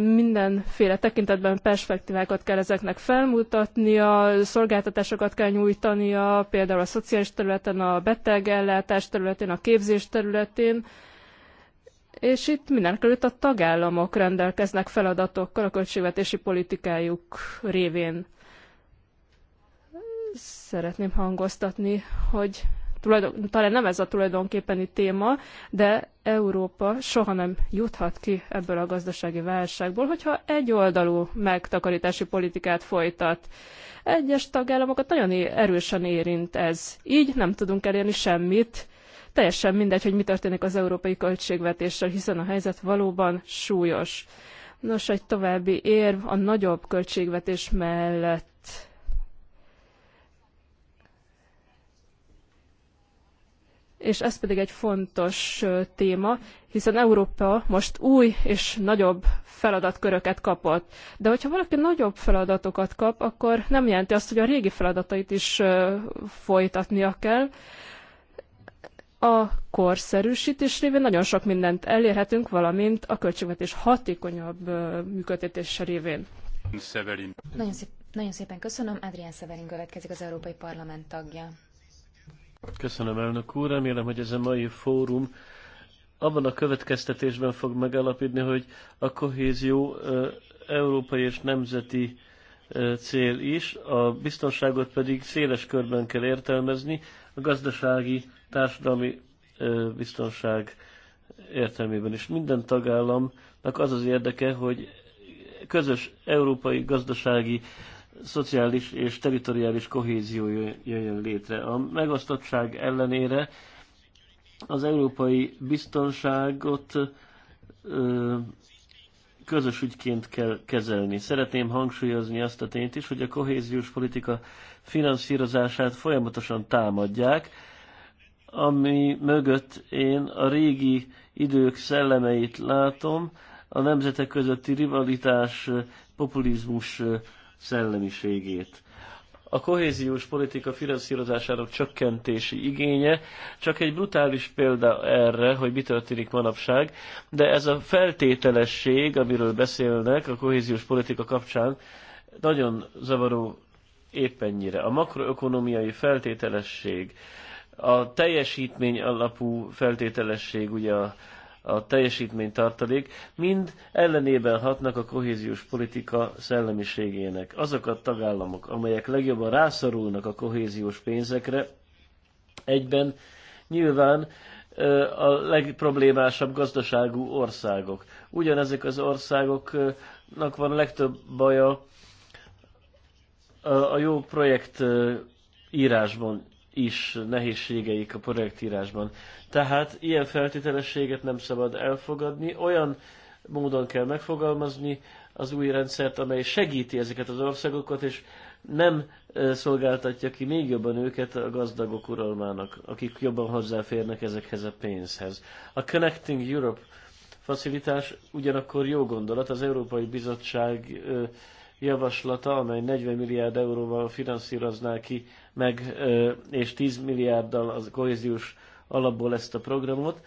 mindenféle tekintetben perspektívákat kell ezeknek felmutatnia, szolgáltatásokat kell nyújtania, például a szociális területen, a betegellátás területén, a képzés területén, és itt mindenkelőtt a tagállamok rendelkeznek feladatokkal a költségvetési politikájuk révén. Szeretném hangoztatni, hogy tulajdon, talán nem ez a tulajdonképpeni téma, de Európa soha nem juthat ki ebből a gazdasági válságból, hogyha egyoldalú megtakarítási politikát folytat. Egyes tagállamokat nagyon erősen érint ez. Így nem tudunk elérni semmit, teljesen mindegy, hogy mi történik az európai költségvetéssel, hiszen a helyzet valóban súlyos. Nos, egy további érv a nagyobb költségvetés mellett és ez pedig egy fontos téma, hiszen Európa most új és nagyobb feladatköröket kapott. De hogyha valaki nagyobb feladatokat kap, akkor nem jelenti azt, hogy a régi feladatait is folytatnia kell. A korszerűsítés révén nagyon sok mindent elérhetünk, valamint a költségvetés hatékonyabb működtetése révén. Nagyon, szép, nagyon szépen köszönöm. Adrián Severin következik az Európai Parlament tagja. Köszönöm, elnök úr. Remélem, hogy ez a mai fórum abban a következtetésben fog megalapítani, hogy a kohézió európai és nemzeti cél is, a biztonságot pedig széles körben kell értelmezni, a gazdasági, társadalmi biztonság értelmében is. Minden tagállamnak az az érdeke, hogy közös európai gazdasági szociális és teritoriális kohézió jöjjön létre. A megosztottság ellenére az európai biztonságot ö, közös ügyként kell kezelni. Szeretném hangsúlyozni azt a tényt is, hogy a kohéziós politika finanszírozását folyamatosan támadják, ami mögött én a régi idők szellemeit látom, a nemzetek közötti rivalitás, populizmus szellemiségét. A kohéziós politika finanszírozásának csökkentési igénye csak egy brutális példa erre, hogy mi történik manapság, de ez a feltételesség, amiről beszélnek a kohéziós politika kapcsán, nagyon zavaró éppennyire. A makroökonomiai feltételesség, a teljesítmény alapú feltételesség, ugye a a teljesítménytartalék, mind ellenében hatnak a kohéziós politika szellemiségének. Azok a tagállamok, amelyek legjobban rászorulnak a kohéziós pénzekre, egyben nyilván a legproblémásabb gazdaságú országok. Ugyanezek az országoknak van a legtöbb baja a jó projekt írásban is nehézségeik a projektírásban. Tehát ilyen feltételességet nem szabad elfogadni, olyan módon kell megfogalmazni az új rendszert, amely segíti ezeket az országokat, és nem szolgáltatja ki még jobban őket a gazdagok uralmának, akik jobban hozzáférnek ezekhez a pénzhez. A Connecting Europe facilitás ugyanakkor jó gondolat, az Európai Bizottság javaslata, amely 40 milliárd euróval finanszírozná ki meg, és 10 milliárddal az kohéziós alapból ezt a programot,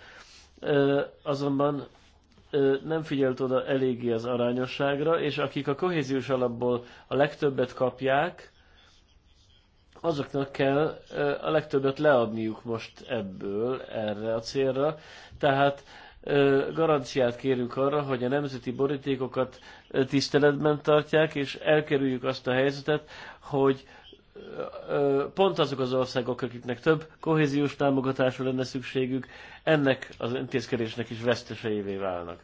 azonban nem figyelt oda eléggé az arányosságra, és akik a kohéziós alapból a legtöbbet kapják, azoknak kell a legtöbbet leadniuk most ebből erre a célra. Tehát garanciát kérünk arra, hogy a nemzeti borítékokat tiszteletben tartják, és elkerüljük azt a helyzetet, hogy pont azok az országok, akiknek több kohéziós támogatásra lenne szükségük, ennek az intézkedésnek is veszteseivé válnak,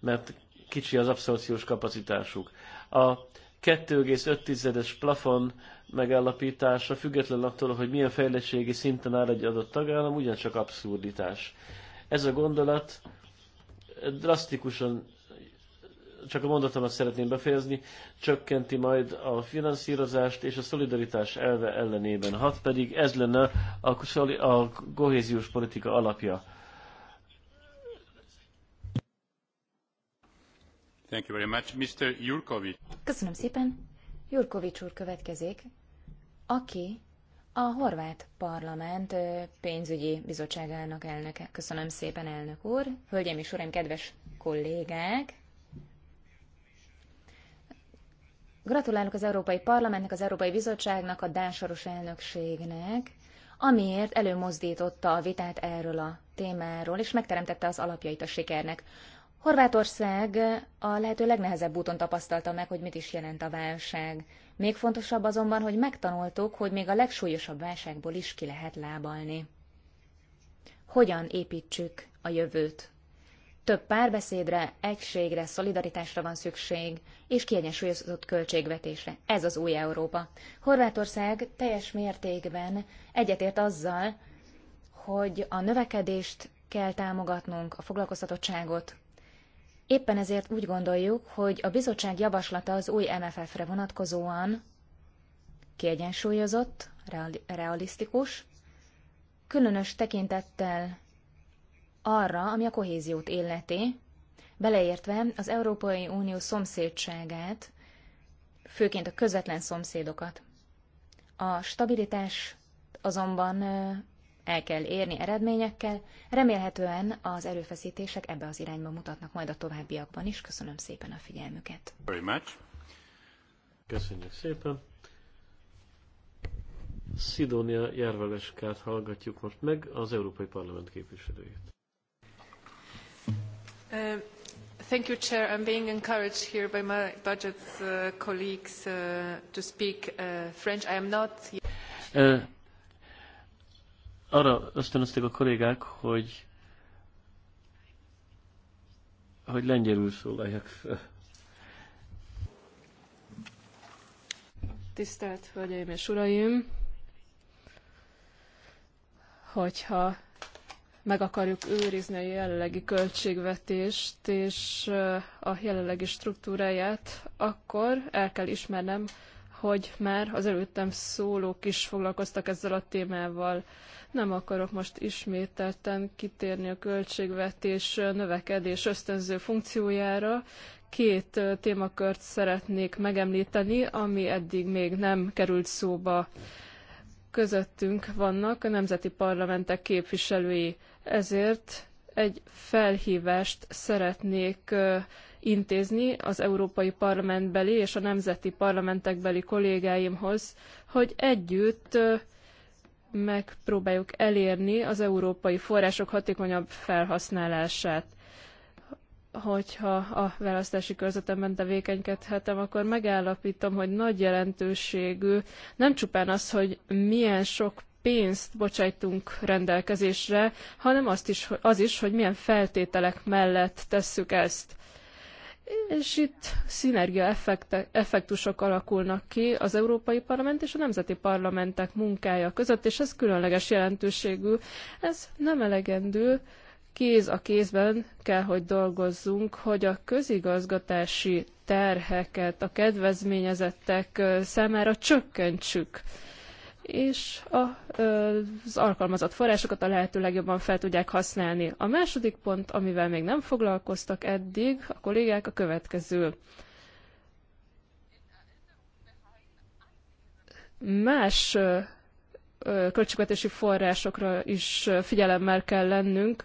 mert kicsi az abszorciós kapacitásuk. A 2,5-es plafon megállapítása, független attól, hogy milyen fejlettségi szinten áll egy adott tagállam, ugyancsak abszurditás. Ez a gondolat drasztikusan, csak a mondatomat szeretném befejezni, csökkenti majd a finanszírozást és a szolidaritás elve ellenében hat, pedig ez lenne a, a kohéziós politika alapja. Thank you very much. Mr. Jurkovic. Köszönöm szépen. Jurkovics úr következik, aki a horvát parlament pénzügyi bizottságának elnöke. Köszönöm szépen, elnök úr. Hölgyeim és uraim, kedves kollégák! Gratulálok az Európai Parlamentnek, az Európai Bizottságnak, a Dásoros elnökségnek, amiért előmozdította a vitát erről a témáról, és megteremtette az alapjait a sikernek. Horvátország a lehető legnehezebb úton tapasztalta meg, hogy mit is jelent a válság. Még fontosabb azonban, hogy megtanultuk, hogy még a legsúlyosabb válságból is ki lehet lábalni. Hogyan építsük a jövőt? Több párbeszédre, egységre, szolidaritásra van szükség, és kiegyensúlyozott költségvetésre. Ez az új Európa. Horvátország teljes mértékben egyetért azzal, hogy a növekedést kell támogatnunk, a foglalkoztatottságot, Éppen ezért úgy gondoljuk, hogy a bizottság javaslata az új MFF-re vonatkozóan kiegyensúlyozott, realisztikus, különös tekintettel arra, ami a kohéziót illeti, beleértve az Európai Unió szomszédságát, főként a közvetlen szomszédokat. A stabilitás azonban el kell érni eredményekkel. Remélhetően az erőfeszítések ebbe az irányba mutatnak majd a továbbiakban is. Köszönöm szépen a figyelmüket. Very much. Köszönjük szépen. Szidónia Járveleskát hallgatjuk most meg, az Európai Parlament képviselőjét. Uh, thank you, Chair. I'm being encouraged here by my budget uh, colleagues uh, to speak uh, French. I am not... Uh, arra ösztönözték a kollégák, hogy hogy lengyelül szólaljak Tisztelt Hölgyeim és Uraim! Hogyha meg akarjuk őrizni a jelenlegi költségvetést és a jelenlegi struktúráját, akkor el kell ismernem, hogy már az előttem szólók is foglalkoztak ezzel a témával. Nem akarok most ismételten kitérni a költségvetés növekedés ösztönző funkciójára. Két témakört szeretnék megemlíteni, ami eddig még nem került szóba közöttünk vannak a nemzeti parlamentek képviselői. Ezért egy felhívást szeretnék intézni az Európai Parlamentbeli és a nemzeti parlamentekbeli kollégáimhoz, hogy együtt megpróbáljuk elérni az európai források hatékonyabb felhasználását. Hogyha a választási körzetemben tevékenykedhetem, akkor megállapítom, hogy nagy jelentőségű nem csupán az, hogy milyen sok pénzt bocsájtunk rendelkezésre, hanem azt is, az is, hogy milyen feltételek mellett tesszük ezt és itt szinergia effektusok alakulnak ki az Európai Parlament és a nemzeti parlamentek munkája között, és ez különleges jelentőségű. Ez nem elegendő, kéz a kézben kell, hogy dolgozzunk, hogy a közigazgatási terheket a kedvezményezettek számára csökkentsük és a, az alkalmazott forrásokat a lehető legjobban fel tudják használni. A második pont, amivel még nem foglalkoztak eddig a kollégák, a következő. Más költségvetési forrásokra is figyelemmel kell lennünk,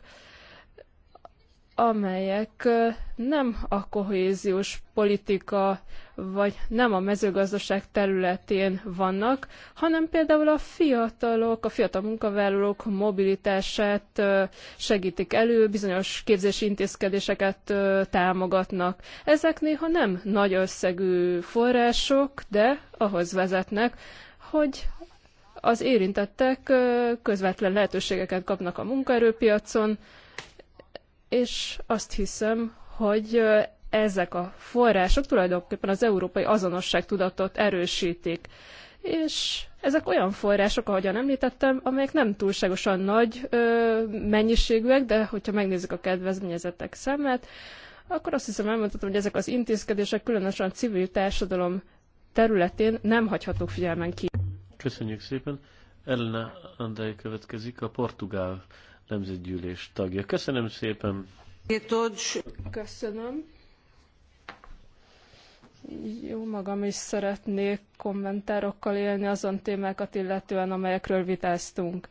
amelyek nem a kohéziós politika vagy nem a mezőgazdaság területén vannak, hanem például a fiatalok, a fiatal munkavállalók mobilitását segítik elő, bizonyos képzési intézkedéseket támogatnak. Ezek néha nem nagy összegű források, de ahhoz vezetnek, hogy az érintettek közvetlen lehetőségeket kapnak a munkaerőpiacon, és azt hiszem, hogy ezek a források tulajdonképpen az európai azonosságtudatot erősítik. És ezek olyan források, ahogyan említettem, amelyek nem túlságosan nagy ö, mennyiségűek, de hogyha megnézzük a kedvezményezettek számát, akkor azt hiszem elmondhatom, hogy ezek az intézkedések különösen a civil társadalom területén nem hagyhatók figyelmen ki. Köszönjük szépen. Elena Andrei következik, a portugál nemzetgyűlés tagja. Köszönöm szépen! Köszönöm! Jó magam is szeretnék kommentárokkal élni azon témákat illetően, amelyekről vitáztunk.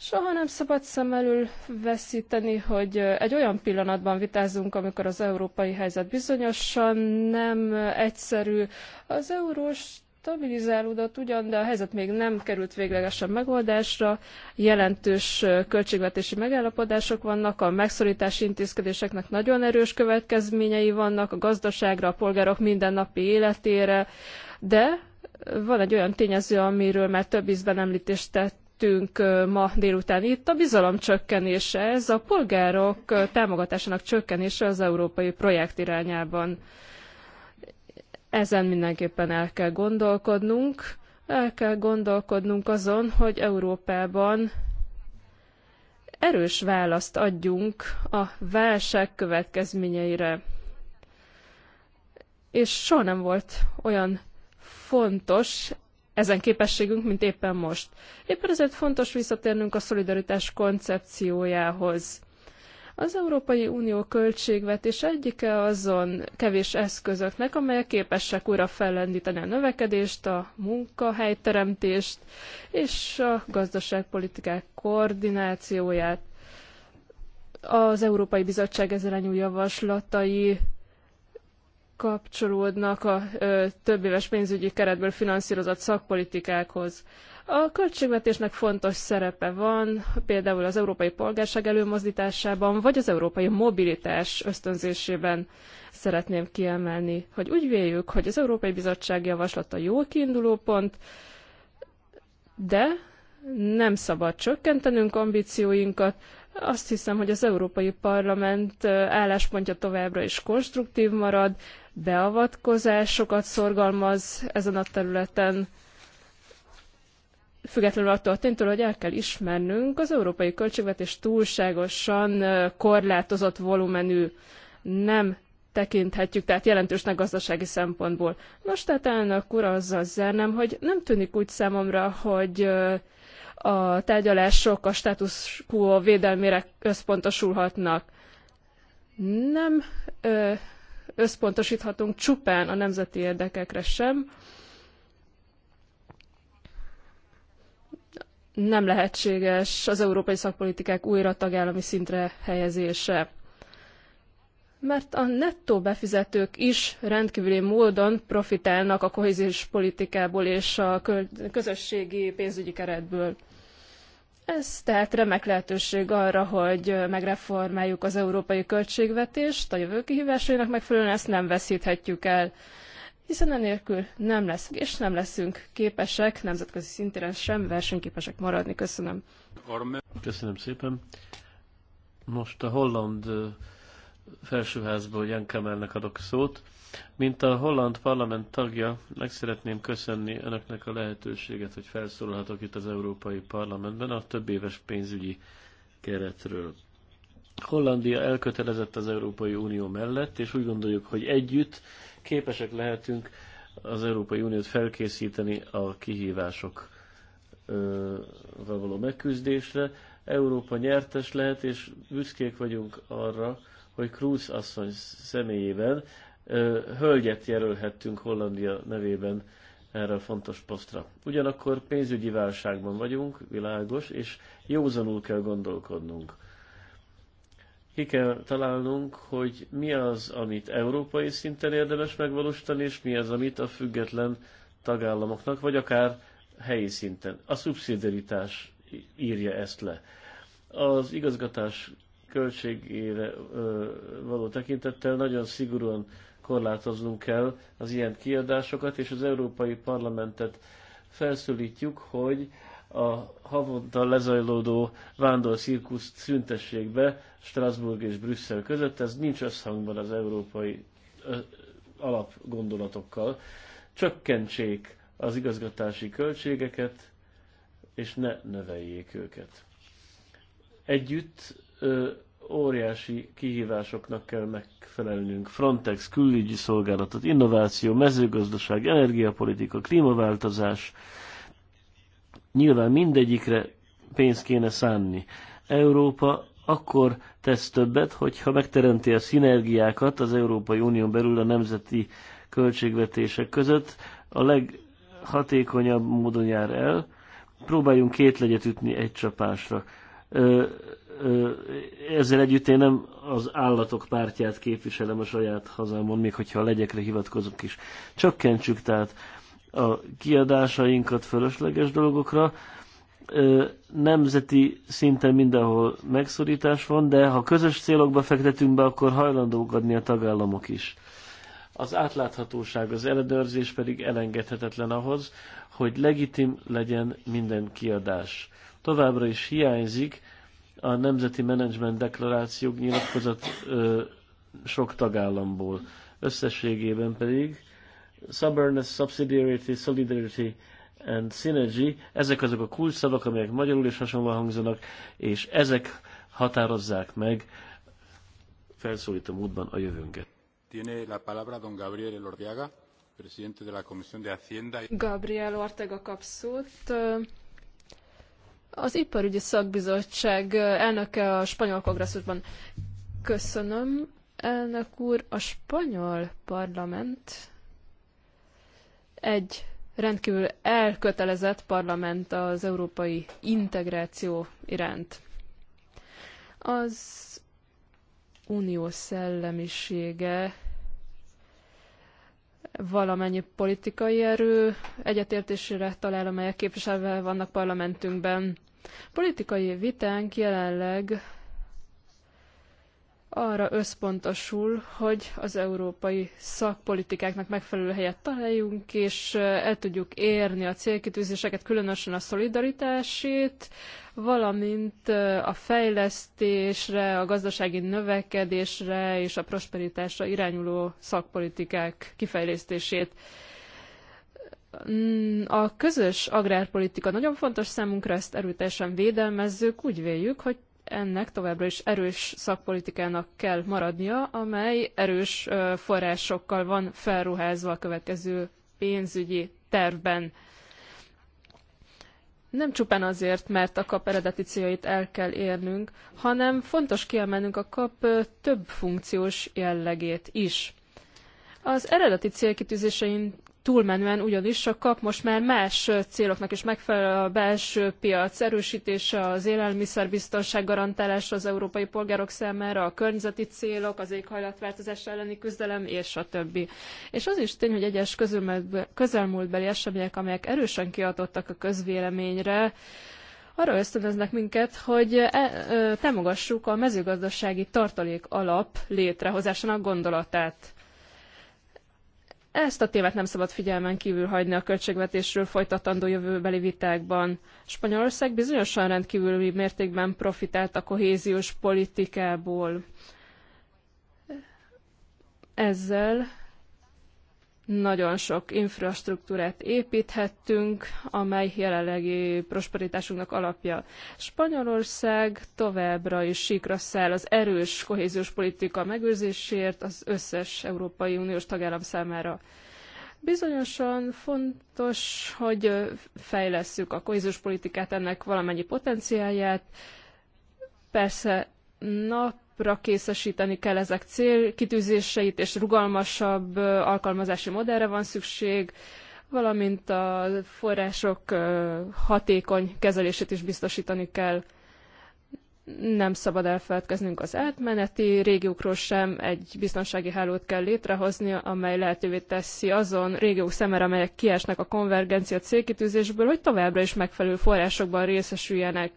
Soha nem szabad szem elől veszíteni, hogy egy olyan pillanatban vitázunk, amikor az európai helyzet bizonyosan nem egyszerű. Az eurós stabilizálódott ugyan, de a helyzet még nem került véglegesen megoldásra. Jelentős költségvetési megállapodások vannak, a megszorítási intézkedéseknek nagyon erős következményei vannak a gazdaságra, a polgárok mindennapi életére, de van egy olyan tényező, amiről már több ízben említést tett tettünk ma délután itt, a bizalom csökkenése, ez a polgárok támogatásának csökkenése az európai projekt irányában. Ezen mindenképpen el kell gondolkodnunk, el kell gondolkodnunk azon, hogy Európában erős választ adjunk a válság következményeire. És soha nem volt olyan fontos ezen képességünk, mint éppen most. Éppen ezért fontos visszatérnünk a szolidaritás koncepciójához. Az Európai Unió költségvetés egyike azon kevés eszközöknek, amelyek képesek újra fellendíteni a növekedést, a munkahelyteremtést és a gazdaságpolitikák koordinációját. Az Európai Bizottság ezelányú javaslatai kapcsolódnak a többéves pénzügyi keretből finanszírozott szakpolitikákhoz. A költségvetésnek fontos szerepe van, például az európai polgárság előmozdításában, vagy az európai mobilitás ösztönzésében szeretném kiemelni, hogy úgy véljük, hogy az Európai Bizottság javaslata jó kiinduló pont, de nem szabad csökkentenünk ambícióinkat, azt hiszem, hogy az Európai Parlament álláspontja továbbra is konstruktív marad, beavatkozásokat szorgalmaz ezen a területen, függetlenül attól ténytől, hogy el kell ismernünk, az európai költségvetés túlságosan korlátozott volumenű nem tekinthetjük, tehát jelentősnek gazdasági szempontból. Most tehát elnök úr azzal zárnám, hogy nem tűnik úgy számomra, hogy a tárgyalások a status quo védelmére összpontosulhatnak. Nem összpontosíthatunk csupán a nemzeti érdekekre sem, nem lehetséges az európai szakpolitikák újra tagállami szintre helyezése. Mert a nettó befizetők is rendkívüli módon profitálnak a kohéziós politikából és a közösségi pénzügyi keretből. Ez tehát remek lehetőség arra, hogy megreformáljuk az európai költségvetést a jövő kihívásainak megfelelően, ezt nem veszíthetjük el hiszen enélkül nem lesz, és nem leszünk képesek nemzetközi szintéren sem versenyképesek maradni. Köszönöm. Köszönöm szépen. Most a holland felsőházból Jan Kemelnek adok szót. Mint a holland parlament tagja, meg szeretném köszönni önöknek a lehetőséget, hogy felszólalhatok itt az Európai Parlamentben a több éves pénzügyi keretről. Hollandia elkötelezett az Európai Unió mellett, és úgy gondoljuk, hogy együtt képesek lehetünk az Európai Uniót felkészíteni a kihívások való megküzdésre. Európa nyertes lehet, és büszkék vagyunk arra, hogy Krúz asszony személyében ö, hölgyet jelölhettünk Hollandia nevében erre a fontos posztra. Ugyanakkor pénzügyi válságban vagyunk, világos, és józanul kell gondolkodnunk ki kell találnunk, hogy mi az, amit európai szinten érdemes megvalósítani, és mi az, amit a független tagállamoknak, vagy akár helyi szinten. A szubszidiaritás írja ezt le. Az igazgatás költségére való tekintettel nagyon szigorúan korlátoznunk kell az ilyen kiadásokat, és az Európai Parlamentet felszólítjuk, hogy a havonta lezajlódó vándorcirkuszt szüntessék be Strasbourg és Brüsszel között, ez nincs összhangban az európai alapgondolatokkal. Csökkentsék az igazgatási költségeket, és ne növeljék őket. Együtt ö, óriási kihívásoknak kell megfelelnünk. Frontex, külügyi szolgálatot, innováció, mezőgazdaság, energiapolitika, klímaváltozás, Nyilván mindegyikre pénzt kéne szánni. Európa akkor tesz többet, hogyha megteremti a szinergiákat az Európai Unión belül a nemzeti költségvetések között, a leghatékonyabb módon jár el. Próbáljunk két legyet ütni egy csapásra. Ö, ö, ezzel együtt én nem az állatok pártját képviselem a saját hazámon, még hogyha a legyekre hivatkozok is. Csökkentsük tehát a kiadásainkat fölösleges dolgokra. Nemzeti szinten mindenhol megszorítás van, de ha közös célokba fektetünk be, akkor hajlandók adni a tagállamok is. Az átláthatóság, az ellenőrzés pedig elengedhetetlen ahhoz, hogy legitim legyen minden kiadás. Továbbra is hiányzik a nemzeti menedzsment deklarációk nyilatkozat ö, sok tagállamból. Összességében pedig stubbornness, subsidiarity, solidarity and synergy, ezek azok a kulcsszavak, amelyek magyarul is hasonlóan hangzanak, és ezek határozzák meg felszólító módban a jövőnket. Tiene la palabra don Gabriel Elordiaga, presidente de la Comisión de Hacienda. Gabriel Ortega kap szót. Az Iparügyi Szakbizottság elnöke a spanyol kongresszusban. Köszönöm, elnök úr. A spanyol parlament egy rendkívül elkötelezett parlament az európai integráció iránt. Az unió szellemisége valamennyi politikai erő egyetértésére talál, amelyek képviselve vannak parlamentünkben. Politikai vitánk jelenleg arra összpontosul, hogy az európai szakpolitikáknak megfelelő helyet találjunk, és el tudjuk érni a célkitűzéseket, különösen a szolidaritásét, valamint a fejlesztésre, a gazdasági növekedésre és a prosperitásra irányuló szakpolitikák kifejlesztését. Mm, a közös agrárpolitika nagyon fontos számunkra, ezt erőteljesen védelmezzük, úgy véljük, hogy ennek továbbra is erős szakpolitikának kell maradnia, amely erős forrásokkal van felruházva a következő pénzügyi tervben. Nem csupán azért, mert a kap eredeti céljait el kell érnünk, hanem fontos kiemelnünk a kap több funkciós jellegét is. Az eredeti célkitűzésein túlmenően ugyanis a kap most már más céloknak is megfelel a belső piac erősítése, az élelmiszerbiztonság garantálása az európai polgárok számára, a környezeti célok, az éghajlatváltozás elleni küzdelem és a többi. És az is tény, hogy egyes közelmúltbeli események, amelyek erősen kiadottak a közvéleményre, arra ösztönöznek minket, hogy e, támogassuk a mezőgazdasági tartalék alap létrehozásának gondolatát. Ezt a témát nem szabad figyelmen kívül hagyni a költségvetésről folytatandó jövőbeli vitákban. Spanyolország bizonyosan rendkívüli mértékben profitált a kohéziós politikából. Ezzel nagyon sok infrastruktúrát építhettünk, amely jelenlegi prosperitásunknak alapja. Spanyolország továbbra is síkra száll az erős kohéziós politika megőrzéséért az összes Európai Uniós tagállam számára. Bizonyosan fontos, hogy fejlesszük a kohéziós politikát, ennek valamennyi potenciálját. Persze nap alapra készesíteni kell ezek célkitűzéseit, és rugalmasabb alkalmazási modellre van szükség, valamint a források hatékony kezelését is biztosítani kell. Nem szabad elfeledkeznünk az átmeneti régiókról sem, egy biztonsági hálót kell létrehozni, amely lehetővé teszi azon régiók szemére, amelyek kiesnek a konvergencia célkitűzésből, hogy továbbra is megfelelő forrásokban részesüljenek.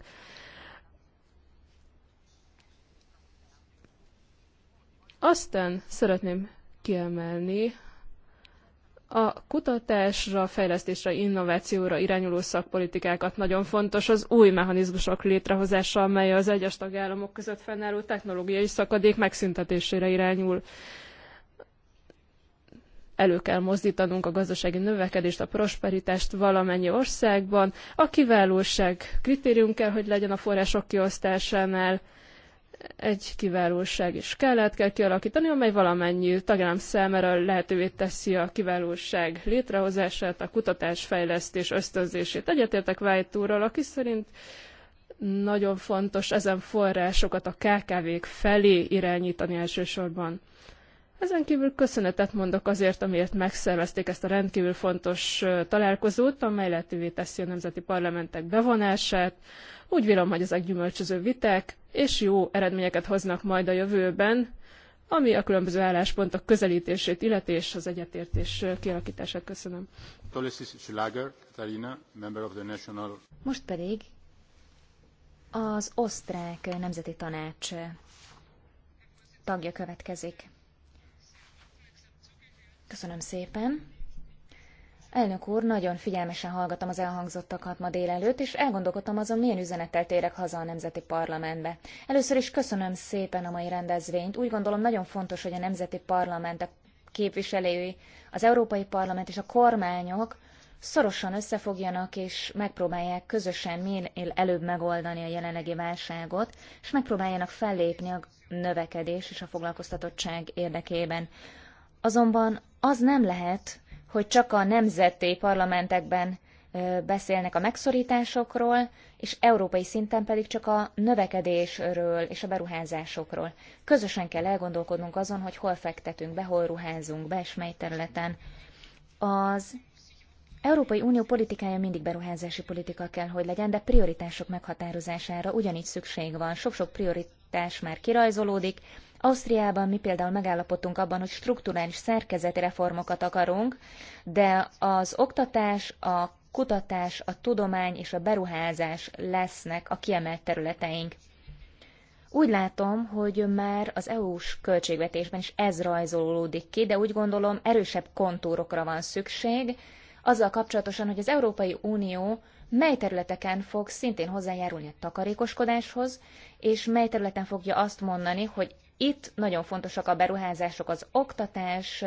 Aztán szeretném kiemelni a kutatásra, fejlesztésre, innovációra irányuló szakpolitikákat nagyon fontos az új mechanizmusok létrehozása, amely az egyes tagállamok között fennálló technológiai szakadék megszüntetésére irányul elő kell mozdítanunk a gazdasági növekedést, a prosperitást valamennyi országban. A kiválóság kritérium kell, hogy legyen a források kiosztásánál, egy kiválóság és skálát kell kialakítani, amely valamennyi tagállam számára lehetővé teszi a kiválóság létrehozását, a kutatás, fejlesztés, ösztönzését. Egyetértek Vájtúrral, aki szerint nagyon fontos ezen forrásokat a KKV-k felé irányítani elsősorban. Ezen kívül köszönetet mondok azért, amiért megszervezték ezt a rendkívül fontos találkozót, amely lehetővé teszi a nemzeti parlamentek bevonását, úgy vélem, hogy ezek gyümölcsöző viták, és jó eredményeket hoznak majd a jövőben, ami a különböző álláspontok közelítését illeti, és az egyetértés kialakítását köszönöm. Most pedig az osztrák nemzeti tanács tagja következik. Köszönöm szépen. Elnök úr, nagyon figyelmesen hallgatom az elhangzottakat ma délelőtt, és elgondolkodtam azon, milyen üzenettel térek haza a Nemzeti Parlamentbe. Először is köszönöm szépen a mai rendezvényt. Úgy gondolom nagyon fontos, hogy a Nemzeti Parlamentek képviselői, az Európai Parlament és a kormányok szorosan összefogjanak és megpróbálják közösen minél előbb megoldani a jelenlegi válságot, és megpróbáljanak fellépni a növekedés és a foglalkoztatottság érdekében. Azonban az nem lehet, hogy csak a nemzeti parlamentekben beszélnek a megszorításokról, és európai szinten pedig csak a növekedésről és a beruházásokról. Közösen kell elgondolkodnunk azon, hogy hol fektetünk be, hol ruházunk be, és mely területen. Az Európai Unió politikája mindig beruházási politika kell, hogy legyen, de prioritások meghatározására ugyanígy szükség van. Sok-sok prioritás már kirajzolódik, Ausztriában mi például megállapodtunk abban, hogy strukturális szerkezeti reformokat akarunk, de az oktatás, a kutatás, a tudomány és a beruházás lesznek a kiemelt területeink. Úgy látom, hogy már az EU-s költségvetésben is ez rajzolódik ki, de úgy gondolom erősebb kontúrokra van szükség, azzal kapcsolatosan, hogy az Európai Unió mely területeken fog szintén hozzájárulni a takarékoskodáshoz, és mely területen fogja azt mondani, hogy itt nagyon fontosak a beruházások, az oktatás,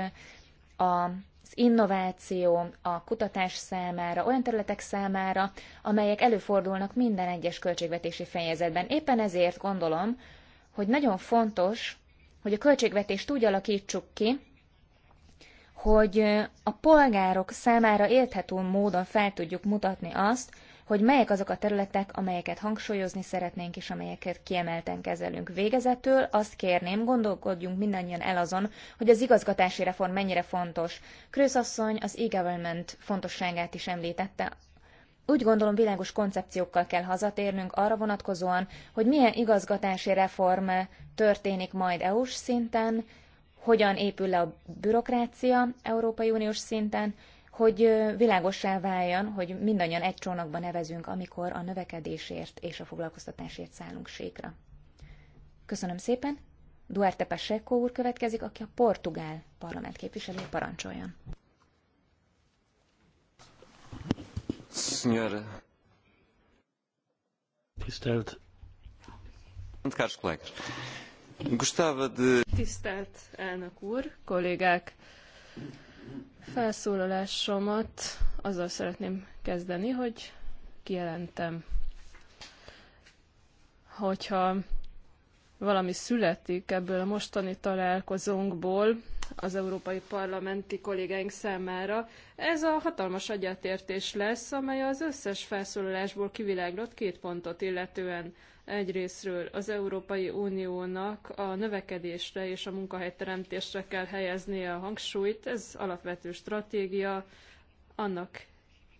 a az innováció a kutatás számára, olyan területek számára, amelyek előfordulnak minden egyes költségvetési fejezetben. Éppen ezért gondolom, hogy nagyon fontos, hogy a költségvetést úgy alakítsuk ki, hogy a polgárok számára érthető módon fel tudjuk mutatni azt, hogy melyek azok a területek, amelyeket hangsúlyozni szeretnénk, és amelyeket kiemelten kezelünk. Végezetül azt kérném, gondolkodjunk mindannyian el azon, hogy az igazgatási reform mennyire fontos. Krősz asszony az e-government fontosságát is említette, úgy gondolom világos koncepciókkal kell hazatérnünk arra vonatkozóan, hogy milyen igazgatási reform történik majd EU-s szinten, hogyan épül le a bürokrácia Európai Uniós szinten, hogy világossá váljon, hogy mindannyian egy csónakban nevezünk, amikor a növekedésért és a foglalkoztatásért szállunk sékra. Köszönöm szépen. Duarte Pacheco úr következik, aki a portugál parlament képviselő parancsoljon. Senhora. Tisztelt. Kárs kollégás. Gustava de... Tisztelt elnök úr, kollégák. Felszólalásomat azzal szeretném kezdeni, hogy kijelentem, hogyha valami születik ebből a mostani találkozónkból, az európai parlamenti kollégáink számára. Ez a hatalmas egyetértés lesz, amely az összes felszólalásból kiviláglott két pontot illetően. Egyrésztről az Európai Uniónak a növekedésre és a munkahelyteremtésre kell helyeznie a hangsúlyt, ez alapvető stratégia annak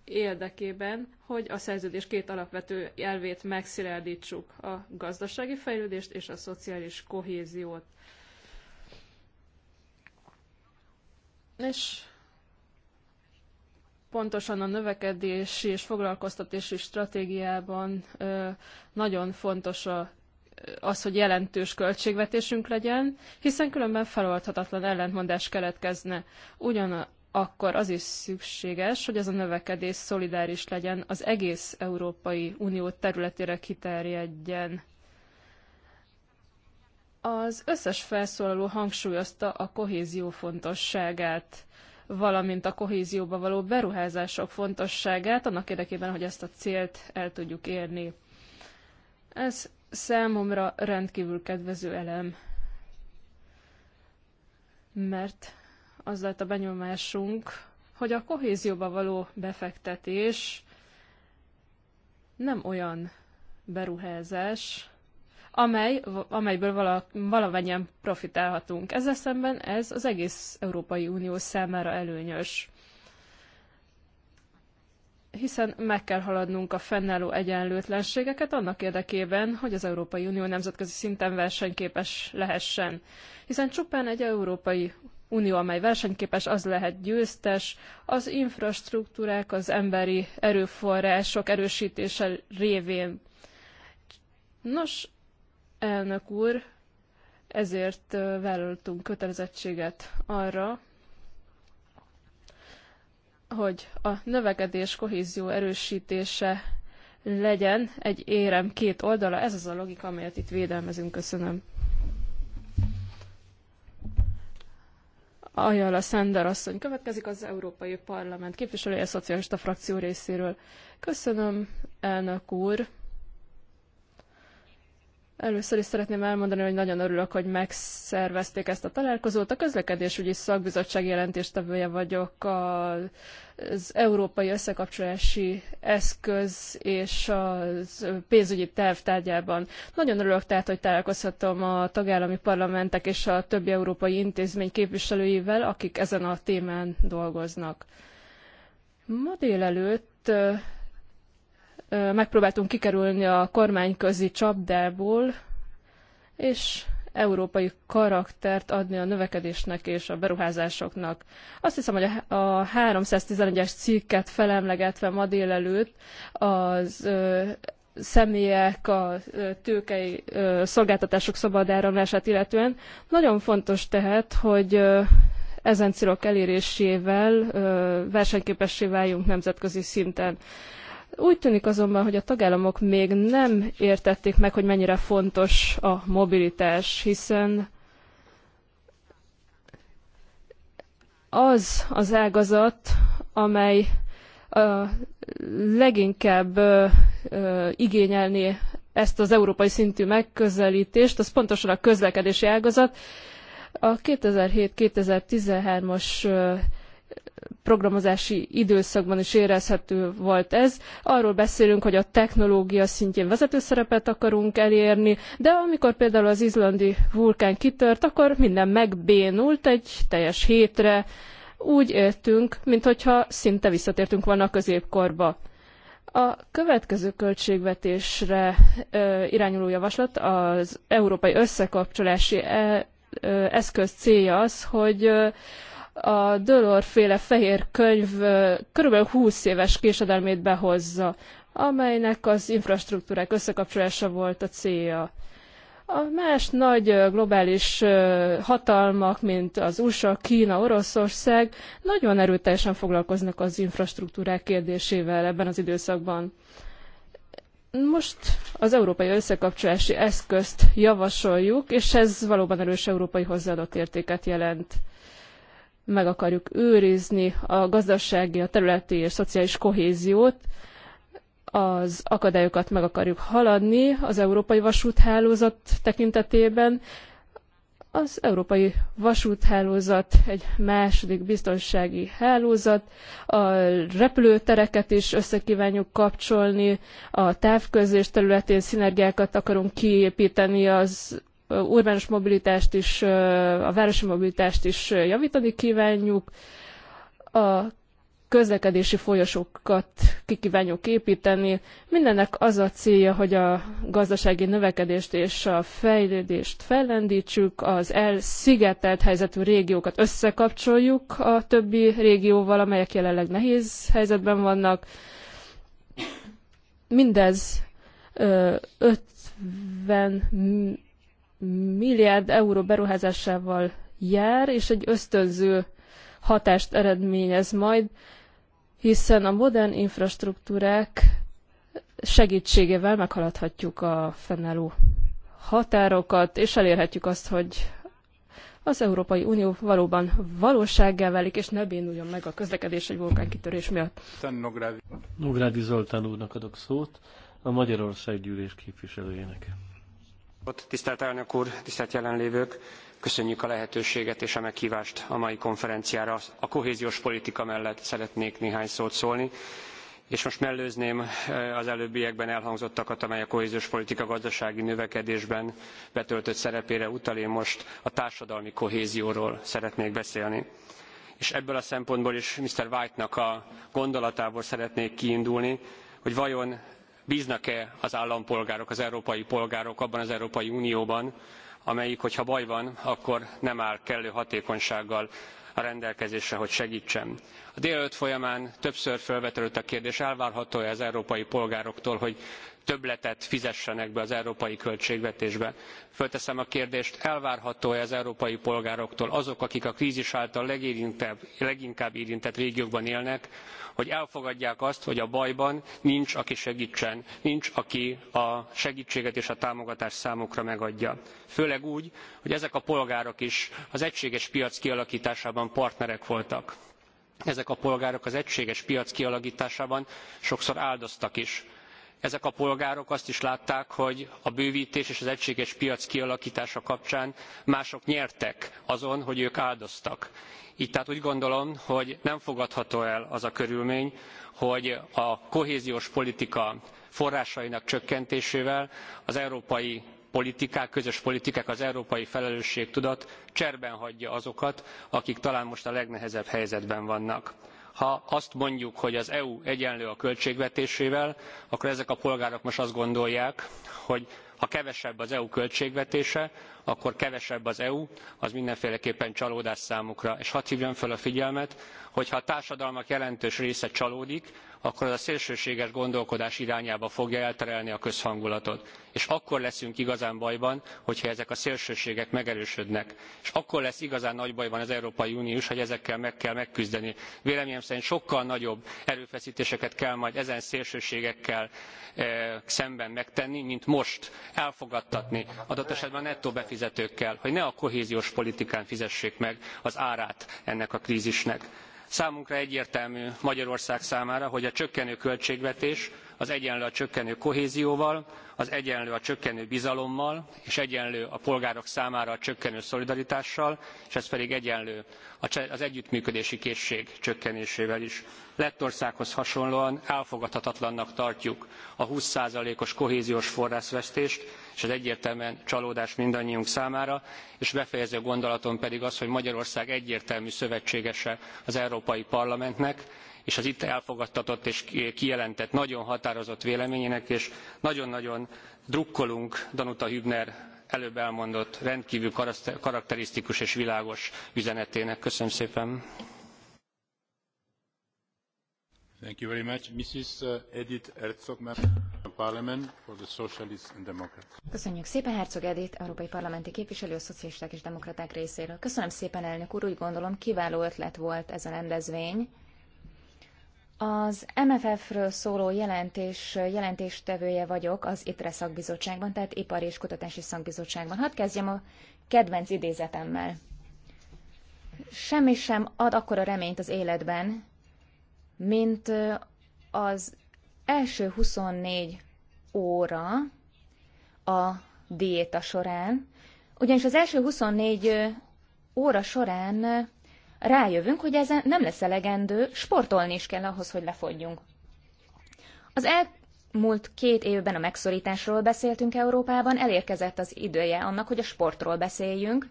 érdekében, hogy a szerződés két alapvető elvét megszilárdítsuk, a gazdasági fejlődést és a szociális kohéziót. És pontosan a növekedési és foglalkoztatási stratégiában nagyon fontos a az, hogy jelentős költségvetésünk legyen, hiszen különben feloldhatatlan ellentmondás keletkezne. Ugyanakkor az is szükséges, hogy ez a növekedés szolidáris legyen, az egész Európai Unió területére kiterjedjen. Az összes felszólaló hangsúlyozta a kohézió fontosságát, valamint a kohézióba való beruházások fontosságát, annak érdekében, hogy ezt a célt el tudjuk érni. Ez számomra rendkívül kedvező elem, mert az lett a benyomásunk, hogy a kohézióba való befektetés nem olyan beruházás, amely, amelyből valamennyien profitálhatunk. Ezzel szemben ez az egész Európai Unió számára előnyös hiszen meg kell haladnunk a fennálló egyenlőtlenségeket annak érdekében, hogy az Európai Unió nemzetközi szinten versenyképes lehessen. Hiszen csupán egy Európai Unió, amely versenyképes, az lehet győztes, az infrastruktúrák, az emberi erőforrások erősítése révén. Nos, elnök úr, ezért vállaltunk kötelezettséget arra, hogy a növekedés kohézió erősítése legyen egy érem két oldala. Ez az a logika, amelyet itt védelmezünk. Köszönöm. Ajala Szender asszony következik az Európai Parlament képviselője a szocialista frakció részéről. Köszönöm, elnök úr. Először is szeretném elmondani, hogy nagyon örülök, hogy megszervezték ezt a találkozót. A közlekedésügyi szakbizottság jelentéstevője vagyok az Európai Összekapcsolási Eszköz és a pénzügyi terv tárgyában. Nagyon örülök tehát, hogy találkozhatom a tagállami parlamentek és a többi európai intézmény képviselőivel, akik ezen a témán dolgoznak. Ma délelőtt megpróbáltunk kikerülni a kormányközi csapdából, és európai karaktert adni a növekedésnek és a beruházásoknak. Azt hiszem, hogy a 311-es cikket felemlegetve ma délelőtt az személyek, a tőkei szolgáltatások szabad áramlását illetően. Nagyon fontos tehát, hogy ezen célok elérésével versenyképessé váljunk nemzetközi szinten. Úgy tűnik azonban, hogy a tagállamok még nem értették meg, hogy mennyire fontos a mobilitás, hiszen az az ágazat, amely a leginkább uh, igényelni ezt az európai szintű megközelítést, az pontosan a közlekedési ágazat. A 2007-2013-as programozási időszakban is érezhető volt ez. Arról beszélünk, hogy a technológia szintjén vezető szerepet akarunk elérni, de amikor például az izlandi vulkán kitört, akkor minden megbénult egy teljes hétre, úgy éltünk, mintha szinte visszatértünk volna a középkorba. A következő költségvetésre ö, irányuló javaslat az európai összekapcsolási e, ö, eszköz célja az, hogy ö, a Dölor féle fehér könyv körülbelül 20 éves késedelmét behozza, amelynek az infrastruktúrák összekapcsolása volt a célja. A más nagy globális hatalmak, mint az USA, Kína, Oroszország nagyon erőteljesen foglalkoznak az infrastruktúrák kérdésével ebben az időszakban. Most az európai összekapcsolási eszközt javasoljuk, és ez valóban erős európai hozzáadott értéket jelent meg akarjuk őrizni a gazdasági, a területi és szociális kohéziót, az akadályokat meg akarjuk haladni az európai vasúthálózat tekintetében. Az európai vasúthálózat egy második biztonsági hálózat, a repülőtereket is összekívánjuk kapcsolni, a távközlés területén szinergiákat akarunk kiépíteni az urbánus mobilitást is, a városi mobilitást is javítani kívánjuk. A közlekedési folyosókat kikívánjuk építeni. Mindennek az a célja, hogy a gazdasági növekedést és a fejlődést fellendítsük, az elszigetelt helyzetű régiókat összekapcsoljuk a többi régióval, amelyek jelenleg nehéz helyzetben vannak. Mindez 50 milliárd euró beruházásával jár, és egy ösztönző hatást eredményez majd, hiszen a modern infrastruktúrák segítségével meghaladhatjuk a fennálló határokat, és elérhetjük azt, hogy az Európai Unió valóban valósággá válik, és ne bénuljon meg a közlekedés egy vulkánkitörés miatt. Nográdi Zoltán úrnak adok szót, a Magyarország gyűlés képviselőjének. Tisztelt elnök úr, tisztelt jelenlévők! Köszönjük a lehetőséget és a meghívást a mai konferenciára. A kohéziós politika mellett szeretnék néhány szót szólni, és most mellőzném eh, az előbbiekben elhangzottakat, amely a kohéziós politika gazdasági növekedésben betöltött szerepére utal. Én most a társadalmi kohézióról szeretnék beszélni. És ebből a szempontból is Mr. White-nak a gondolatából szeretnék kiindulni, hogy vajon bíznak-e az állampolgárok, az európai polgárok abban az Európai Unióban, amelyik, hogyha baj van, akkor nem áll kellő hatékonysággal a rendelkezésre, hogy segítsen. A délelőtt folyamán többször felvetődött a kérdés, elvárható-e az európai polgároktól, hogy többletet fizessenek be az európai költségvetésbe. Fölteszem a kérdést, elvárható-e az európai polgároktól azok, akik a krízis által leginkább érintett régiókban élnek, hogy elfogadják azt, hogy a bajban nincs, aki segítsen, nincs, aki a segítséget és a támogatást számukra megadja. Főleg úgy, hogy ezek a polgárok is az egységes piac kialakításában partnerek voltak ezek a polgárok az egységes piac kialakításában sokszor áldoztak is ezek a polgárok azt is látták, hogy a bővtés és az egységes piac kialakítása kapcsán mások nyertek azon, hogy ők áldoztak. gy tehát úgy gondolom, hogy nem fogadható el az a körülmény, hogy a kohéziós politika forrásainak csökkentésével az európai politikák, közös politikák, az európai felelősségtudat cserben hagyja azokat, akik talán most a legnehezebb helyzetben vannak ha azt mondjuk, hogy az EU egyenlő a költségvetésével, akkor ezek a polgárok most azt gondolják, hogy ha kevesebb az EU költségvetése, akkor kevesebb az EU, az mindenféleképpen csalódás számukra. És hadd hívjam fel a figyelmet, hogy ha a társadalmak jelentős része csalódik, akkor az a szélsőséges gondolkodás irányába fogja elterelni a közhangulatot. És akkor leszünk igazán bajban, hogyha ezek a szélsőségek megerősödnek. És akkor lesz igazán nagy bajban az Európai is, hogy ezekkel meg kell megküzdeni. Véleményem szerint sokkal nagyobb erőfeszítéseket kell majd ezen szélsőségekkel e, szemben megtenni, mint most elfogadtatni adott esetben a nettó befizetés fizetőkkel hogy ne a kohéziós politikán fizessék meg az árát ennek a krízisnek. Számunkra egyértelmű Magyarország számára, hogy a csökkenő költségvetés az egyenlő a csökkenő kohézióval, az egyenlő a csökkenő bizalommal, és egyenlő a polgárok számára a csökkenő szolidaritással, és ez pedig egyenlő az együttműködési készség csökkenésével is. Lettországhoz hasonlóan elfogadhatatlannak tartjuk a 20%-os kohéziós forrásvesztést, és ez egyértelműen csalódás mindannyiunk számára, és befejező gondolatom pedig az, hogy Magyarország egyértelmű szövetségese az Európai Parlamentnek, és az itt elfogadtatott és kijelentett nagyon határozott véleményének, és nagyon-nagyon drukkolunk Danuta Hübner előbb elmondott rendkívül karakterisztikus és világos üzenetének. Köszönöm szépen. Thank you very much. Mrs. Uh, Edith Herzog, Parliament for the Socialists and Democrats. Köszönjük szépen, Herzog Edith, Európai Parlamenti Képviselő, a Szocialisták és Demokraták részéről. Köszönöm szépen, elnök úr, úgy gondolom kiváló ötlet volt ez a rendezvény. Az MFF-ről szóló jelentés jelentéstevője vagyok az ITRE szakbizottságban, tehát Ipar és Kutatási Szakbizottságban. Hadd kezdjem a kedvenc idézetemmel. Semmi sem ad akkora reményt az életben, mint az első 24 óra a diéta során, ugyanis az első 24 óra során rájövünk, hogy ez nem lesz elegendő, sportolni is kell ahhoz, hogy lefogyjunk. Az elmúlt két évben a megszorításról beszéltünk Európában, elérkezett az idője annak, hogy a sportról beszéljünk,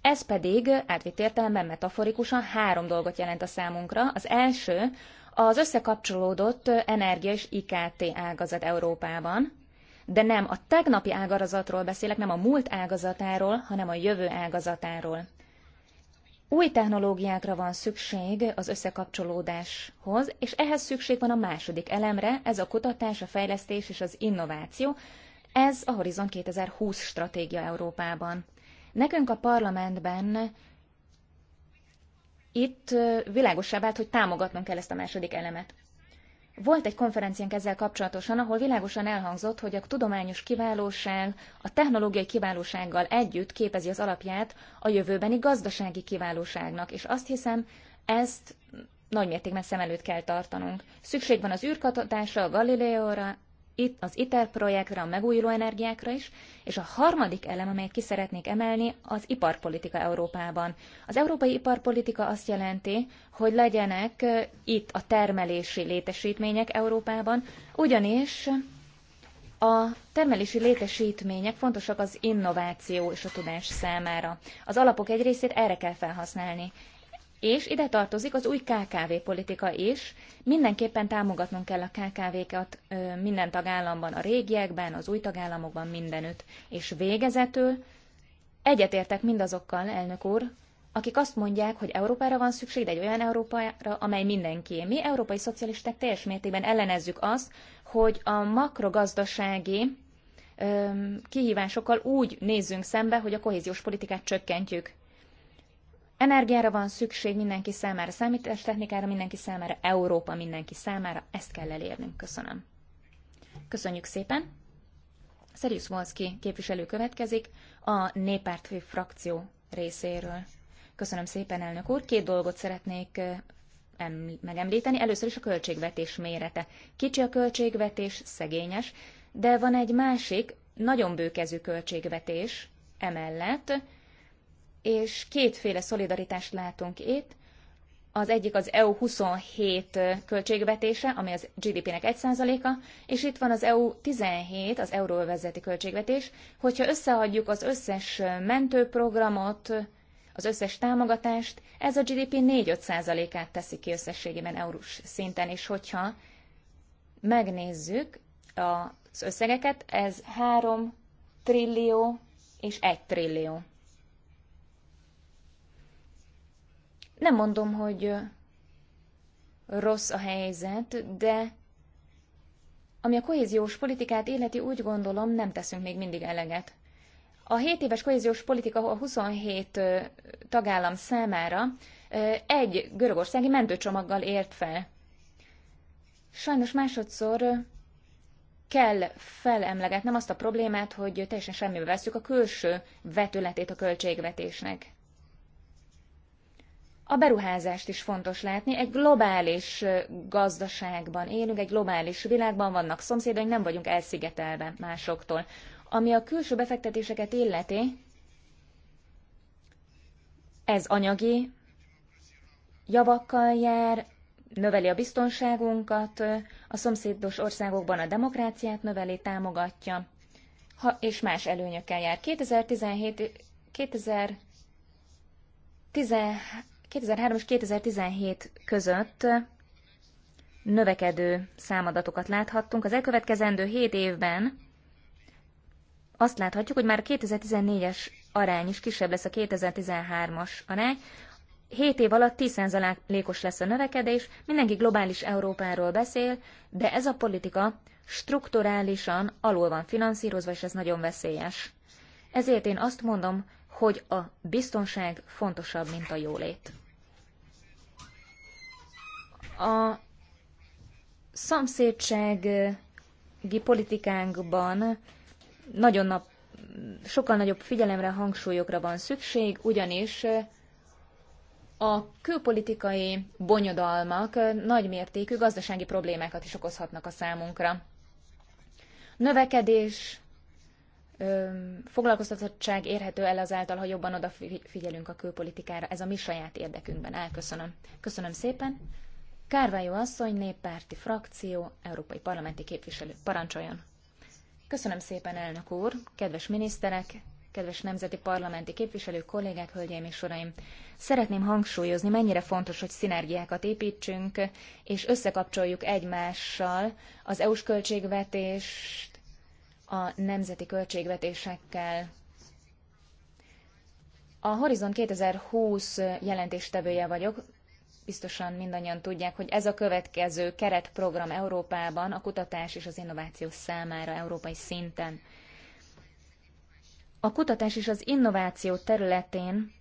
ez pedig átvitt értelemben metaforikusan három dolgot jelent a számunkra. Az első az összekapcsolódott energia és IKT ágazat Európában, de nem a tegnapi ágazatról beszélek, nem a múlt ágazatáról, hanem a jövő ágazatáról. Új technológiákra van szükség az összekapcsolódáshoz, és ehhez szükség van a második elemre, ez a kutatás, a fejlesztés és az innováció, ez a Horizon 2020 stratégia Európában. Nekünk a parlamentben itt világosá vált, hogy támogatnunk kell ezt a második elemet. Volt egy konferenciánk ezzel kapcsolatosan, ahol világosan elhangzott, hogy a tudományos kiválóság a technológiai kiválósággal együtt képezi az alapját a jövőbeni gazdasági kiválóságnak, és azt hiszem, ezt nagy mértékben szem előtt kell tartanunk. Szükség van az űrkatatásra, a Galileóra, itt az ITER projektre, a megújuló energiákra is, és a harmadik elem, amelyet ki szeretnék emelni, az iparpolitika Európában. Az európai iparpolitika azt jelenti, hogy legyenek itt a termelési létesítmények Európában, ugyanis a termelési létesítmények fontosak az innováció és a tudás számára. Az alapok egy részét erre kell felhasználni és ide tartozik az új KKV politika is. Mindenképpen támogatnunk kell a KKV-kat minden tagállamban, a régiekben, az új tagállamokban, mindenütt. És végezetül egyetértek mindazokkal, elnök úr, akik azt mondják, hogy Európára van szükség, de egy olyan Európára, amely mindenki. Mi európai szocialisták teljes mértékben ellenezzük azt, hogy a makrogazdasági kihívásokkal úgy nézzünk szembe, hogy a kohéziós politikát csökkentjük. Energiára van szükség mindenki számára, technikára mindenki számára, Európa mindenki számára, ezt kell elérnünk. Köszönöm. Köszönjük szépen. Szerius Volszki képviselő következik a Népárt frakció részéről. Köszönöm szépen, elnök úr. Két dolgot szeretnék megemlíteni. Először is a költségvetés mérete. Kicsi a költségvetés, szegényes, de van egy másik, nagyon bőkezű költségvetés emellett, és kétféle szolidaritást látunk itt. Az egyik az EU 27 költségvetése, ami az GDP-nek 1%-a, és itt van az EU 17, az euróvezeti költségvetés. Hogyha összeadjuk az összes mentőprogramot, az összes támogatást, ez a GDP 4-5%-át teszi ki összességében eurós szinten, és hogyha megnézzük az összegeket, ez 3 trillió és 1 trillió. Nem mondom, hogy rossz a helyzet, de ami a kohéziós politikát életi úgy gondolom, nem teszünk még mindig eleget. A 7 éves kohéziós politika a 27 tagállam számára egy görögországi mentőcsomaggal ért fel. Sajnos másodszor kell felemlegetnem azt a problémát, hogy teljesen semmibe veszük a külső vetületét a költségvetésnek a beruházást is fontos látni. Egy globális gazdaságban élünk, egy globális világban vannak szomszédaink, nem vagyunk elszigetelve másoktól. Ami a külső befektetéseket illeti, ez anyagi javakkal jár, növeli a biztonságunkat, a szomszédos országokban a demokráciát növeli, támogatja, ha, és más előnyökkel jár. 2017, 2000, 2003 és 2017 között növekedő számadatokat láthattunk. Az elkövetkezendő 7 évben azt láthatjuk, hogy már a 2014-es arány is kisebb lesz a 2013-as arány. 7 év alatt 10%-os lesz a növekedés, mindenki globális Európáról beszél, de ez a politika strukturálisan alul van finanszírozva, és ez nagyon veszélyes. Ezért én azt mondom, hogy a biztonság fontosabb, mint a jólét. A szomszédsági politikánkban nagyon nap, sokkal nagyobb figyelemre, hangsúlyokra van szükség, ugyanis a külpolitikai bonyodalmak nagymértékű gazdasági problémákat is okozhatnak a számunkra. Növekedés, foglalkoztatottság érhető el azáltal, ha jobban odafigyelünk a külpolitikára. Ez a mi saját érdekünkben áll. Köszönöm szépen. Kárvályó asszony, néppárti frakció, európai parlamenti képviselő. Parancsoljon! Köszönöm szépen, elnök úr, kedves miniszterek, kedves nemzeti parlamenti képviselők, kollégák, hölgyeim és uraim! Szeretném hangsúlyozni, mennyire fontos, hogy szinergiákat építsünk, és összekapcsoljuk egymással az EU-s költségvetést a nemzeti költségvetésekkel. A Horizon 2020 jelentéstevője vagyok, biztosan mindannyian tudják, hogy ez a következő keretprogram Európában a kutatás és az innováció számára európai szinten. A kutatás és az innováció területén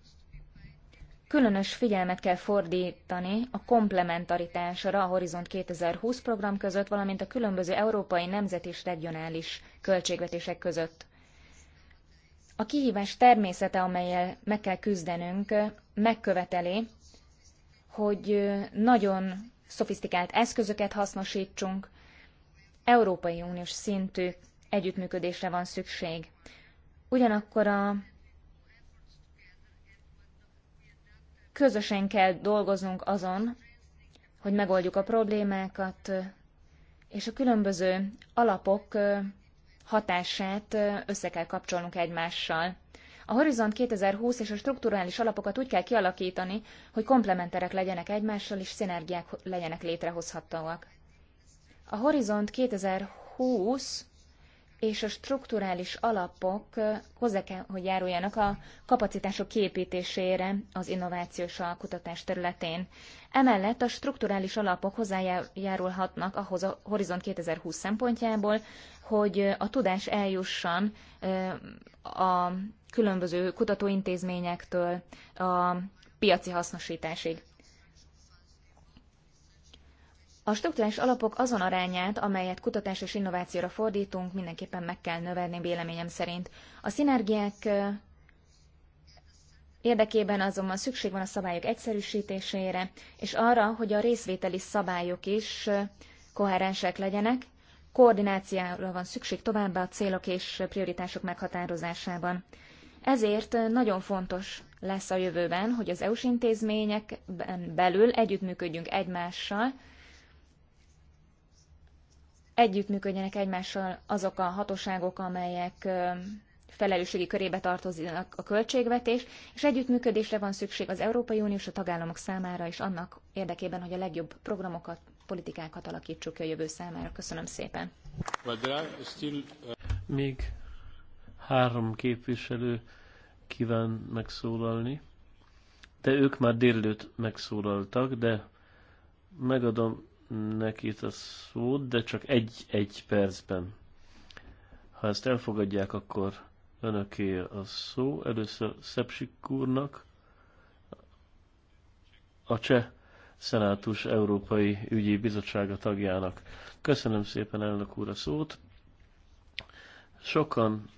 különös figyelmet kell fordítani a komplementaritásra a Horizont 2020 program között, valamint a különböző európai, nemzet és regionális költségvetések között. A kihívás természete, amelyel meg kell küzdenünk, megköveteli, hogy nagyon szofisztikált eszközöket hasznosítsunk, Európai Uniós szintű együttműködésre van szükség. Ugyanakkor a közösen kell dolgoznunk azon, hogy megoldjuk a problémákat, és a különböző alapok hatását össze kell kapcsolnunk egymással. A Horizont 2020 és a strukturális alapokat úgy kell kialakítani, hogy komplementerek legyenek egymással, és szinergiák legyenek létrehozhatóak. A Horizont 2020 és a strukturális alapok hozzá kell, hogy járuljanak a kapacitások képítésére az innovációs a kutatás területén. Emellett a strukturális alapok hozzájárulhatnak ahhoz a Horizont 2020 szempontjából, hogy a tudás eljusson a különböző kutatóintézményektől a piaci hasznosításig. A struktúrás alapok azon arányát, amelyet kutatás és innovációra fordítunk, mindenképpen meg kell növelni véleményem szerint. A szinergiák érdekében azonban szükség van a szabályok egyszerűsítésére, és arra, hogy a részvételi szabályok is koherensek legyenek, koordinációra van szükség továbbá a célok és prioritások meghatározásában. Ezért nagyon fontos lesz a jövőben, hogy az EU-s intézményekben belül együttműködjünk egymással, együttműködjenek egymással azok a hatóságok, amelyek felelősségi körébe tartozik a költségvetés, és együttműködésre van szükség az Európai Unió és a tagállamok számára is annak érdekében, hogy a legjobb programokat, politikákat alakítsuk ki a jövő számára. Köszönöm szépen. Még Három képviselő kíván megszólalni, de ők már délőtt megszólaltak, de megadom nekik a szót, de csak egy-egy percben. Ha ezt elfogadják, akkor önöké a szó. Először Szepsik úrnak, a Cseh Szenátus Európai Ügyi Bizottsága tagjának. Köszönöm szépen elnök úr a szót. Sokan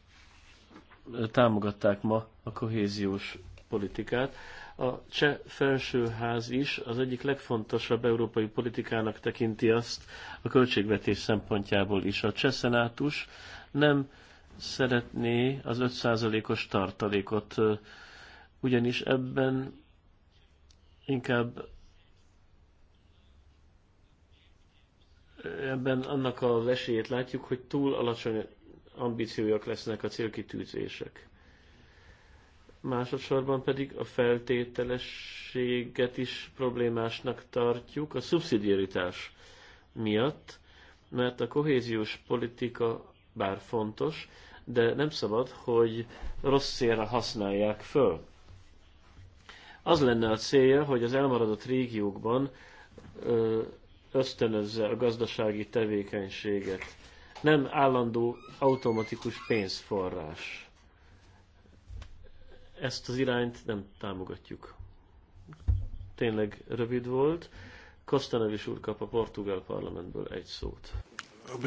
támogatták ma a kohéziós politikát. A cseh felsőház is az egyik legfontosabb európai politikának tekinti azt a költségvetés szempontjából is. A cseh szenátus nem szeretné az 5%-os tartalékot, ugyanis ebben inkább ebben annak a esélyét látjuk, hogy túl alacsony ambíciójak lesznek a célkitűzések. Másodszorban pedig a feltételességet is problémásnak tartjuk a szubszidiaritás miatt, mert a kohéziós politika bár fontos, de nem szabad, hogy rossz célra használják föl. Az lenne a célja, hogy az elmaradott régiókban ösztönözze a gazdasági tevékenységet nem állandó automatikus pénzforrás. Ezt az irányt nem támogatjuk. Tényleg rövid volt. Kostanevis úr kap a portugál parlamentből egy szót.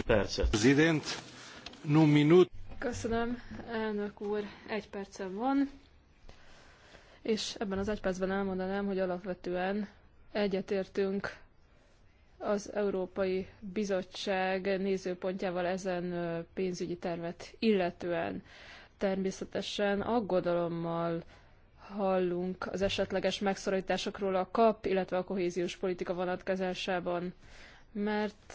Percet. idént, no minut. Köszönöm, elnök úr, egy percem van. És ebben az egy percben elmondanám, hogy alapvetően egyetértünk az Európai Bizottság nézőpontjával ezen pénzügyi tervet illetően. Természetesen aggodalommal hallunk az esetleges megszorításokról a kap, illetve a kohéziós politika vonatkozásában, mert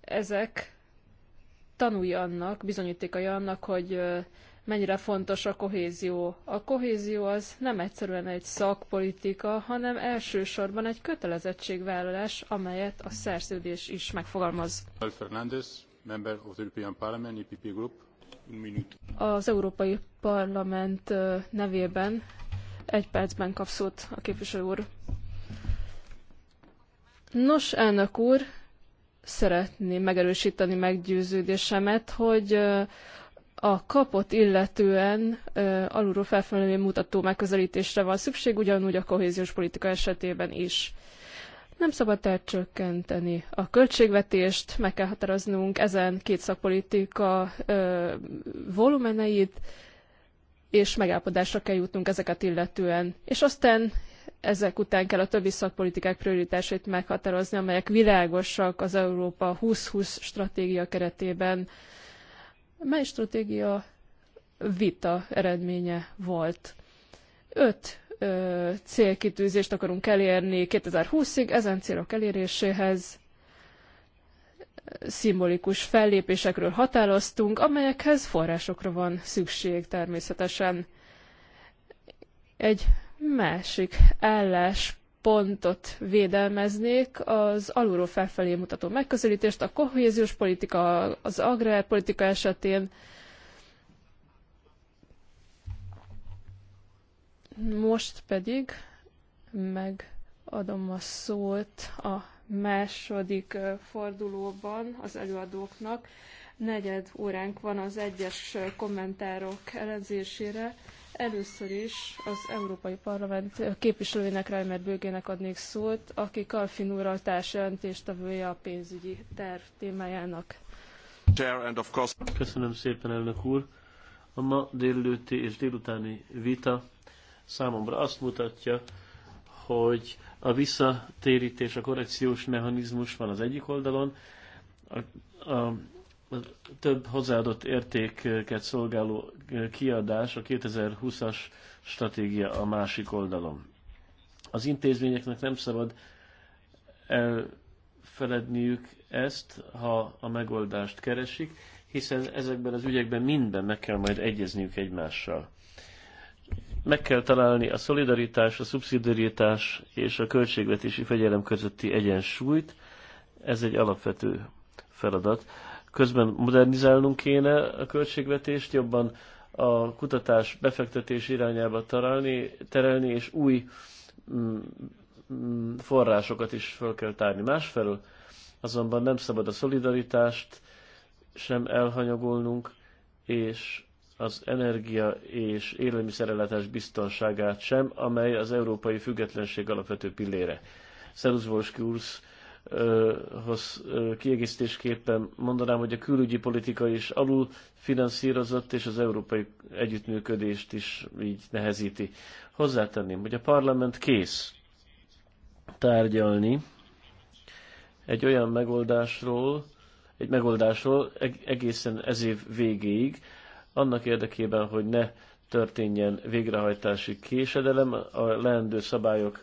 ezek tanulja annak, bizonyítékai annak, hogy mennyire fontos a kohézió. A kohézió az nem egyszerűen egy szakpolitika, hanem elsősorban egy kötelezettségvállalás, amelyet a szerződés is megfogalmaz. Fernández, member of the European Parliament, EPP Group. Az Európai Parlament nevében egy percben kap szót a képviselő úr. Nos, elnök úr, szeretném megerősíteni meggyőződésemet, hogy a kapot illetően alulról felfelé mutató megközelítésre van szükség, ugyanúgy a kohéziós politika esetében is. Nem szabad elcsökkenteni a költségvetést, meg kell határoznunk ezen két szakpolitika volumeneit, és megállapodásra kell jutnunk ezeket illetően. És aztán ezek után kell a többi szakpolitikák prioritásait meghatározni, amelyek világosak az Európa 2020 stratégia keretében mely stratégia vita eredménye volt. Öt ö, célkitűzést akarunk elérni 2020-ig, ezen célok eléréséhez szimbolikus fellépésekről határoztunk, amelyekhez forrásokra van szükség természetesen. Egy másik állás pontot védelmeznék, az alulról felfelé mutató megközelítést, a kohéziós politika, az agrárpolitika esetén, Most pedig megadom a szót a második fordulóban az előadóknak. Negyed óránk van az egyes kommentárok elemzésére, Először is az Európai Parlament képviselőjének Reimer Bőgének adnék szót, aki Kalfin úrral társjelentéstevője a pénzügyi terv témájának. Köszönöm szépen, elnök úr! A ma délelőtti és délutáni vita számomra azt mutatja, hogy a visszatérítés, a korrekciós mechanizmus van az egyik oldalon, a, a több hozzáadott értéket szolgáló kiadás, a 2020-as stratégia a másik oldalon. Az intézményeknek nem szabad elfeledniük ezt, ha a megoldást keresik, hiszen ezekben az ügyekben mindben meg kell majd egyezniük egymással. Meg kell találni a szolidaritás, a szubszidiaritás és a költségvetési fegyelem közötti egyensúlyt, ez egy alapvető feladat Közben modernizálnunk kéne a költségvetést, jobban a kutatás befektetés irányába taralni, terelni, és új mm, mm, forrásokat is fel kell tárni. Másfelől azonban nem szabad a szolidaritást sem elhanyagolnunk, és az energia és élelmiszerellátás biztonságát sem, amely az európai függetlenség alapvető pillére. Szerusz Volski úrsz hoz kiegészítésképpen mondanám, hogy a külügyi politika is alul finanszírozott, és az európai együttműködést is így nehezíti. Hozzátenném, hogy a parlament kész tárgyalni egy olyan megoldásról, egy megoldásról egészen ez év végéig, annak érdekében, hogy ne történjen végrehajtási késedelem, a leendő szabályok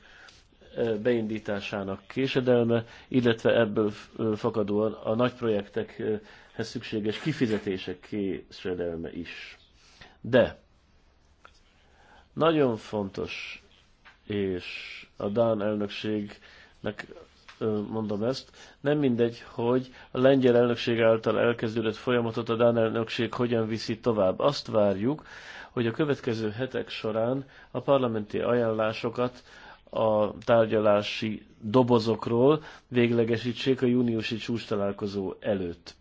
beindításának késedelme, illetve ebből fakadóan a nagy projektekhez szükséges kifizetések késedelme is. De nagyon fontos, és a Dán elnökségnek mondom ezt, nem mindegy, hogy a lengyel elnökség által elkezdődött folyamatot a Dán elnökség hogyan viszi tovább. Azt várjuk, hogy a következő hetek során a parlamenti ajánlásokat a tárgyalási dobozokról véglegesítsék a júniusi csúcs találkozó előtt.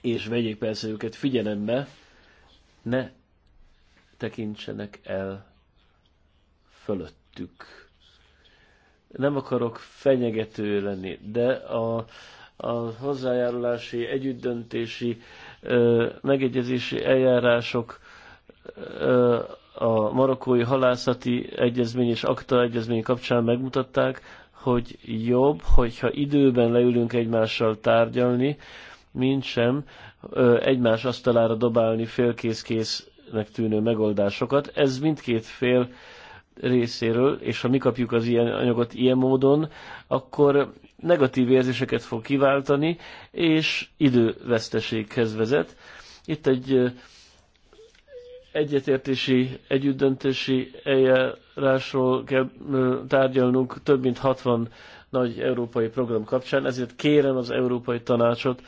És vegyék persze őket figyelembe, ne tekintsenek el fölöttük. Nem akarok fenyegető lenni, de a, a hozzájárulási, együttdöntési, ö, megegyezési eljárások ö, a marokkói halászati egyezmény és akta egyezmény kapcsán megmutatták, hogy jobb, hogyha időben leülünk egymással tárgyalni, mint sem egymás asztalára dobálni félkész-késznek tűnő megoldásokat. Ez mindkét fél részéről, és ha mi kapjuk az ilyen anyagot ilyen módon, akkor negatív érzéseket fog kiváltani, és időveszteséghez vezet. Itt egy egyetértési, együttdöntési eljárásról kell tárgyalnunk több mint 60 nagy európai program kapcsán, ezért kérem az Európai Tanácsot,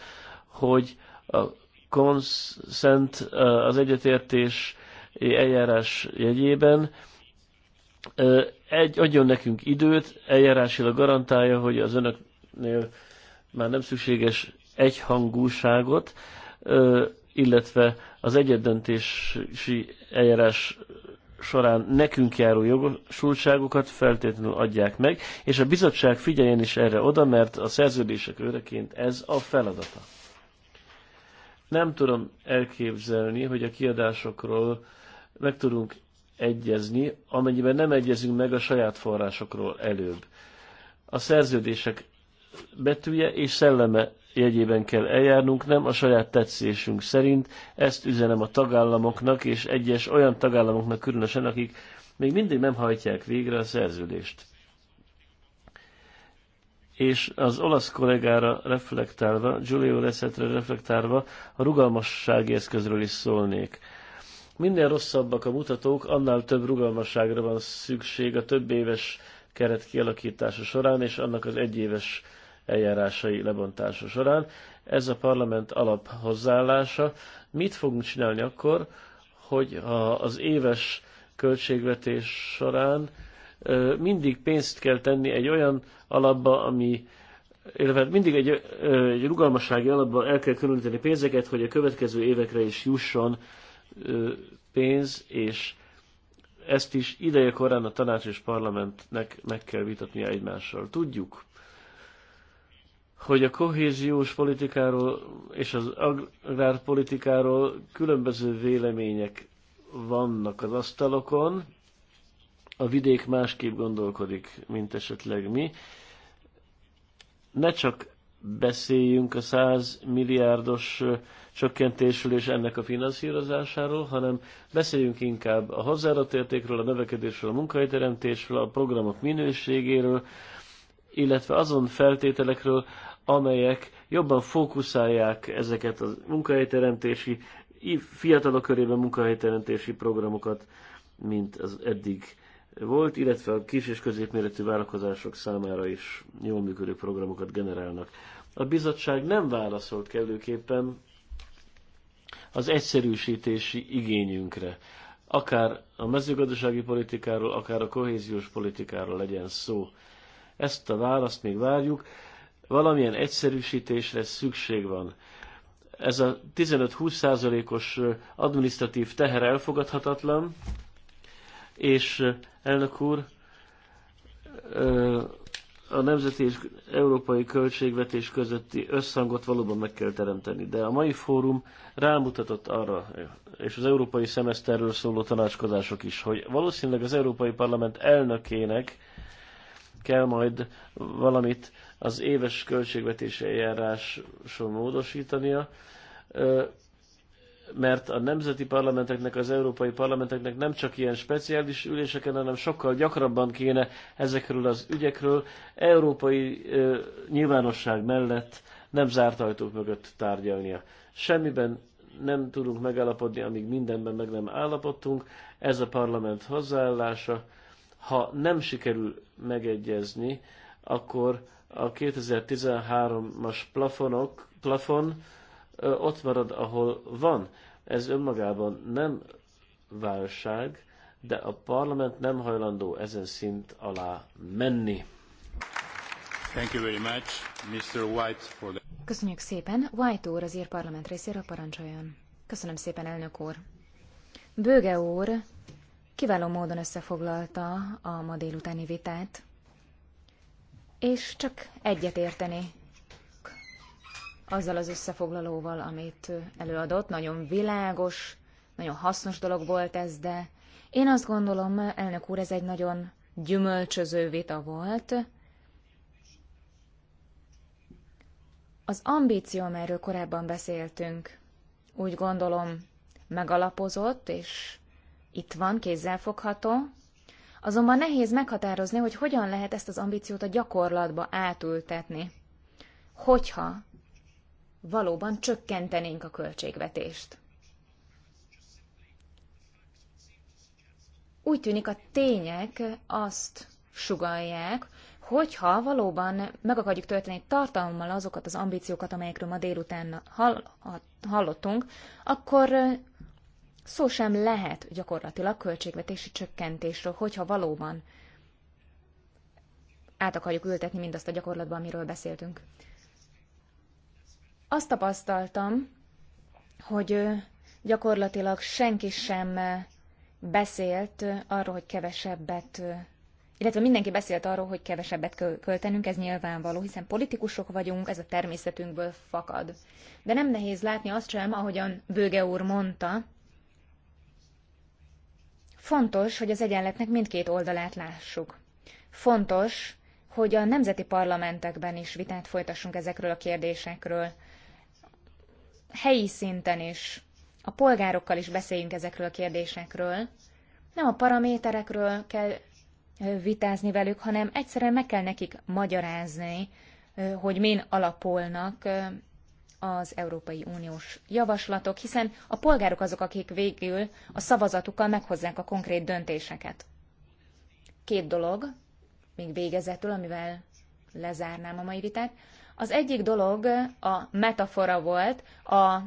hogy a consent, az egyetértés eljárás jegyében egy, adjon nekünk időt, eljárásilag garantálja, hogy az önöknél már nem szükséges egyhangúságot, illetve az egyedöntési eljárás során nekünk járó jogosultságokat feltétlenül adják meg, és a bizottság figyeljen is erre oda, mert a szerződések őreként ez a feladata. Nem tudom elképzelni, hogy a kiadásokról meg tudunk egyezni, amennyiben nem egyezünk meg a saját forrásokról előbb. A szerződések betűje és szelleme jegyében kell eljárnunk, nem a saját tetszésünk szerint. Ezt üzenem a tagállamoknak, és egyes olyan tagállamoknak különösen, akik még mindig nem hajtják végre a szerződést. És az olasz kollégára reflektálva, Giulio Lesetre reflektálva, a rugalmassági eszközről is szólnék. Minél rosszabbak a mutatók, annál több rugalmasságra van szükség a több éves keret kialakítása során, és annak az egyéves éves eljárásai lebontása során. Ez a parlament alap hozzáállása. Mit fogunk csinálni akkor, hogy az éves költségvetés során mindig pénzt kell tenni egy olyan alapba, ami illetve mindig egy, egy rugalmassági alapba el kell különíteni pénzeket, hogy a következő évekre is jusson pénz, és ezt is ideje korán a tanács és parlamentnek meg kell vitatnia egymással. Tudjuk, hogy a kohéziós politikáról és az agrárpolitikáról különböző vélemények vannak az asztalokon, a vidék másképp gondolkodik, mint esetleg mi. Ne csak beszéljünk a 100 milliárdos csökkentésről és ennek a finanszírozásáról, hanem beszéljünk inkább a hozzáadott értékről, a növekedésről, a munkahelyteremtésről, a programok minőségéről, illetve azon feltételekről, amelyek jobban fókuszálják ezeket a munkahelyteremtési, fiatalok körében munkahelyteremtési programokat, mint az eddig volt, illetve a kis és középméretű vállalkozások számára is jól működő programokat generálnak. A bizottság nem válaszolt kellőképpen az egyszerűsítési igényünkre. Akár a mezőgazdasági politikáról, akár a kohéziós politikáról legyen szó. Ezt a választ még várjuk valamilyen egyszerűsítésre szükség van. Ez a 15-20 százalékos administratív teher elfogadhatatlan, és elnök úr, a nemzeti és európai költségvetés közötti összhangot valóban meg kell teremteni. De a mai fórum rámutatott arra, és az európai szemeszterről szóló tanácskozások is, hogy valószínűleg az Európai Parlament elnökének kell majd valamit az éves költségvetési eljáráson módosítania, mert a nemzeti parlamenteknek, az európai parlamenteknek nem csak ilyen speciális üléseken, hanem sokkal gyakrabban kéne ezekről az ügyekről európai nyilvánosság mellett nem zárt ajtók mögött tárgyalnia. Semmiben nem tudunk megállapodni, amíg mindenben meg nem állapodtunk. Ez a parlament hozzáállása. Ha nem sikerül megegyezni, akkor a 2013-as plafonok, plafon ott marad, ahol van. Ez önmagában nem válság, de a parlament nem hajlandó ezen szint alá menni. Thank you very much, Mr. White, for the... Köszönjük szépen. White úr az ír parlament részéről parancsoljon. Köszönöm szépen, elnök úr. Bőge úr kiváló módon összefoglalta a ma délutáni vitát és csak egyet érteni azzal az összefoglalóval, amit előadott. Nagyon világos, nagyon hasznos dolog volt ez, de én azt gondolom, elnök úr, ez egy nagyon gyümölcsöző vita volt. Az ambíció, amelyről korábban beszéltünk, úgy gondolom megalapozott, és itt van, kézzelfogható, Azonban nehéz meghatározni, hogy hogyan lehet ezt az ambíciót a gyakorlatba átültetni, hogyha valóban csökkentenénk a költségvetést. Úgy tűnik a tények azt sugalják, hogyha valóban meg akarjuk történni tartalommal azokat az ambíciókat, amelyekről ma délután hallottunk, akkor Szó sem lehet gyakorlatilag költségvetési csökkentésről, hogyha valóban át akarjuk ültetni mindazt a gyakorlatban, amiről beszéltünk. Azt tapasztaltam, hogy gyakorlatilag senki sem beszélt arról, hogy kevesebbet, illetve mindenki beszélt arról, hogy kevesebbet költenünk, ez nyilvánvaló, hiszen politikusok vagyunk, ez a természetünkből fakad. De nem nehéz látni azt sem, ahogyan Bőge úr mondta, Fontos, hogy az egyenletnek mindkét oldalát lássuk. Fontos, hogy a nemzeti parlamentekben is vitát folytassunk ezekről a kérdésekről. Helyi szinten is, a polgárokkal is beszéljünk ezekről a kérdésekről. Nem a paraméterekről kell vitázni velük, hanem egyszerűen meg kell nekik magyarázni, hogy min alapolnak az Európai Uniós javaslatok, hiszen a polgárok azok, akik végül a szavazatukkal meghozzák a konkrét döntéseket. Két dolog, még végezetül, amivel lezárnám a mai vitát. Az egyik dolog a metafora volt a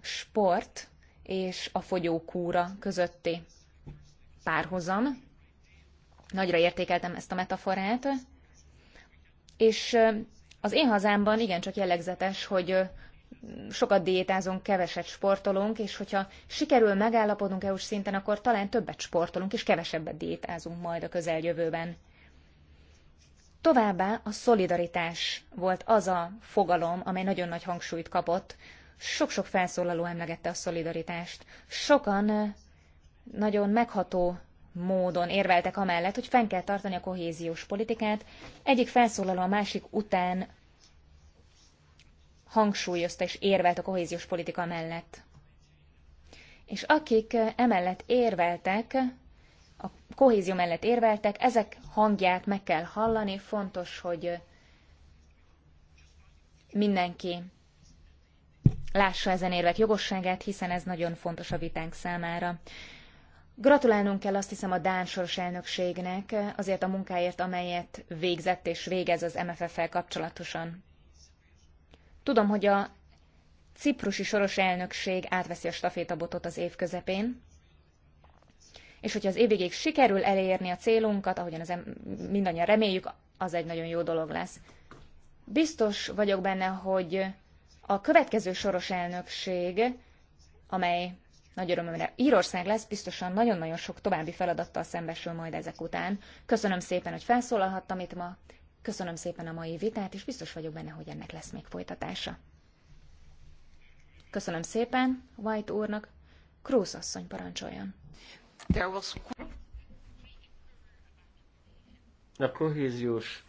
sport és a fogyókúra közötti párhuzam. Nagyra értékeltem ezt a metaforát, és az én hazámban igencsak jellegzetes, hogy sokat diétázunk, keveset sportolunk, és hogyha sikerül megállapodunk EU-s szinten, akkor talán többet sportolunk, és kevesebbet diétázunk majd a közeljövőben. Továbbá a szolidaritás volt az a fogalom, amely nagyon nagy hangsúlyt kapott. Sok-sok felszólaló emlegette a szolidaritást. Sokan nagyon megható módon érveltek amellett, hogy fenn kell tartani a kohéziós politikát. Egyik felszólaló a másik után hangsúlyozta és érvelt a kohéziós politika mellett. És akik emellett érveltek, a kohézió mellett érveltek, ezek hangját meg kell hallani, fontos, hogy mindenki lássa ezen érvek jogosságát, hiszen ez nagyon fontos a vitánk számára. Gratulálnunk kell azt hiszem a Dán soros elnökségnek azért a munkáért, amelyet végzett és végez az MFF-fel kapcsolatosan. Tudom, hogy a ciprusi soros elnökség átveszi a stafétabotot az év közepén, és hogyha az év sikerül elérni a célunkat, ahogyan az em- mindannyian reméljük, az egy nagyon jó dolog lesz. Biztos vagyok benne, hogy a következő soros elnökség, amely nagy örömömre Írország lesz, biztosan nagyon-nagyon sok további feladattal szembesül majd ezek után. Köszönöm szépen, hogy felszólalhattam itt ma, Köszönöm szépen a mai vitát, és biztos vagyok benne, hogy ennek lesz még folytatása. Köszönöm szépen White úrnak. Krósz asszony parancsoljon. A kohéziós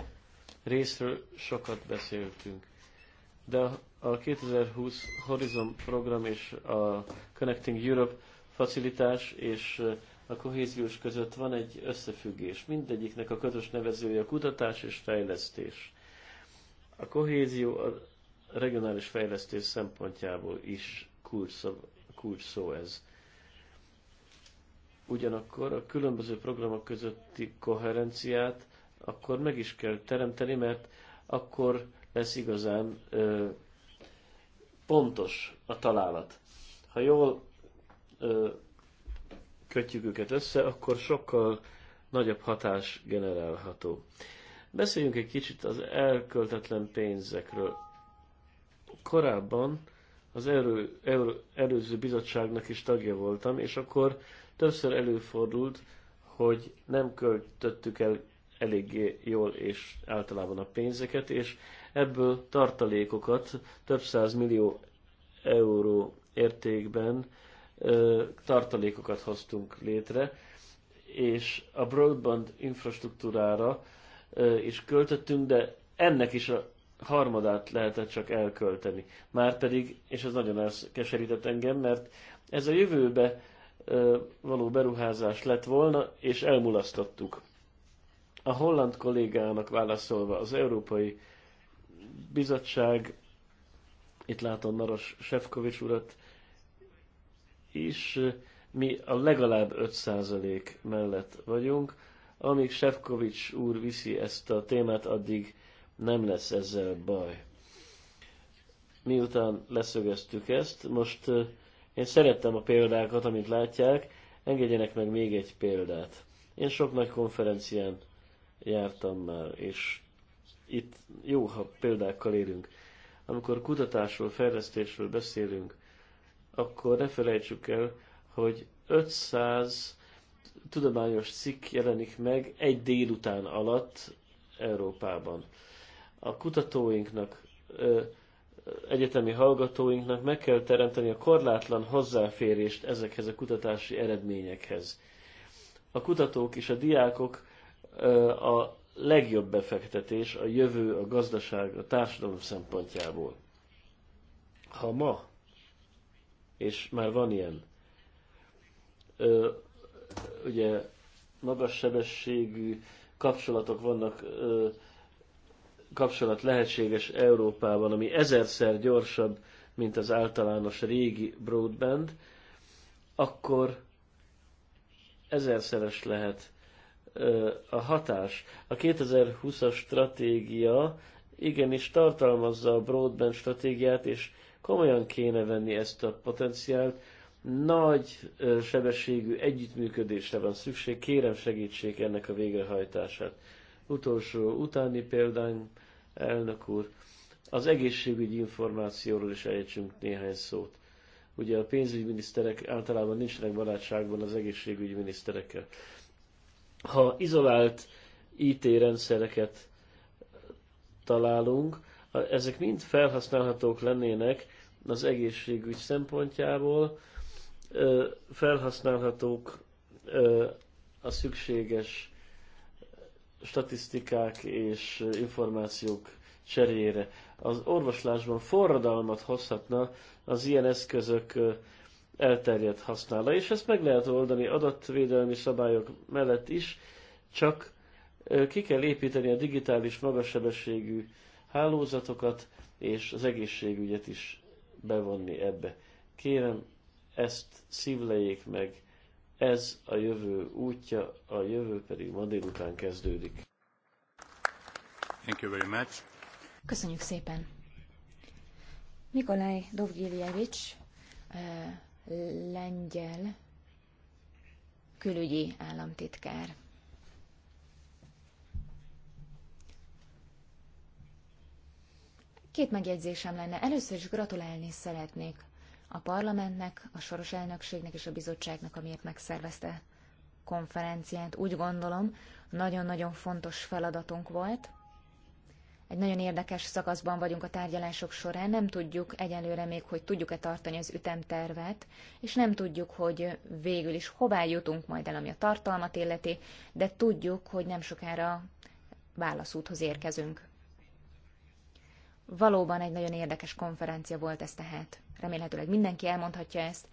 részről sokat beszéltünk, de a 2020 Horizon program és a Connecting Europe facilitás és a kohéziós között van egy összefüggés. Mindegyiknek a közös nevezője a kutatás és fejlesztés. A kohézió a regionális fejlesztés szempontjából is kulcs szó, kulcs szó ez. Ugyanakkor a különböző programok közötti koherenciát akkor meg is kell teremteni, mert akkor lesz igazán ö, pontos a találat. Ha jól ö, kötjük őket össze, akkor sokkal nagyobb hatás generálható. Beszéljünk egy kicsit az elköltetlen pénzekről. Korábban az erő, erő, előző bizottságnak is tagja voltam, és akkor többször előfordult, hogy nem költöttük el eléggé jól és általában a pénzeket, és ebből tartalékokat több száz millió euró értékben tartalékokat hoztunk létre, és a broadband infrastruktúrára is költöttünk, de ennek is a harmadát lehetett csak elkölteni. Márpedig, és ez nagyon elkeserített engem, mert ez a jövőbe való beruházás lett volna, és elmulasztottuk. A holland kollégának válaszolva az Európai Bizottság, itt látom Naros Sefkovics urat, is mi a legalább 5% mellett vagyunk. Amíg Sefcovics úr viszi ezt a témát, addig nem lesz ezzel baj. Miután leszögeztük ezt, most én szerettem a példákat, amit látják, engedjenek meg még egy példát. Én sok nagy konferencián jártam már, és itt jó, ha példákkal élünk. Amikor kutatásról, fejlesztésről beszélünk, akkor ne felejtsük el, hogy 500 tudományos cikk jelenik meg egy délután alatt Európában. A kutatóinknak, egyetemi hallgatóinknak meg kell teremteni a korlátlan hozzáférést ezekhez a kutatási eredményekhez. A kutatók és a diákok a legjobb befektetés a jövő, a gazdaság, a társadalom szempontjából. Ha ma és már van ilyen. Ö, ugye magas sebességű kapcsolatok vannak, ö, kapcsolat lehetséges Európában, ami ezerszer gyorsabb, mint az általános régi broadband, akkor ezerszeres lehet ö, a hatás. A 2020-as stratégia igenis tartalmazza a broadband stratégiát, és Komolyan kéne venni ezt a potenciált. Nagy sebességű együttműködésre van szükség, kérem segítsék ennek a végrehajtását. Utolsó utáni példány, elnök úr, az egészségügyi információról is ejtsünk néhány szót. Ugye a pénzügyminiszterek általában nincsenek barátságban az egészségügyi miniszterekkel. Ha izolált IT rendszereket találunk, ezek mind felhasználhatók lennének az egészségügy szempontjából, felhasználhatók a szükséges statisztikák és információk cserére. Az orvoslásban forradalmat hozhatna az ilyen eszközök elterjedt használata, és ezt meg lehet oldani adatvédelmi szabályok mellett is, csak ki kell építeni a digitális magassebességű hálózatokat, és az egészségügyet is bevonni ebbe. Kérem, ezt szívlejék meg, ez a jövő útja, a jövő pedig ma délután kezdődik. Thank you very much. Köszönjük szépen. Nikolaj uh, lengyel külügyi államtitkár. Két megjegyzésem lenne. Először is gratulálni szeretnék a parlamentnek, a soros elnökségnek és a bizottságnak, amiért megszervezte konferenciát. Úgy gondolom, nagyon-nagyon fontos feladatunk volt. Egy nagyon érdekes szakaszban vagyunk a tárgyalások során, nem tudjuk egyelőre még, hogy tudjuk-e tartani az ütemtervet, és nem tudjuk, hogy végül is hová jutunk majd el, ami a tartalmat illeti, de tudjuk, hogy nem sokára válaszúthoz érkezünk. Valóban egy nagyon érdekes konferencia volt ez tehát. Remélhetőleg mindenki elmondhatja ezt.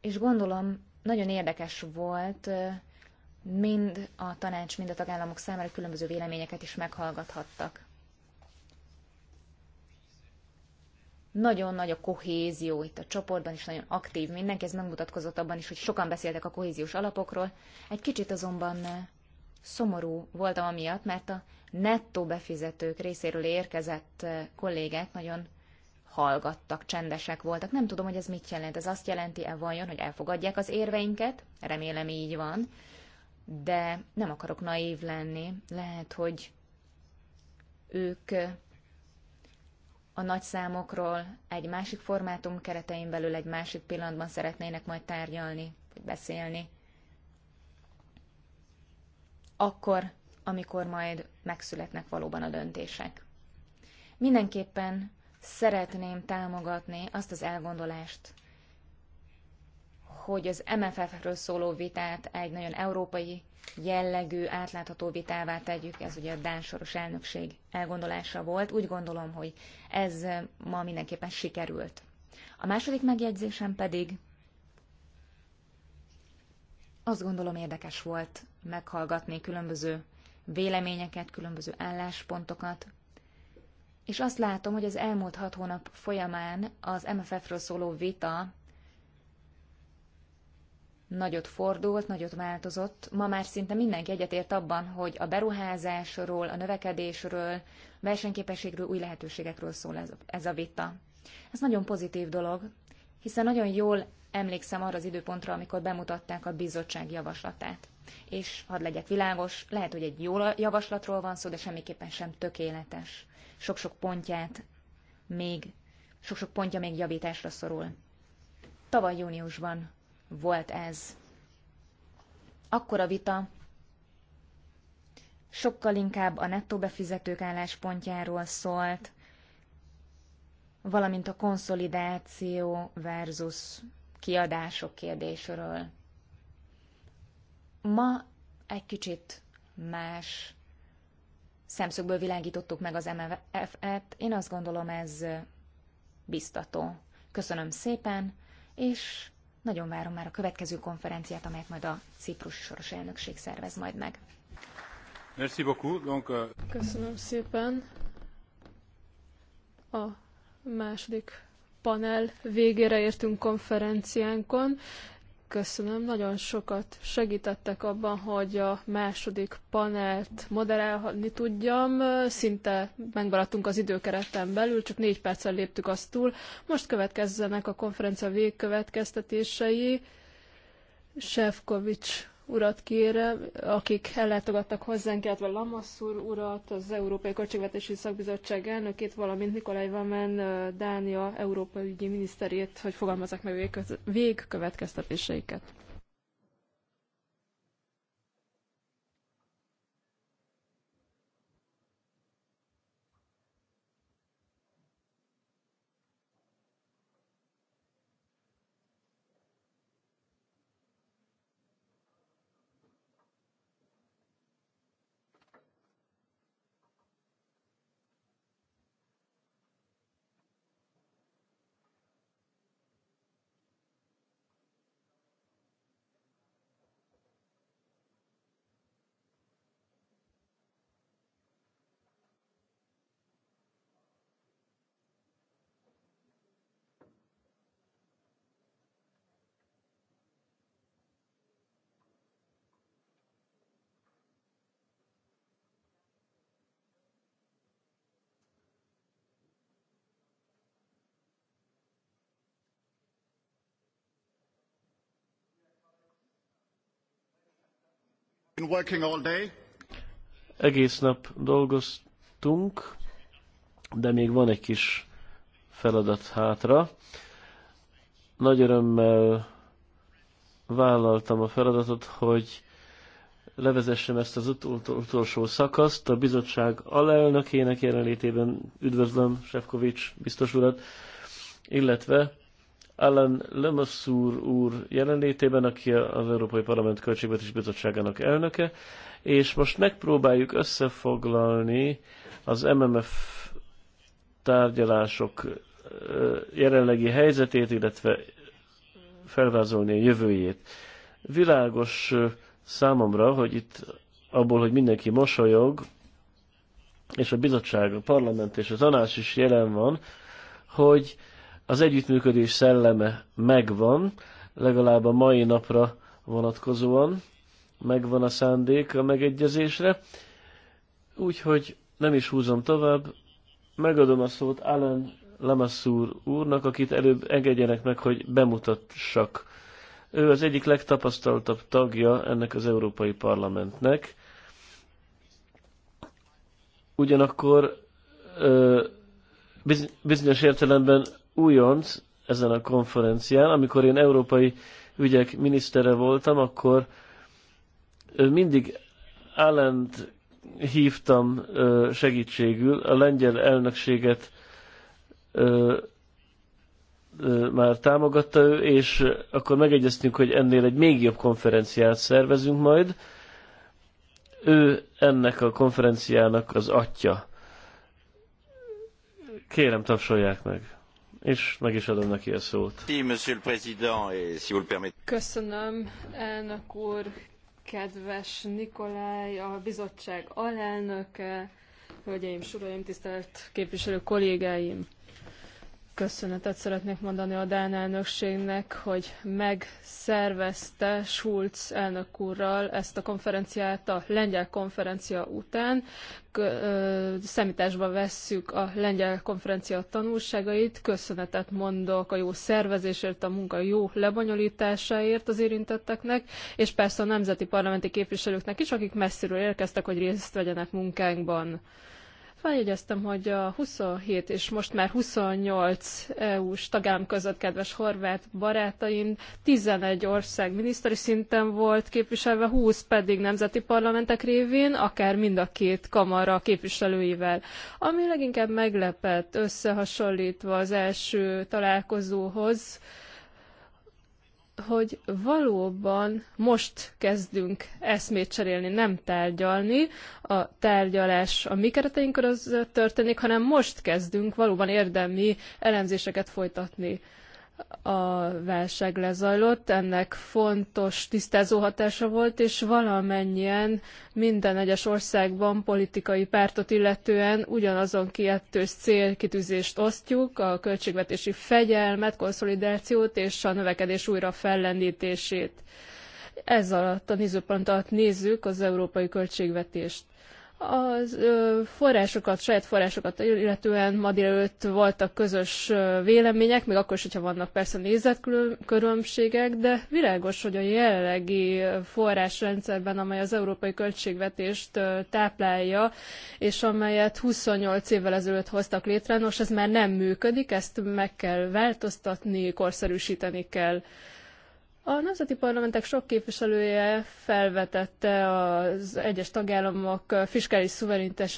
És gondolom, nagyon érdekes volt mind a tanács, mind a tagállamok számára különböző véleményeket is meghallgathattak. Nagyon nagy a kohézió itt a csoportban, és nagyon aktív mindenki, ez megmutatkozott abban is, hogy sokan beszéltek a kohéziós alapokról. Egy kicsit azonban szomorú voltam amiatt, mert a nettó befizetők részéről érkezett eh, kollégák nagyon hallgattak, csendesek voltak. Nem tudom, hogy ez mit jelent. Ez azt jelenti-e vajon, hogy elfogadják az érveinket? Remélem így van. De nem akarok naív lenni. Lehet, hogy ők eh, a nagy számokról egy másik formátum keretein belül egy másik pillanatban szeretnének majd tárgyalni, vagy beszélni akkor, amikor majd megszületnek valóban a döntések. Mindenképpen szeretném támogatni azt az elgondolást, hogy az MFF-ről szóló vitát egy nagyon európai jellegű, átlátható vitává tegyük, ez ugye a Dán soros elnökség elgondolása volt. Úgy gondolom, hogy ez ma mindenképpen sikerült. A második megjegyzésem pedig azt gondolom érdekes volt meghallgatni különböző véleményeket, különböző álláspontokat, és azt látom, hogy az elmúlt hat hónap folyamán az MFF-ről szóló vita nagyot fordult, nagyot változott. Ma már szinte mindenki egyetért abban, hogy a beruházásról, a növekedésről, versenyképességről, új lehetőségekről szól ez a, ez a vita. Ez nagyon pozitív dolog, hiszen nagyon jól emlékszem arra az időpontra, amikor bemutatták a bizottság javaslatát. És hadd legyek világos, lehet, hogy egy jó javaslatról van szó, de semmiképpen sem tökéletes. Sok-sok pontját még, sok-sok pontja még javításra szorul. Tavaly júniusban volt ez. Akkor a vita sokkal inkább a nettó befizetők álláspontjáról szólt, valamint a konszolidáció versus kiadások kérdésről. Ma egy kicsit más szemszögből világítottuk meg az MFF-et. Én azt gondolom, ez biztató. Köszönöm szépen, és nagyon várom már a következő konferenciát, amelyet majd a Ciprusi Soros Elnökség szervez majd meg. Merci beaucoup. Donc, uh... Köszönöm szépen. A második panel végére értünk konferenciánkon. Köszönöm, nagyon sokat segítettek abban, hogy a második panelt moderálni tudjam. Szinte megmaradtunk az időkereten belül, csak négy perccel léptük azt túl. Most következzenek a konferencia végkövetkeztetései. Sefkovics urat kérem, akik ellátogattak hozzánk, illetve úr urat, az Európai Költségvetési Szakbizottság elnökét, valamint Nikolaj Vamen, Dánia Európai Ügyi Miniszterét, hogy fogalmazzák meg végkövetkeztetéseiket. been working all day. Egész nap dolgoztunk, de még van egy kis feladat hátra. Nagy örömmel vállaltam a feladatot, hogy levezessem ezt az utolsó szakaszt. A bizottság alelnökének jelenlétében üdvözlöm Sefkovics biztos urat, illetve Alan Lemassur úr jelenlétében, aki az Európai Parlament Költségvetés Bizottságának elnöke, és most megpróbáljuk összefoglalni az MMF tárgyalások jelenlegi helyzetét, illetve felvázolni a jövőjét. Világos számomra, hogy itt abból, hogy mindenki mosolyog, és a bizottság, a parlament és a tanács is jelen van, hogy az együttműködés szelleme megvan, legalább a mai napra vonatkozóan megvan a szándék a megegyezésre, úgyhogy nem is húzom tovább, megadom a szót Alan Lamassur úrnak, akit előbb engedjenek meg, hogy bemutassak. Ő az egyik legtapasztaltabb tagja ennek az Európai Parlamentnek. Ugyanakkor bizonyos értelemben újonc ezen a konferencián. Amikor én európai ügyek minisztere voltam, akkor mindig állent hívtam segítségül, a lengyel elnökséget már támogatta ő, és akkor megegyeztünk, hogy ennél egy még jobb konferenciát szervezünk majd. Ő ennek a konferenciának az atya. Kérem, tapsolják meg! és meg is adom neki a szót. Köszönöm, elnök úr, kedves Nikolaj, a bizottság alelnöke, hölgyeim, uraim, tisztelt képviselő kollégáim. Köszönetet szeretnék mondani a Dán elnökségnek, hogy megszervezte Schulz elnök úrral ezt a konferenciát a lengyel konferencia után. Szemításba vesszük a lengyel konferencia tanulságait. Köszönetet mondok a jó szervezésért, a munka jó lebonyolításáért az érintetteknek, és persze a nemzeti parlamenti képviselőknek is, akik messziről érkeztek, hogy részt vegyenek munkánkban. Feljegyeztem, hogy a 27 és most már 28 EU-s tagállam között, kedves horvát barátaim, 11 ország miniszteri szinten volt képviselve, 20 pedig nemzeti parlamentek révén, akár mind a két kamara képviselőivel. Ami leginkább meglepett összehasonlítva az első találkozóhoz, hogy valóban most kezdünk eszmét cserélni, nem tárgyalni, a tárgyalás a mi kereteink között történik, hanem most kezdünk valóban érdemi elemzéseket folytatni a válság lezajlott, ennek fontos tisztázó hatása volt, és valamennyien minden egyes országban politikai pártot illetően ugyanazon kiettős célkitűzést osztjuk, a költségvetési fegyelmet, konszolidációt és a növekedés újra fellendítését. Ez alatt a nézőpont alatt nézzük az európai költségvetést. Az forrásokat, saját forrásokat illetően ma délőtt voltak közös vélemények, még akkor is, hogyha vannak persze nézetkülönbségek, de világos, hogy a jelenlegi forrásrendszerben, amely az európai költségvetést táplálja, és amelyet 28 évvel ezelőtt hoztak létre, nos, ez már nem működik, ezt meg kell változtatni, korszerűsíteni kell. A nemzeti parlamentek sok képviselője felvetette az egyes tagállamok fiskális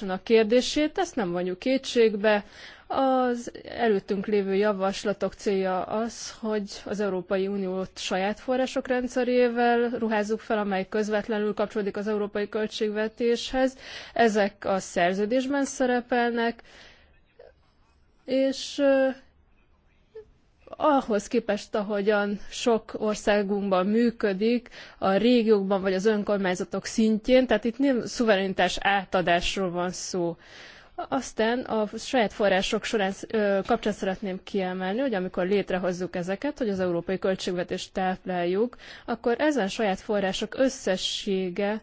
a kérdését, ezt nem vonjuk kétségbe. Az előttünk lévő javaslatok célja az, hogy az Európai Uniót saját források rendszerével ruházzuk fel, amely közvetlenül kapcsolódik az európai költségvetéshez. Ezek a szerződésben szerepelnek, és ahhoz képest, ahogyan sok országunkban működik, a régiókban vagy az önkormányzatok szintjén, tehát itt nem szuverenitás átadásról van szó. Aztán a saját források során ö, kapcsán szeretném kiemelni, hogy amikor létrehozzuk ezeket, hogy az európai költségvetést tápláljuk, akkor ezen saját források összessége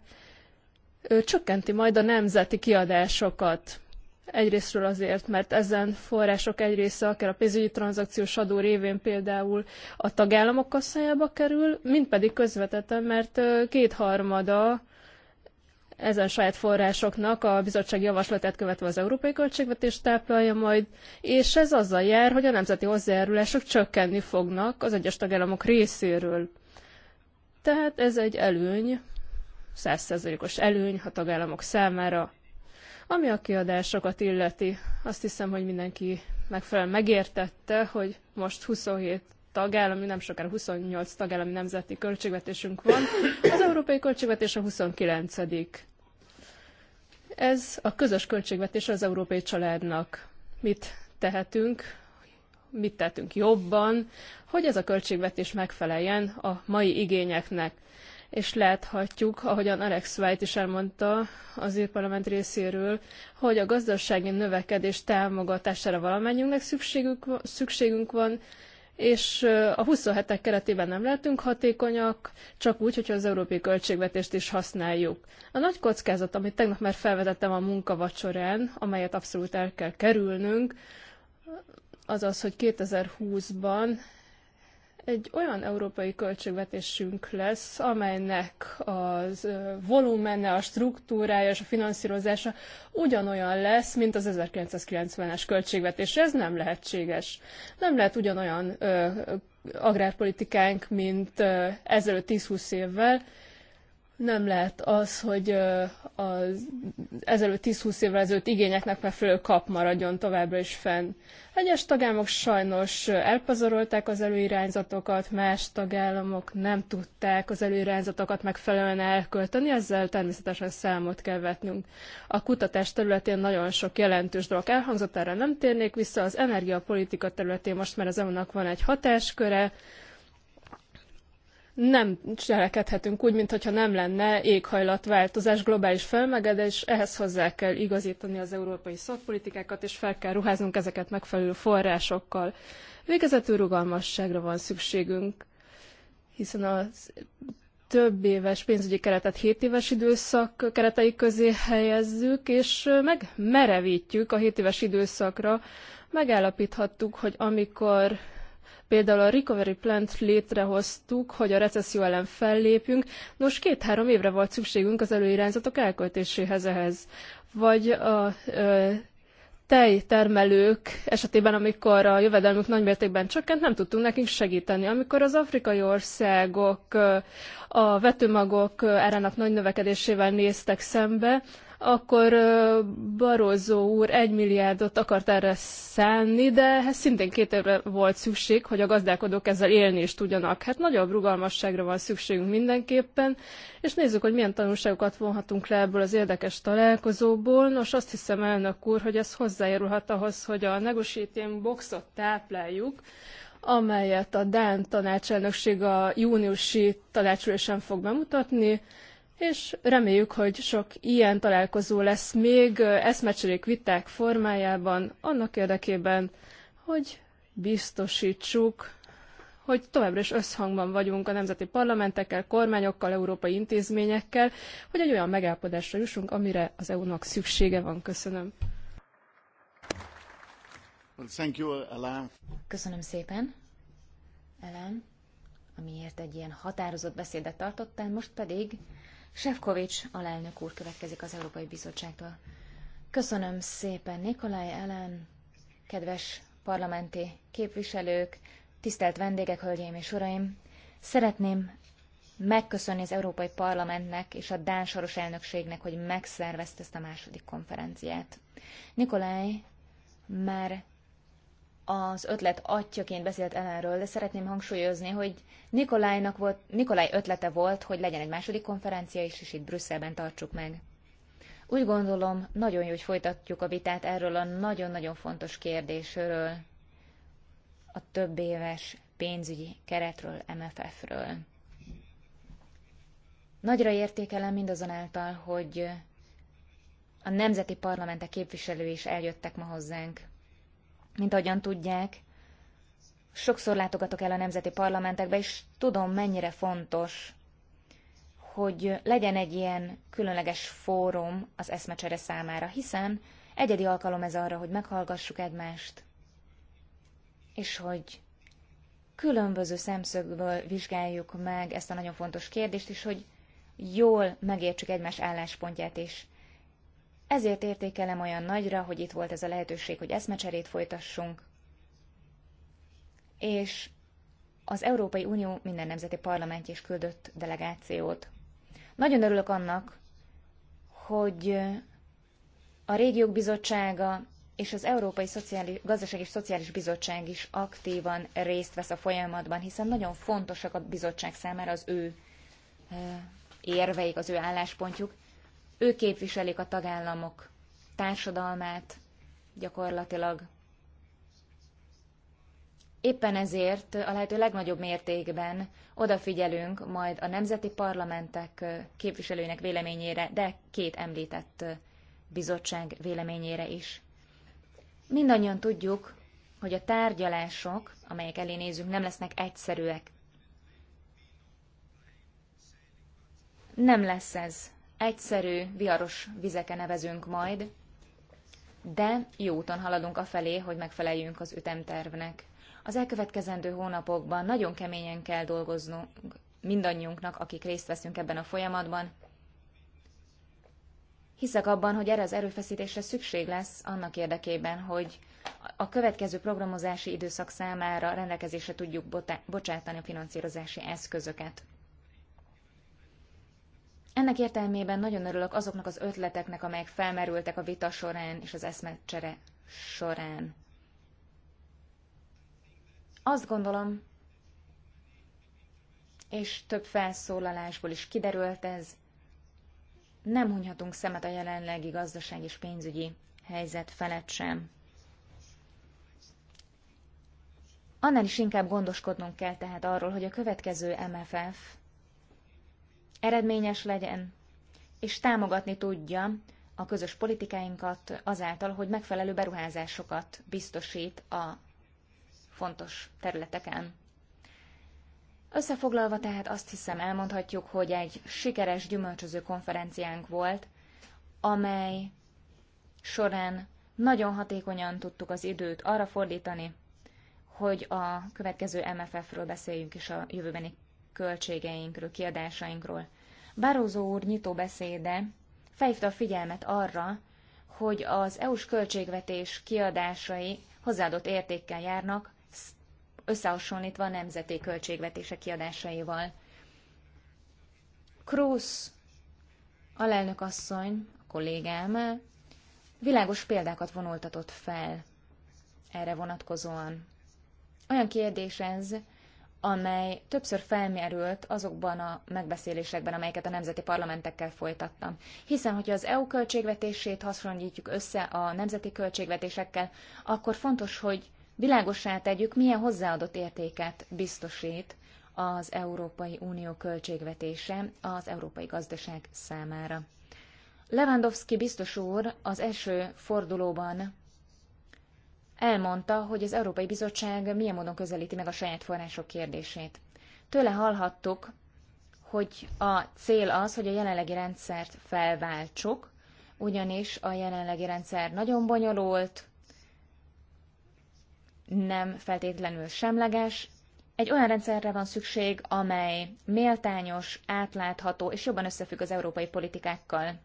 ö, csökkenti majd a nemzeti kiadásokat. Egyrésztről azért, mert ezen források egy része akár a pénzügyi tranzakciós adó révén például a tagállamok kasszájába kerül, mind pedig közvetetten, mert kétharmada ezen saját forrásoknak a bizottság javaslatát követve az európai költségvetést táplálja majd, és ez azzal jár, hogy a nemzeti hozzájárulások csökkenni fognak az egyes tagállamok részéről. Tehát ez egy előny, százszerzalékos előny a tagállamok számára ami a kiadásokat illeti, azt hiszem, hogy mindenki megfelelően megértette, hogy most 27 tagállami, nem sokára 28 tagállami nemzeti költségvetésünk van. Az európai költségvetés a 29 Ez a közös költségvetés az európai családnak. Mit tehetünk, mit tettünk jobban, hogy ez a költségvetés megfeleljen a mai igényeknek és láthatjuk, ahogyan Alex White is elmondta az írparlament részéről, hogy a gazdasági növekedés támogatására valamennyünknek szükségünk, szükségünk van, és a 27-ek keretében nem lehetünk hatékonyak, csak úgy, hogyha az európai költségvetést is használjuk. A nagy kockázat, amit tegnap már felvetettem a munkavacsorán, amelyet abszolút el kell kerülnünk, az az, hogy 2020-ban egy olyan európai költségvetésünk lesz, amelynek az volumene, a struktúrája és a finanszírozása ugyanolyan lesz, mint az 1990-es költségvetés. Ez nem lehetséges. Nem lehet ugyanolyan ö, agrárpolitikánk, mint ö, ezelőtt 10-20 évvel, nem lehet az, hogy az ezelőtt 10-20 évvel ezelőtt igényeknek megfelelő kap maradjon továbbra is fenn. Egyes tagállamok sajnos elpazarolták az előirányzatokat, más tagállamok nem tudták az előirányzatokat megfelelően elkölteni, ezzel természetesen számot kell vetnünk. A kutatás területén nagyon sok jelentős dolog elhangzott, erre nem térnék vissza, az energiapolitika területén most már az EU-nak van egy hatásköre, nem cselekedhetünk úgy, mintha nem lenne éghajlatváltozás, globális felmegedés, ehhez hozzá kell igazítani az európai szakpolitikákat, és fel kell ruháznunk ezeket megfelelő forrásokkal. Végezetül rugalmasságra van szükségünk, hiszen a több éves pénzügyi keretet 7 éves időszak keretei közé helyezzük, és meg merevítjük a 7 éves időszakra. Megállapíthattuk, hogy amikor Például a Recovery Plant létrehoztuk, hogy a recesszió ellen fellépjünk. Nos, két-három évre volt szükségünk az előirányzatok elköltéséhez ehhez. Vagy a ö, tejtermelők esetében, amikor a jövedelmük nagymértékben csökkent, nem tudtunk nekik segíteni. Amikor az afrikai országok a vetőmagok árának nagy növekedésével néztek szembe, akkor Barozó úr egy milliárdot akart erre szánni, de ez hát szintén két évre volt szükség, hogy a gazdálkodók ezzel élni is tudjanak. Hát nagyobb rugalmasságra van szükségünk mindenképpen, és nézzük, hogy milyen tanulságokat vonhatunk le ebből az érdekes találkozóból. Nos, azt hiszem, elnök úr, hogy ez hozzájárulhat ahhoz, hogy a negotiating boxot tápláljuk, amelyet a Dán tanácselnökség a júniusi tanácsülésen fog bemutatni, és reméljük, hogy sok ilyen találkozó lesz még eszmecserék viták formájában, annak érdekében, hogy biztosítsuk, hogy továbbra is összhangban vagyunk a nemzeti parlamentekkel, kormányokkal, európai intézményekkel, hogy egy olyan megállapodásra jussunk, amire az EU-nak szüksége van. Köszönöm. Köszönöm szépen, Ellen, amiért egy ilyen határozott beszédet tartottál, most pedig Sefkovics alelnök úr következik az Európai Bizottságtól. Köszönöm szépen, Nikolaj Ellen, kedves parlamenti képviselők, tisztelt vendégek, hölgyeim és uraim! Szeretném megköszönni az Európai Parlamentnek és a Dán Soros elnökségnek, hogy megszervezte ezt a második konferenciát. Nikolaj már az ötlet atyaként beszélt Ellenről, de szeretném hangsúlyozni, hogy Nikolajnak volt, Nikolaj ötlete volt, hogy legyen egy második konferencia is, és itt Brüsszelben tartsuk meg. Úgy gondolom, nagyon jó, hogy folytatjuk a vitát erről a nagyon-nagyon fontos kérdésről, a több éves pénzügyi keretről, MFF-ről. Nagyra értékelem mindazonáltal, hogy a nemzeti parlamentek képviselői is eljöttek ma hozzánk. Mint ahogyan tudják, sokszor látogatok el a nemzeti parlamentekbe, és tudom, mennyire fontos, hogy legyen egy ilyen különleges fórum az eszmecsere számára, hiszen egyedi alkalom ez arra, hogy meghallgassuk egymást, és hogy különböző szemszögből vizsgáljuk meg ezt a nagyon fontos kérdést, és hogy jól megértsük egymás álláspontját és ezért értékelem olyan nagyra, hogy itt volt ez a lehetőség, hogy eszmecserét folytassunk, és az Európai Unió minden nemzeti parlamentje is küldött delegációt. Nagyon örülök annak, hogy a Régiók Bizottsága és az Európai Szociális, Gazdaság és Szociális Bizottság is aktívan részt vesz a folyamatban, hiszen nagyon fontosak a bizottság számára az ő eh, érveik, az ő álláspontjuk, ők képviselik a tagállamok társadalmát gyakorlatilag. Éppen ezért a lehető legnagyobb mértékben odafigyelünk majd a nemzeti parlamentek képviselőinek véleményére, de két említett bizottság véleményére is. Mindannyian tudjuk, hogy a tárgyalások, amelyek elé nézünk, nem lesznek egyszerűek. Nem lesz ez egyszerű, viharos vizeken nevezünk majd, de jó úton haladunk afelé, hogy megfeleljünk az ütemtervnek. Az elkövetkezendő hónapokban nagyon keményen kell dolgoznunk mindannyiunknak, akik részt veszünk ebben a folyamatban. Hiszek abban, hogy erre az erőfeszítésre szükség lesz annak érdekében, hogy a következő programozási időszak számára rendelkezésre tudjuk bocsátani a finanszírozási eszközöket. Ennek értelmében nagyon örülök azoknak az ötleteknek, amelyek felmerültek a vita során és az eszmecsere során. Azt gondolom, és több felszólalásból is kiderült ez, nem hunyhatunk szemet a jelenlegi gazdaság és pénzügyi helyzet felett sem. Annál is inkább gondoskodnunk kell tehát arról, hogy a következő MFF eredményes legyen, és támogatni tudja a közös politikáinkat azáltal, hogy megfelelő beruházásokat biztosít a fontos területeken. Összefoglalva tehát azt hiszem elmondhatjuk, hogy egy sikeres gyümölcsöző konferenciánk volt, amely során nagyon hatékonyan tudtuk az időt arra fordítani, hogy a következő MFF-ről beszéljünk is a jövőbeni költségeinkről, kiadásainkról. Barózó úr nyitó beszéde felhívta a figyelmet arra, hogy az EU-s költségvetés kiadásai hozzáadott értékkel járnak, összehasonlítva a nemzeti költségvetése kiadásaival. Krusz, alelnök asszony, a kollégám, világos példákat vonultatott fel erre vonatkozóan. Olyan kérdés ez, amely többször felmerült azokban a megbeszélésekben, amelyeket a nemzeti parlamentekkel folytattam. Hiszen, hogyha az EU költségvetését hasonlítjuk össze a nemzeti költségvetésekkel, akkor fontos, hogy világossá tegyük, milyen hozzáadott értéket biztosít az Európai Unió költségvetése az európai gazdaság számára. Lewandowski biztos úr az első fordulóban elmondta, hogy az Európai Bizottság milyen módon közelíti meg a saját források kérdését. Tőle hallhattuk, hogy a cél az, hogy a jelenlegi rendszert felváltsuk, ugyanis a jelenlegi rendszer nagyon bonyolult, nem feltétlenül semleges. Egy olyan rendszerre van szükség, amely méltányos, átlátható és jobban összefügg az európai politikákkal.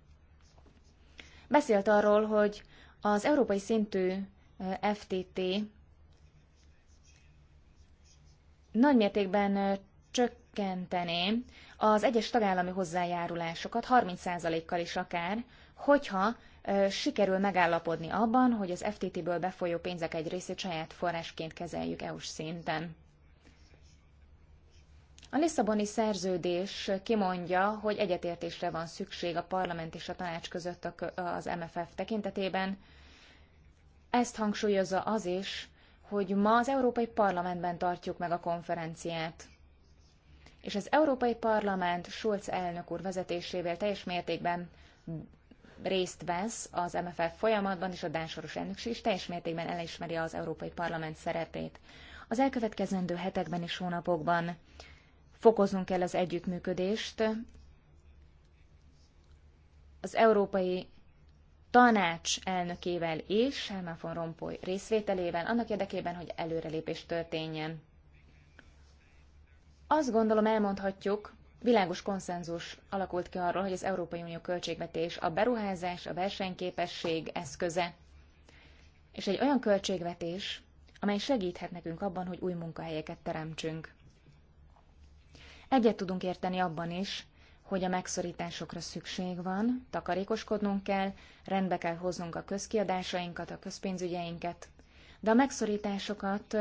Beszélt arról, hogy az európai szintű FTT nagymértékben csökkentené az egyes tagállami hozzájárulásokat 30%-kal is akár, hogyha sikerül megállapodni abban, hogy az FTT-ből befolyó pénzek egy részét saját forrásként kezeljük EU-s szinten. A Lisszaboni szerződés kimondja, hogy egyetértésre van szükség a parlament és a tanács között az MFF tekintetében, ezt hangsúlyozza az is, hogy ma az Európai Parlamentben tartjuk meg a konferenciát. És az Európai Parlament Schulz elnök úr vezetésével teljes mértékben részt vesz az MFF folyamatban, és a Dánsoros elnökség is teljes mértékben elismeri az Európai Parlament szerepét. Az elkövetkezendő hetekben és hónapokban fokoznunk kell az együttműködést az Európai tanács elnökével és Sálmán von Rompuy részvételével, annak érdekében, hogy előrelépés történjen. Azt gondolom elmondhatjuk, világos konszenzus alakult ki arról, hogy az Európai Unió költségvetés a beruházás, a versenyképesség eszköze, és egy olyan költségvetés, amely segíthet nekünk abban, hogy új munkahelyeket teremtsünk. Egyet tudunk érteni abban is, hogy a megszorításokra szükség van, takarékoskodnunk kell, rendbe kell hoznunk a közkiadásainkat, a közpénzügyeinket, de a megszorításokat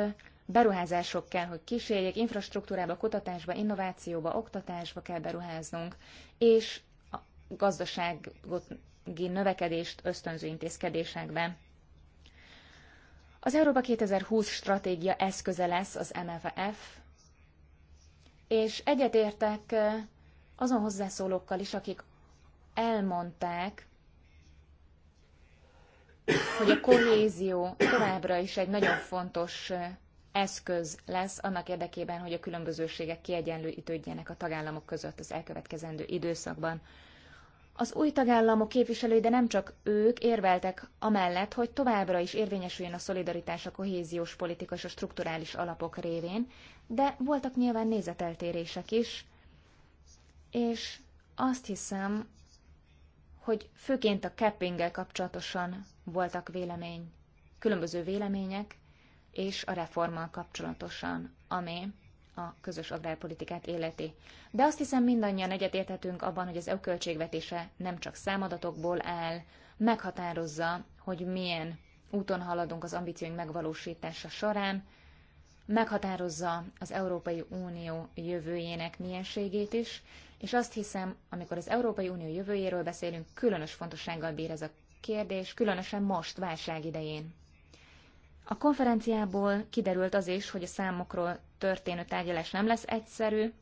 beruházások kell, hogy kísérjék, infrastruktúrába, kutatásba, innovációba, oktatásba kell beruháznunk, és a gazdasági növekedést ösztönző intézkedésekbe. Az Európa 2020 stratégia eszköze lesz az MFF, és egyetértek azon hozzászólókkal is, akik elmondták, hogy a kohézió továbbra is egy nagyon fontos eszköz lesz annak érdekében, hogy a különbözőségek kiegyenlőítődjenek a tagállamok között az elkövetkezendő időszakban. Az új tagállamok képviselői, de nem csak ők érveltek amellett, hogy továbbra is érvényesüljön a szolidaritás a kohéziós politikai és a strukturális alapok révén, de voltak nyilván nézeteltérések is, és azt hiszem, hogy főként a cappinggel kapcsolatosan voltak vélemény, különböző vélemények, és a reformmal kapcsolatosan, ami a közös agrárpolitikát életi. De azt hiszem mindannyian egyetérthetünk abban, hogy az EU költségvetése nem csak számadatokból áll, meghatározza, hogy milyen úton haladunk az ambícióink megvalósítása során, meghatározza az Európai Unió jövőjének mienségét is, és azt hiszem, amikor az Európai Unió jövőjéről beszélünk, különös fontossággal bír ez a kérdés, különösen most, válság idején. A konferenciából kiderült az is, hogy a számokról történő tárgyalás nem lesz egyszerű.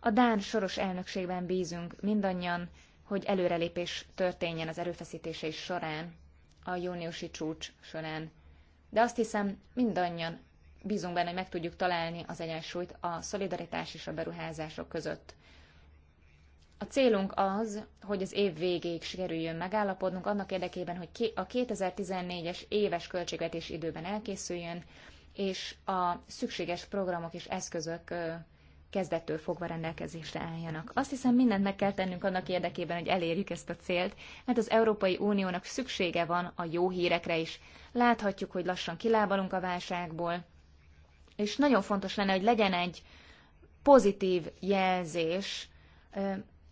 A Dán soros elnökségben bízunk mindannyian, hogy előrelépés történjen az erőfeszítései során, a júniusi csúcs során. De azt hiszem, mindannyian bízunk benne, hogy meg tudjuk találni az egyensúlyt a szolidaritás és a beruházások között. A célunk az, hogy az év végéig sikerüljön megállapodnunk annak érdekében, hogy a 2014-es éves költségvetés időben elkészüljön, és a szükséges programok és eszközök kezdettől fogva rendelkezésre álljanak. Azt hiszem, mindent meg kell tennünk annak érdekében, hogy elérjük ezt a célt, mert az Európai Uniónak szüksége van a jó hírekre is. Láthatjuk, hogy lassan kilábalunk a válságból, és nagyon fontos lenne, hogy legyen egy pozitív jelzés,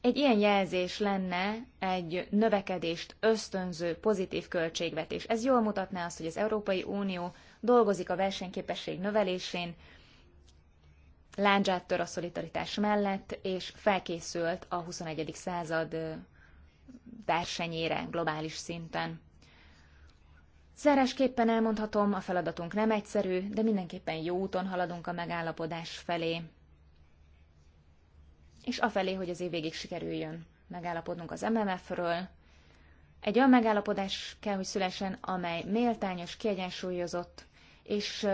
egy ilyen jelzés lenne egy növekedést ösztönző pozitív költségvetés. Ez jól mutatná azt, hogy az Európai Unió dolgozik a versenyképesség növelésén, láncsát tör a szolidaritás mellett, és felkészült a 21. század versenyére globális szinten. Szeresképpen elmondhatom, a feladatunk nem egyszerű, de mindenképpen jó úton haladunk a megállapodás felé, és afelé, hogy az év végig sikerüljön megállapodnunk az MMF-ről. Egy olyan megállapodás kell, hogy szülessen, amely méltányos, kiegyensúlyozott, és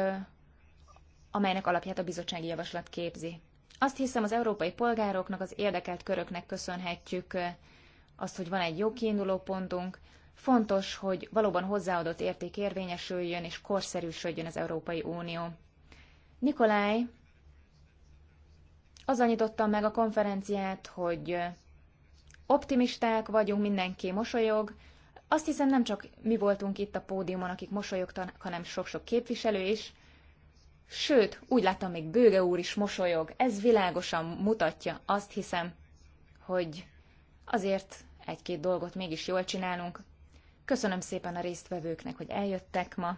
amelynek alapját a bizottsági javaslat képzi. Azt hiszem, az európai polgároknak, az érdekelt köröknek köszönhetjük azt, hogy van egy jó kiinduló pontunk, Fontos, hogy valóban hozzáadott érték érvényesüljön és korszerűsödjön az Európai Unió. Nikolaj azzal nyitottam meg a konferenciát, hogy optimisták vagyunk, mindenki mosolyog. Azt hiszem nem csak mi voltunk itt a pódiumon, akik mosolyogtak, hanem sok-sok képviselő is. Sőt, úgy láttam, még Bőge úr is mosolyog. Ez világosan mutatja, azt hiszem, hogy azért egy-két dolgot mégis jól csinálunk. Köszönöm szépen a résztvevőknek, hogy eljöttek ma.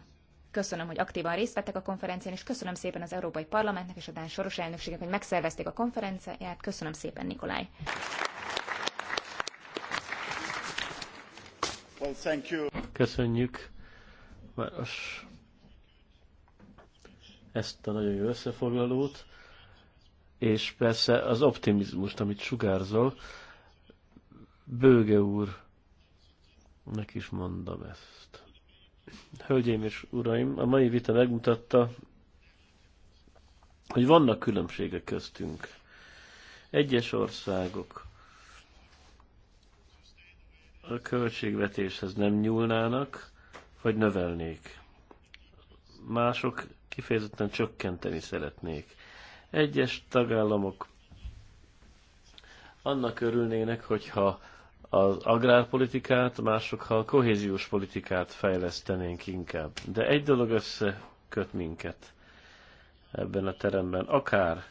Köszönöm, hogy aktívan részt vettek a konferencián, és köszönöm szépen az Európai Parlamentnek és a Dán Soros Elnökségnek, hogy megszervezték a konferenciát. Köszönöm szépen, Nikolaj. Well, thank you. Köszönjük, Város, ezt a nagyon jó összefoglalót, és persze az optimizmust, amit sugárzol. Bőge úr Nek is mondom ezt. Hölgyeim és uraim, a mai vita megmutatta, hogy vannak különbségek köztünk. Egyes országok a költségvetéshez nem nyúlnának, vagy növelnék. Mások kifejezetten csökkenteni szeretnék. Egyes tagállamok annak örülnének, hogyha az agrárpolitikát, mások, ha a kohéziós politikát fejlesztenénk inkább. De egy dolog összeköt minket ebben a teremben, akár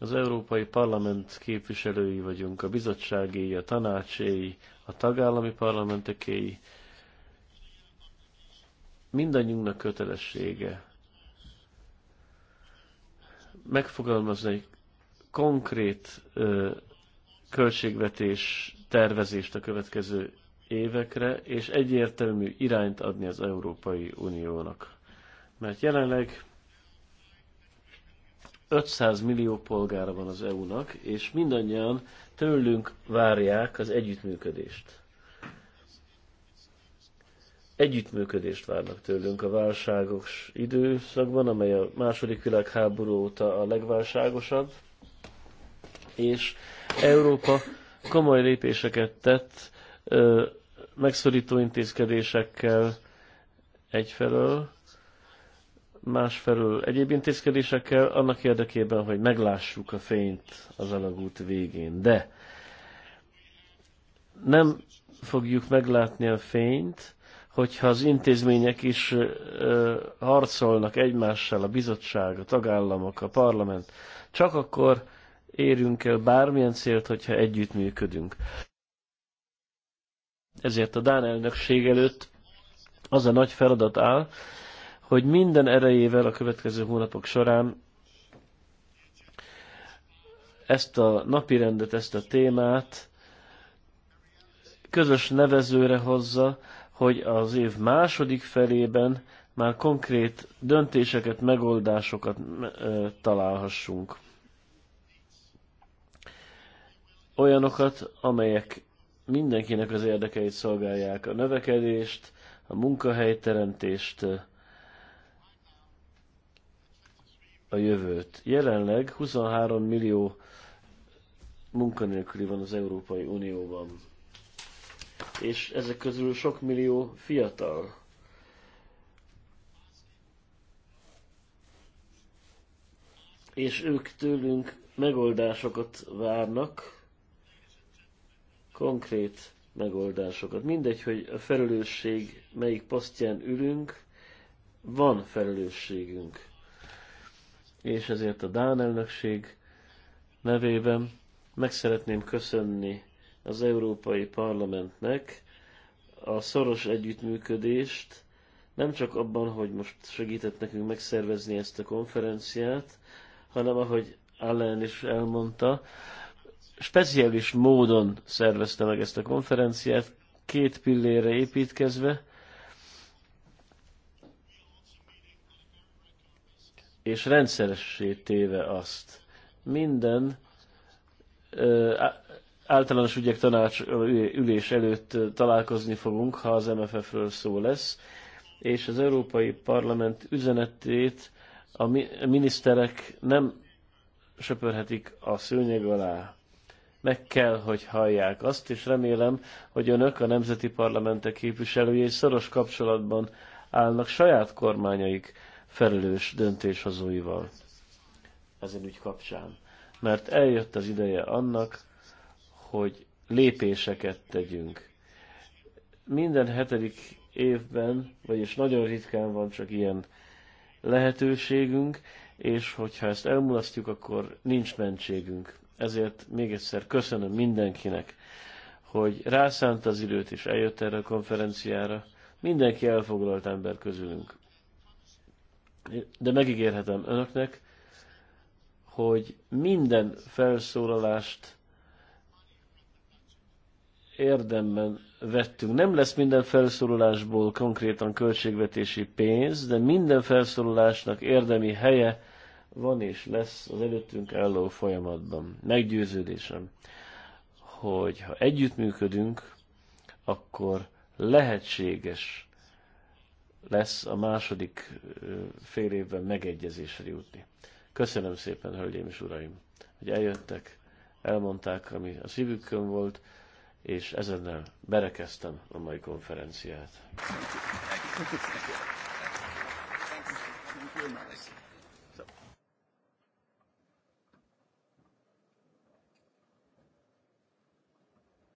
az Európai Parlament képviselői vagyunk, a bizottságéi, a tanácséi, a tagállami parlamentekéi. Mindannyiunknak kötelessége megfogalmazni egy konkrét ö, költségvetés tervezést a következő évekre, és egyértelmű irányt adni az Európai Uniónak. Mert jelenleg 500 millió polgára van az EU-nak, és mindannyian tőlünk várják az együttműködést. Együttműködést várnak tőlünk a válságos időszakban, amely a második világháború óta a legválságosabb, és Európa komoly lépéseket tett megszorító intézkedésekkel egyfelől, másfelől egyéb intézkedésekkel, annak érdekében, hogy meglássuk a fényt az alagút végén. De nem fogjuk meglátni a fényt, hogyha az intézmények is harcolnak egymással, a bizottság, a tagállamok, a parlament, csak akkor érünk el bármilyen célt, hogyha együttműködünk. Ezért a Dán elnökség előtt az a nagy feladat áll, hogy minden erejével a következő hónapok során ezt a napirendet, ezt a témát közös nevezőre hozza, hogy az év második felében már konkrét döntéseket, megoldásokat találhassunk olyanokat, amelyek mindenkinek az érdekeit szolgálják, a növekedést, a munkahelyteremtést, a jövőt. Jelenleg 23 millió munkanélküli van az Európai Unióban, és ezek közül sok millió fiatal. És ők tőlünk megoldásokat várnak, konkrét megoldásokat. Mindegy, hogy a felelősség melyik posztján ülünk, van felelősségünk. És ezért a Dán elnökség nevében meg szeretném köszönni az Európai Parlamentnek a szoros együttműködést, nem csak abban, hogy most segített nekünk megszervezni ezt a konferenciát, hanem ahogy Allen is elmondta, speciális módon szervezte meg ezt a konferenciát, két pillére építkezve, és rendszeressé téve azt. Minden ö, általános ügyek tanács ülés előtt találkozni fogunk, ha az MFF-ről szó lesz, és az Európai Parlament üzenetét a miniszterek nem söpörhetik a szőnyeg alá meg kell, hogy hallják azt, és remélem, hogy önök a nemzeti parlamentek képviselői szoros kapcsolatban állnak saját kormányaik felelős döntéshozóival ezen ügy kapcsán. Mert eljött az ideje annak, hogy lépéseket tegyünk. Minden hetedik évben, vagyis nagyon ritkán van csak ilyen lehetőségünk, és hogyha ezt elmulasztjuk, akkor nincs mentségünk. Ezért még egyszer köszönöm mindenkinek, hogy rászánt az időt és eljött erre a konferenciára. Mindenki elfoglalt ember közülünk. De megígérhetem önöknek, hogy minden felszólalást érdemben vettünk. Nem lesz minden felszólalásból konkrétan költségvetési pénz, de minden felszólalásnak érdemi helye van és lesz az előttünk álló folyamatban. Meggyőződésem, hogy ha együttműködünk, akkor lehetséges lesz a második fél évben megegyezésre jutni. Köszönöm szépen, hölgyeim és uraim, hogy eljöttek, elmondták, ami a szívükön volt, és ezennel berekeztem a mai konferenciát. Thank you. Thank you. Thank you. Thank you. Thank you.